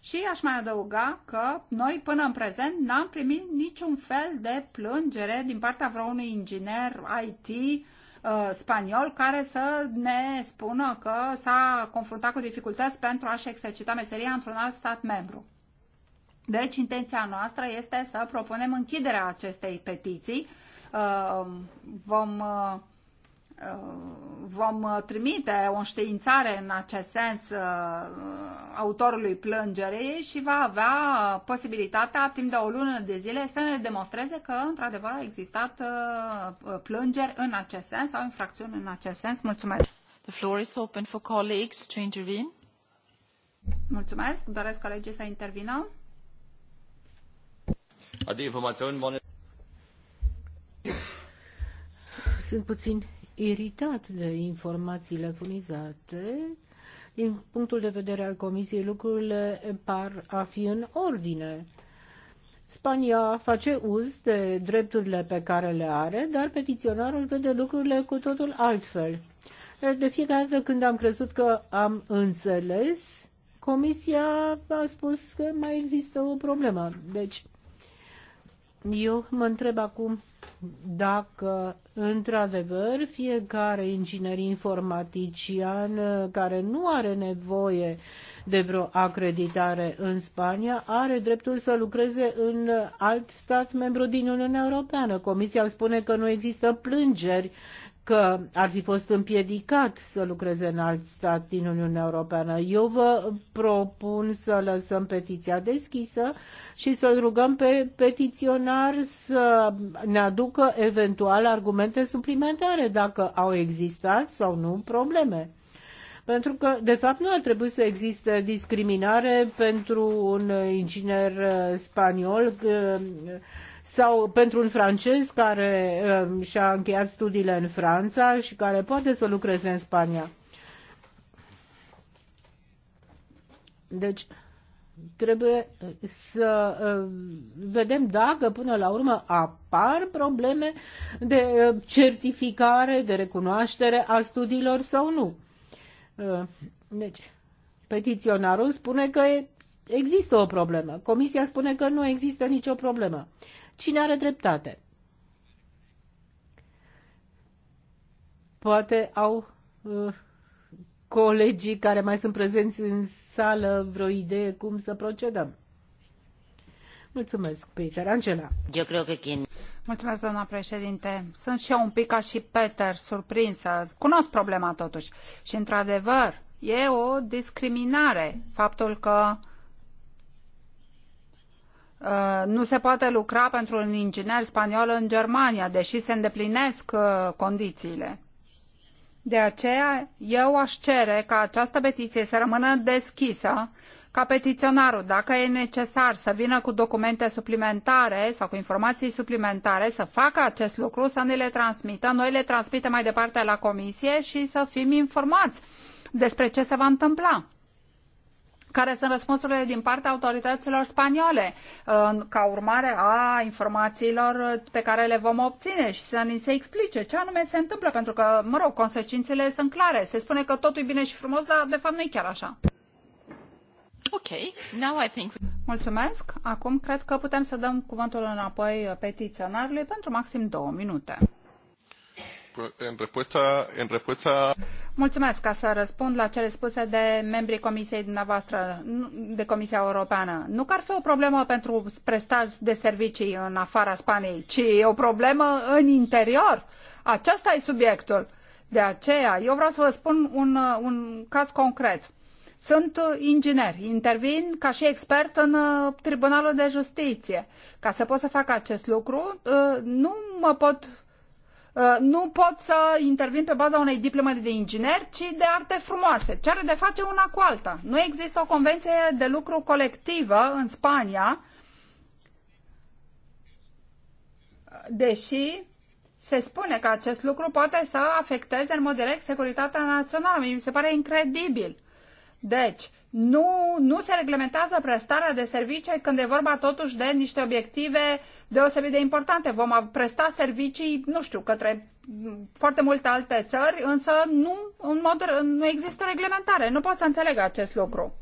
Speaker 1: Și aș mai adăuga că noi până în prezent n-am primit niciun fel de plângere din partea vreunui inginer IT uh, spaniol care să ne spună că s-a confruntat cu dificultăți pentru a-și exercita meseria într-un alt stat membru. Deci, intenția noastră este să propunem închiderea acestei petiții. Uh, vom uh, vom uh, trimite o înștiințare în acest sens uh, autorului plângerii și va avea uh, posibilitatea timp de o lună de zile să ne demonstreze că într-adevăr a existat plângeri în acest sens sau infracțiuni în acest sens. Mulțumesc! The floor is open for colleagues to intervene. Mulțumesc! Doresc colegii să intervină.
Speaker 3: Adică informațiuni
Speaker 1: Sunt puțin iritat
Speaker 3: de informațiile furnizate. Din punctul de vedere al Comisiei, lucrurile par a fi în ordine. Spania face uz de drepturile pe care le are, dar petiționarul vede lucrurile cu totul altfel. De fiecare dată când am crezut că am înțeles, Comisia a spus că mai există o problemă. Deci, eu mă întreb acum dacă, într-adevăr, fiecare inginer informatician uh, care nu are nevoie de vreo acreditare în Spania are dreptul să lucreze în alt stat membru din Uniunea Europeană. Comisia spune că nu există plângeri că ar fi fost împiedicat să lucreze în alt stat din Uniunea Europeană. Eu vă propun să lăsăm petiția deschisă și să-l rugăm pe petiționar să ne aducă eventual argumente suplimentare dacă au existat sau nu probleme. Pentru că, de fapt, nu ar trebui să existe discriminare pentru un inginer spaniol sau pentru un francez care uh, și-a încheiat studiile în Franța și care poate să lucreze în Spania. Deci, trebuie să um, vedem dacă până la urmă apar probleme de um, certificare, de recunoaștere a studiilor sau nu. Uh, deci, petiționarul spune că există o problemă. Comisia spune că nu există nicio problemă. Cine are dreptate? Poate au uh, colegii care mai sunt prezenți în sală vreo
Speaker 1: idee cum să procedăm.
Speaker 3: Mulțumesc, Peter. Angela.
Speaker 1: Eu cred că chin. Mulțumesc, doamna președinte. Sunt și eu un pic ca și Peter, surprinsă. Cunosc problema totuși. Și, într-adevăr, e o discriminare faptul că uh, Uh, nu se poate lucra pentru un inginer spaniol în Germania, deși se îndeplinesc uh, condițiile. De aceea, eu aș cere ca această petiție să rămână deschisă, ca petiționarul, dacă e necesar, să vină cu documente suplimentare sau cu informații suplimentare, să facă acest lucru, să ne le transmită, noi le transmitem mai departe la comisie și să fim informați despre ce se va întâmpla care sunt răspunsurile din partea autorităților spaniole ca urmare a informațiilor pe care le vom obține și să ni se explice ce anume se întâmplă, pentru că, mă rog, consecințele sunt clare. Se spune că totul e bine și frumos, dar de fapt nu e chiar așa. Ok, now I think... Mulțumesc. Acum cred că putem să dăm cuvântul înapoi petiționarului pentru maxim două minute.
Speaker 2: În respuesta,
Speaker 1: în Mulțumesc ca să răspund la cele spuse de membrii Comisiei dumneavoastră, de Comisia Europeană. Nu că ar fi o problemă pentru prestați de servicii în afara Spaniei, ci e o problemă în interior. Acesta e subiectul. De aceea, eu vreau să vă spun un, un caz concret. Sunt inginer, intervin ca și expert în uh, Tribunalul de Justiție. Ca să pot să fac acest lucru, uh, nu mă pot Uh, nu pot să intervin pe baza unei diplome de inginer, ci de arte frumoase. Ce are de face una cu alta? Nu există o convenție de lucru colectivă în Spania, deși se spune că acest lucru poate să afecteze în mod direct securitatea națională. Mi se pare incredibil. Deci, nu, nu se reglementează prestarea de servicii când e vorba totuși de niște obiective deosebit de importante. Vom presta servicii, nu știu, către foarte multe alte țări, însă nu, în mod, nu există reglementare. Nu pot să înțeleg acest lucru.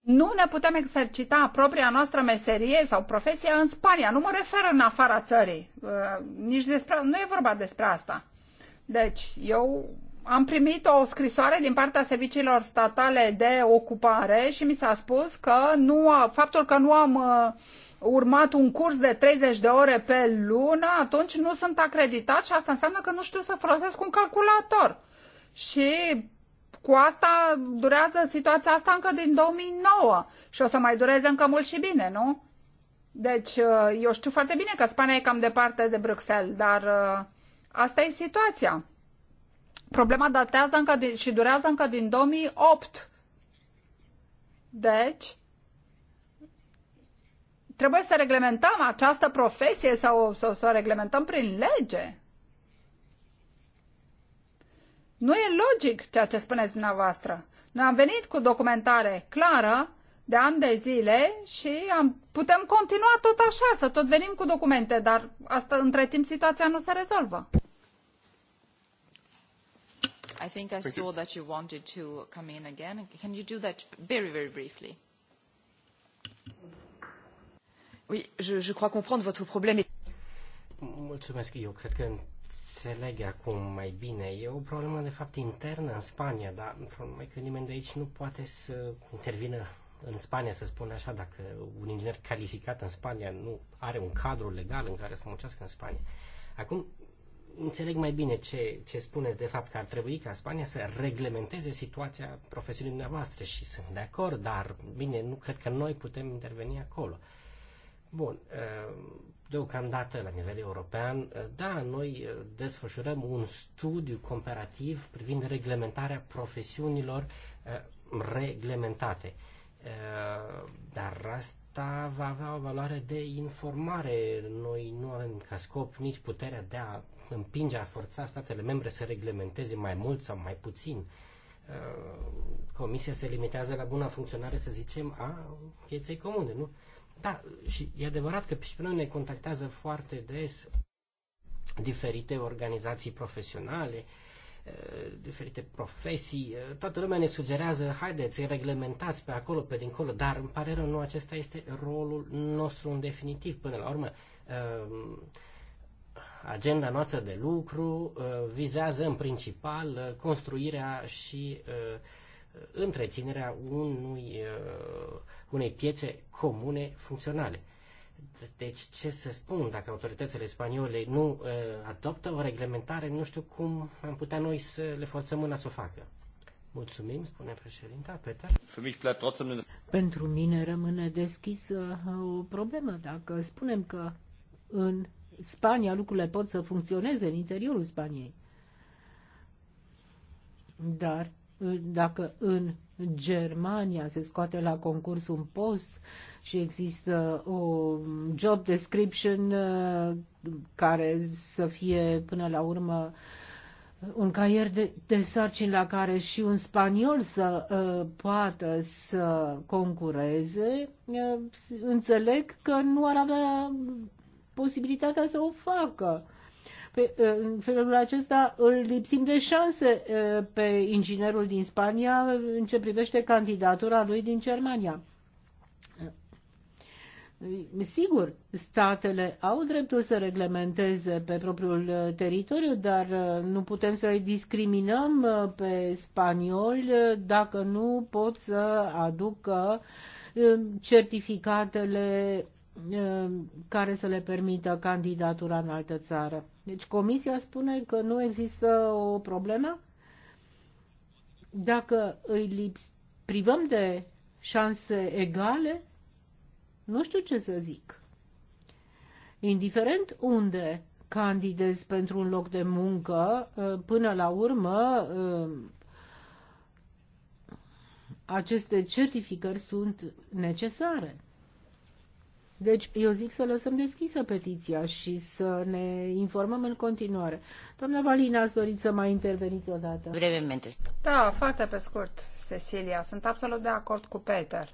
Speaker 1: Nu ne putem exercita propria noastră meserie sau profesie în Spania. Nu mă refer în afara țării. Uh, nici despre, nu e vorba despre asta. Deci, eu am primit o scrisoare din partea serviciilor statale de ocupare și mi s-a spus că nu, faptul că nu am uh, urmat un curs de 30 de ore pe lună, atunci nu sunt acreditat și asta înseamnă că nu știu să folosesc un calculator. Și cu asta durează situația asta încă din 2009 și o să mai dureze încă mult și bine, nu? Deci, uh, eu știu foarte bine că Spania e cam departe de Bruxelles, dar uh, asta e situația. Problema datează încă din, și durează încă din 2008. Deci, trebuie să reglementăm această profesie sau, să o reglementăm prin lege. Nu e logic ceea ce spuneți dumneavoastră. Noi am venit cu documentare clară de ani de zile și am, putem continua tot așa, să tot venim cu documente, dar asta între timp situația nu se rezolvă. I think I Thank saw you. that you wanted to come in again. Can you do that very, very briefly? Oui, je, je crois comprendre votre problème.
Speaker 2: Mulțumesc, eu cred că înțeleg acum mai bine. E o problemă, de fapt, internă în Spania, dar mai că nimeni de aici nu poate să intervină în Spania, să spun așa, dacă un inginer calificat în Spania nu are un cadru legal în care să muncească în Spania. Acum, înțeleg mai bine ce, ce spuneți de fapt că ar trebui ca Spania să reglementeze situația profesiunii dumneavoastră și sunt de acord, dar bine, nu cred că noi putem interveni acolo. Bun, uh, deocamdată la nivel european, uh, da, noi uh, desfășurăm un studiu comparativ privind reglementarea profesiunilor reglementate. Dar asta va avea o valoare de informare. Noi nu avem ca scop nici puterea de a împinge a forța statele membre să reglementeze mai mult sau mai puțin. Uh, comisia se limitează la buna funcționare, să zicem, a pieței comune, nu? Da, și e adevărat că și pe noi ne contactează foarte des diferite organizații profesionale, uh, diferite profesii, uh, toată lumea ne sugerează, haideți, reglementați pe acolo, pe dincolo, dar îmi pare rău, nu, acesta este rolul nostru în definitiv. Până la urmă, agenda noastră de lucru uh, vizează în principal uh, construirea și uh, întreținerea unui, unei piețe comune funcționale. Deci, ce să spun, dacă autoritățile spaniole nu adoptă o reglementare, nu știu cum am putea noi să le forțăm mâna să o facă. Mulțumim, spune președinta, Peter.
Speaker 3: Pentru mine rămâne deschisă o problemă. Dacă spunem că în Spania lucrurile pot să funcționeze în interiorul Spaniei. Dar uh, dacă în Germania se scoate la concurs un post și există o job description uh, care să fie până la urmă un caier de, de sarcini la care și un spaniol să uh, poată să concureze, uh, înțeleg că nu ar avea posibilitatea să o facă. Pe, uh, în felul acesta îl lipsim de șanse uh, pe inginerul din Spania în ce privește candidatura lui din Germania. Uh, sigur, statele au dreptul să reglementeze pe propriul teritoriu, dar nu putem să îi discriminăm pe spanioli dacă nu pot să aducă certificatele care să le permită candidatura în altă țară. Deci comisia spune că nu există o problemă dacă îi lips- privăm de șanse egale, nu știu ce să zic. Indiferent unde candidez pentru un loc de muncă, până la urmă aceste certificări sunt necesare. Deci, eu zic să lăsăm deschisă petiția și să ne informăm în continuare. Doamna Valina, ați dorit să mai interveniți odată? Brevemente.
Speaker 1: Da, foarte pe scurt, Cecilia. Sunt absolut de acord cu Peter.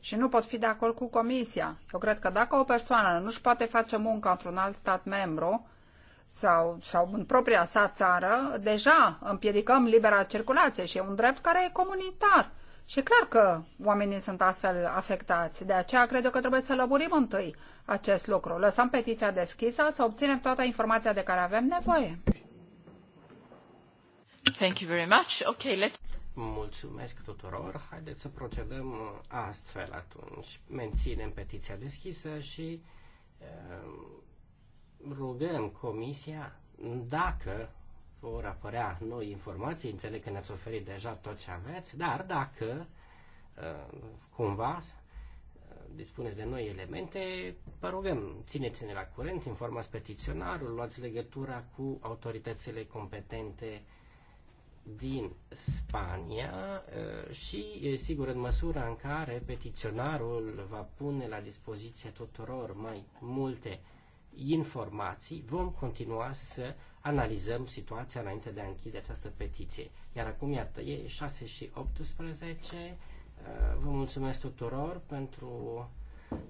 Speaker 1: Și nu pot fi de acord cu Comisia. Eu cred că dacă o persoană nu-și poate face muncă într-un alt stat membru, sau, sau în propria sa țară, deja împiedicăm libera circulație și e un drept care e comunitar. Și e clar că oamenii sunt astfel afectați. De aceea cred eu că trebuie să lăburim întâi acest lucru. Lăsăm petiția deschisă să obținem toată informația de care avem nevoie.
Speaker 3: Thank you very much. Okay, let's...
Speaker 2: Mulțumesc tuturor. Haideți să procedăm astfel atunci. Menținem petiția deschisă și uh, rugăm comisia dacă vor apărea noi informații, înțeleg că ne-ați oferit deja tot ce aveți, dar dacă uh, cumva uh, dispuneți de noi elemente, vă rugăm, țineți-ne la curent, informați petiționarul, luați legătura cu autoritățile competente din Spania uh, și, sigur, în măsura în care petiționarul va pune la dispoziție tuturor mai multe informații, vom continua să analizăm situația înainte de a închide această petiție. Iar acum, iată, e 6 și 18. Uh, vă mulțumesc tuturor pentru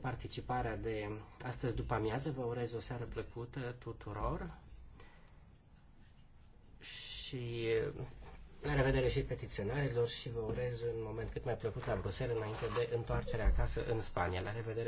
Speaker 2: participarea de astăzi după amiază. Vă urez o seară plăcută tuturor și uh, la revedere și petiționarilor și vă urez un moment cât mai plăcut la Bruxelles înainte de întoarcerea acasă în Spania. La revedere!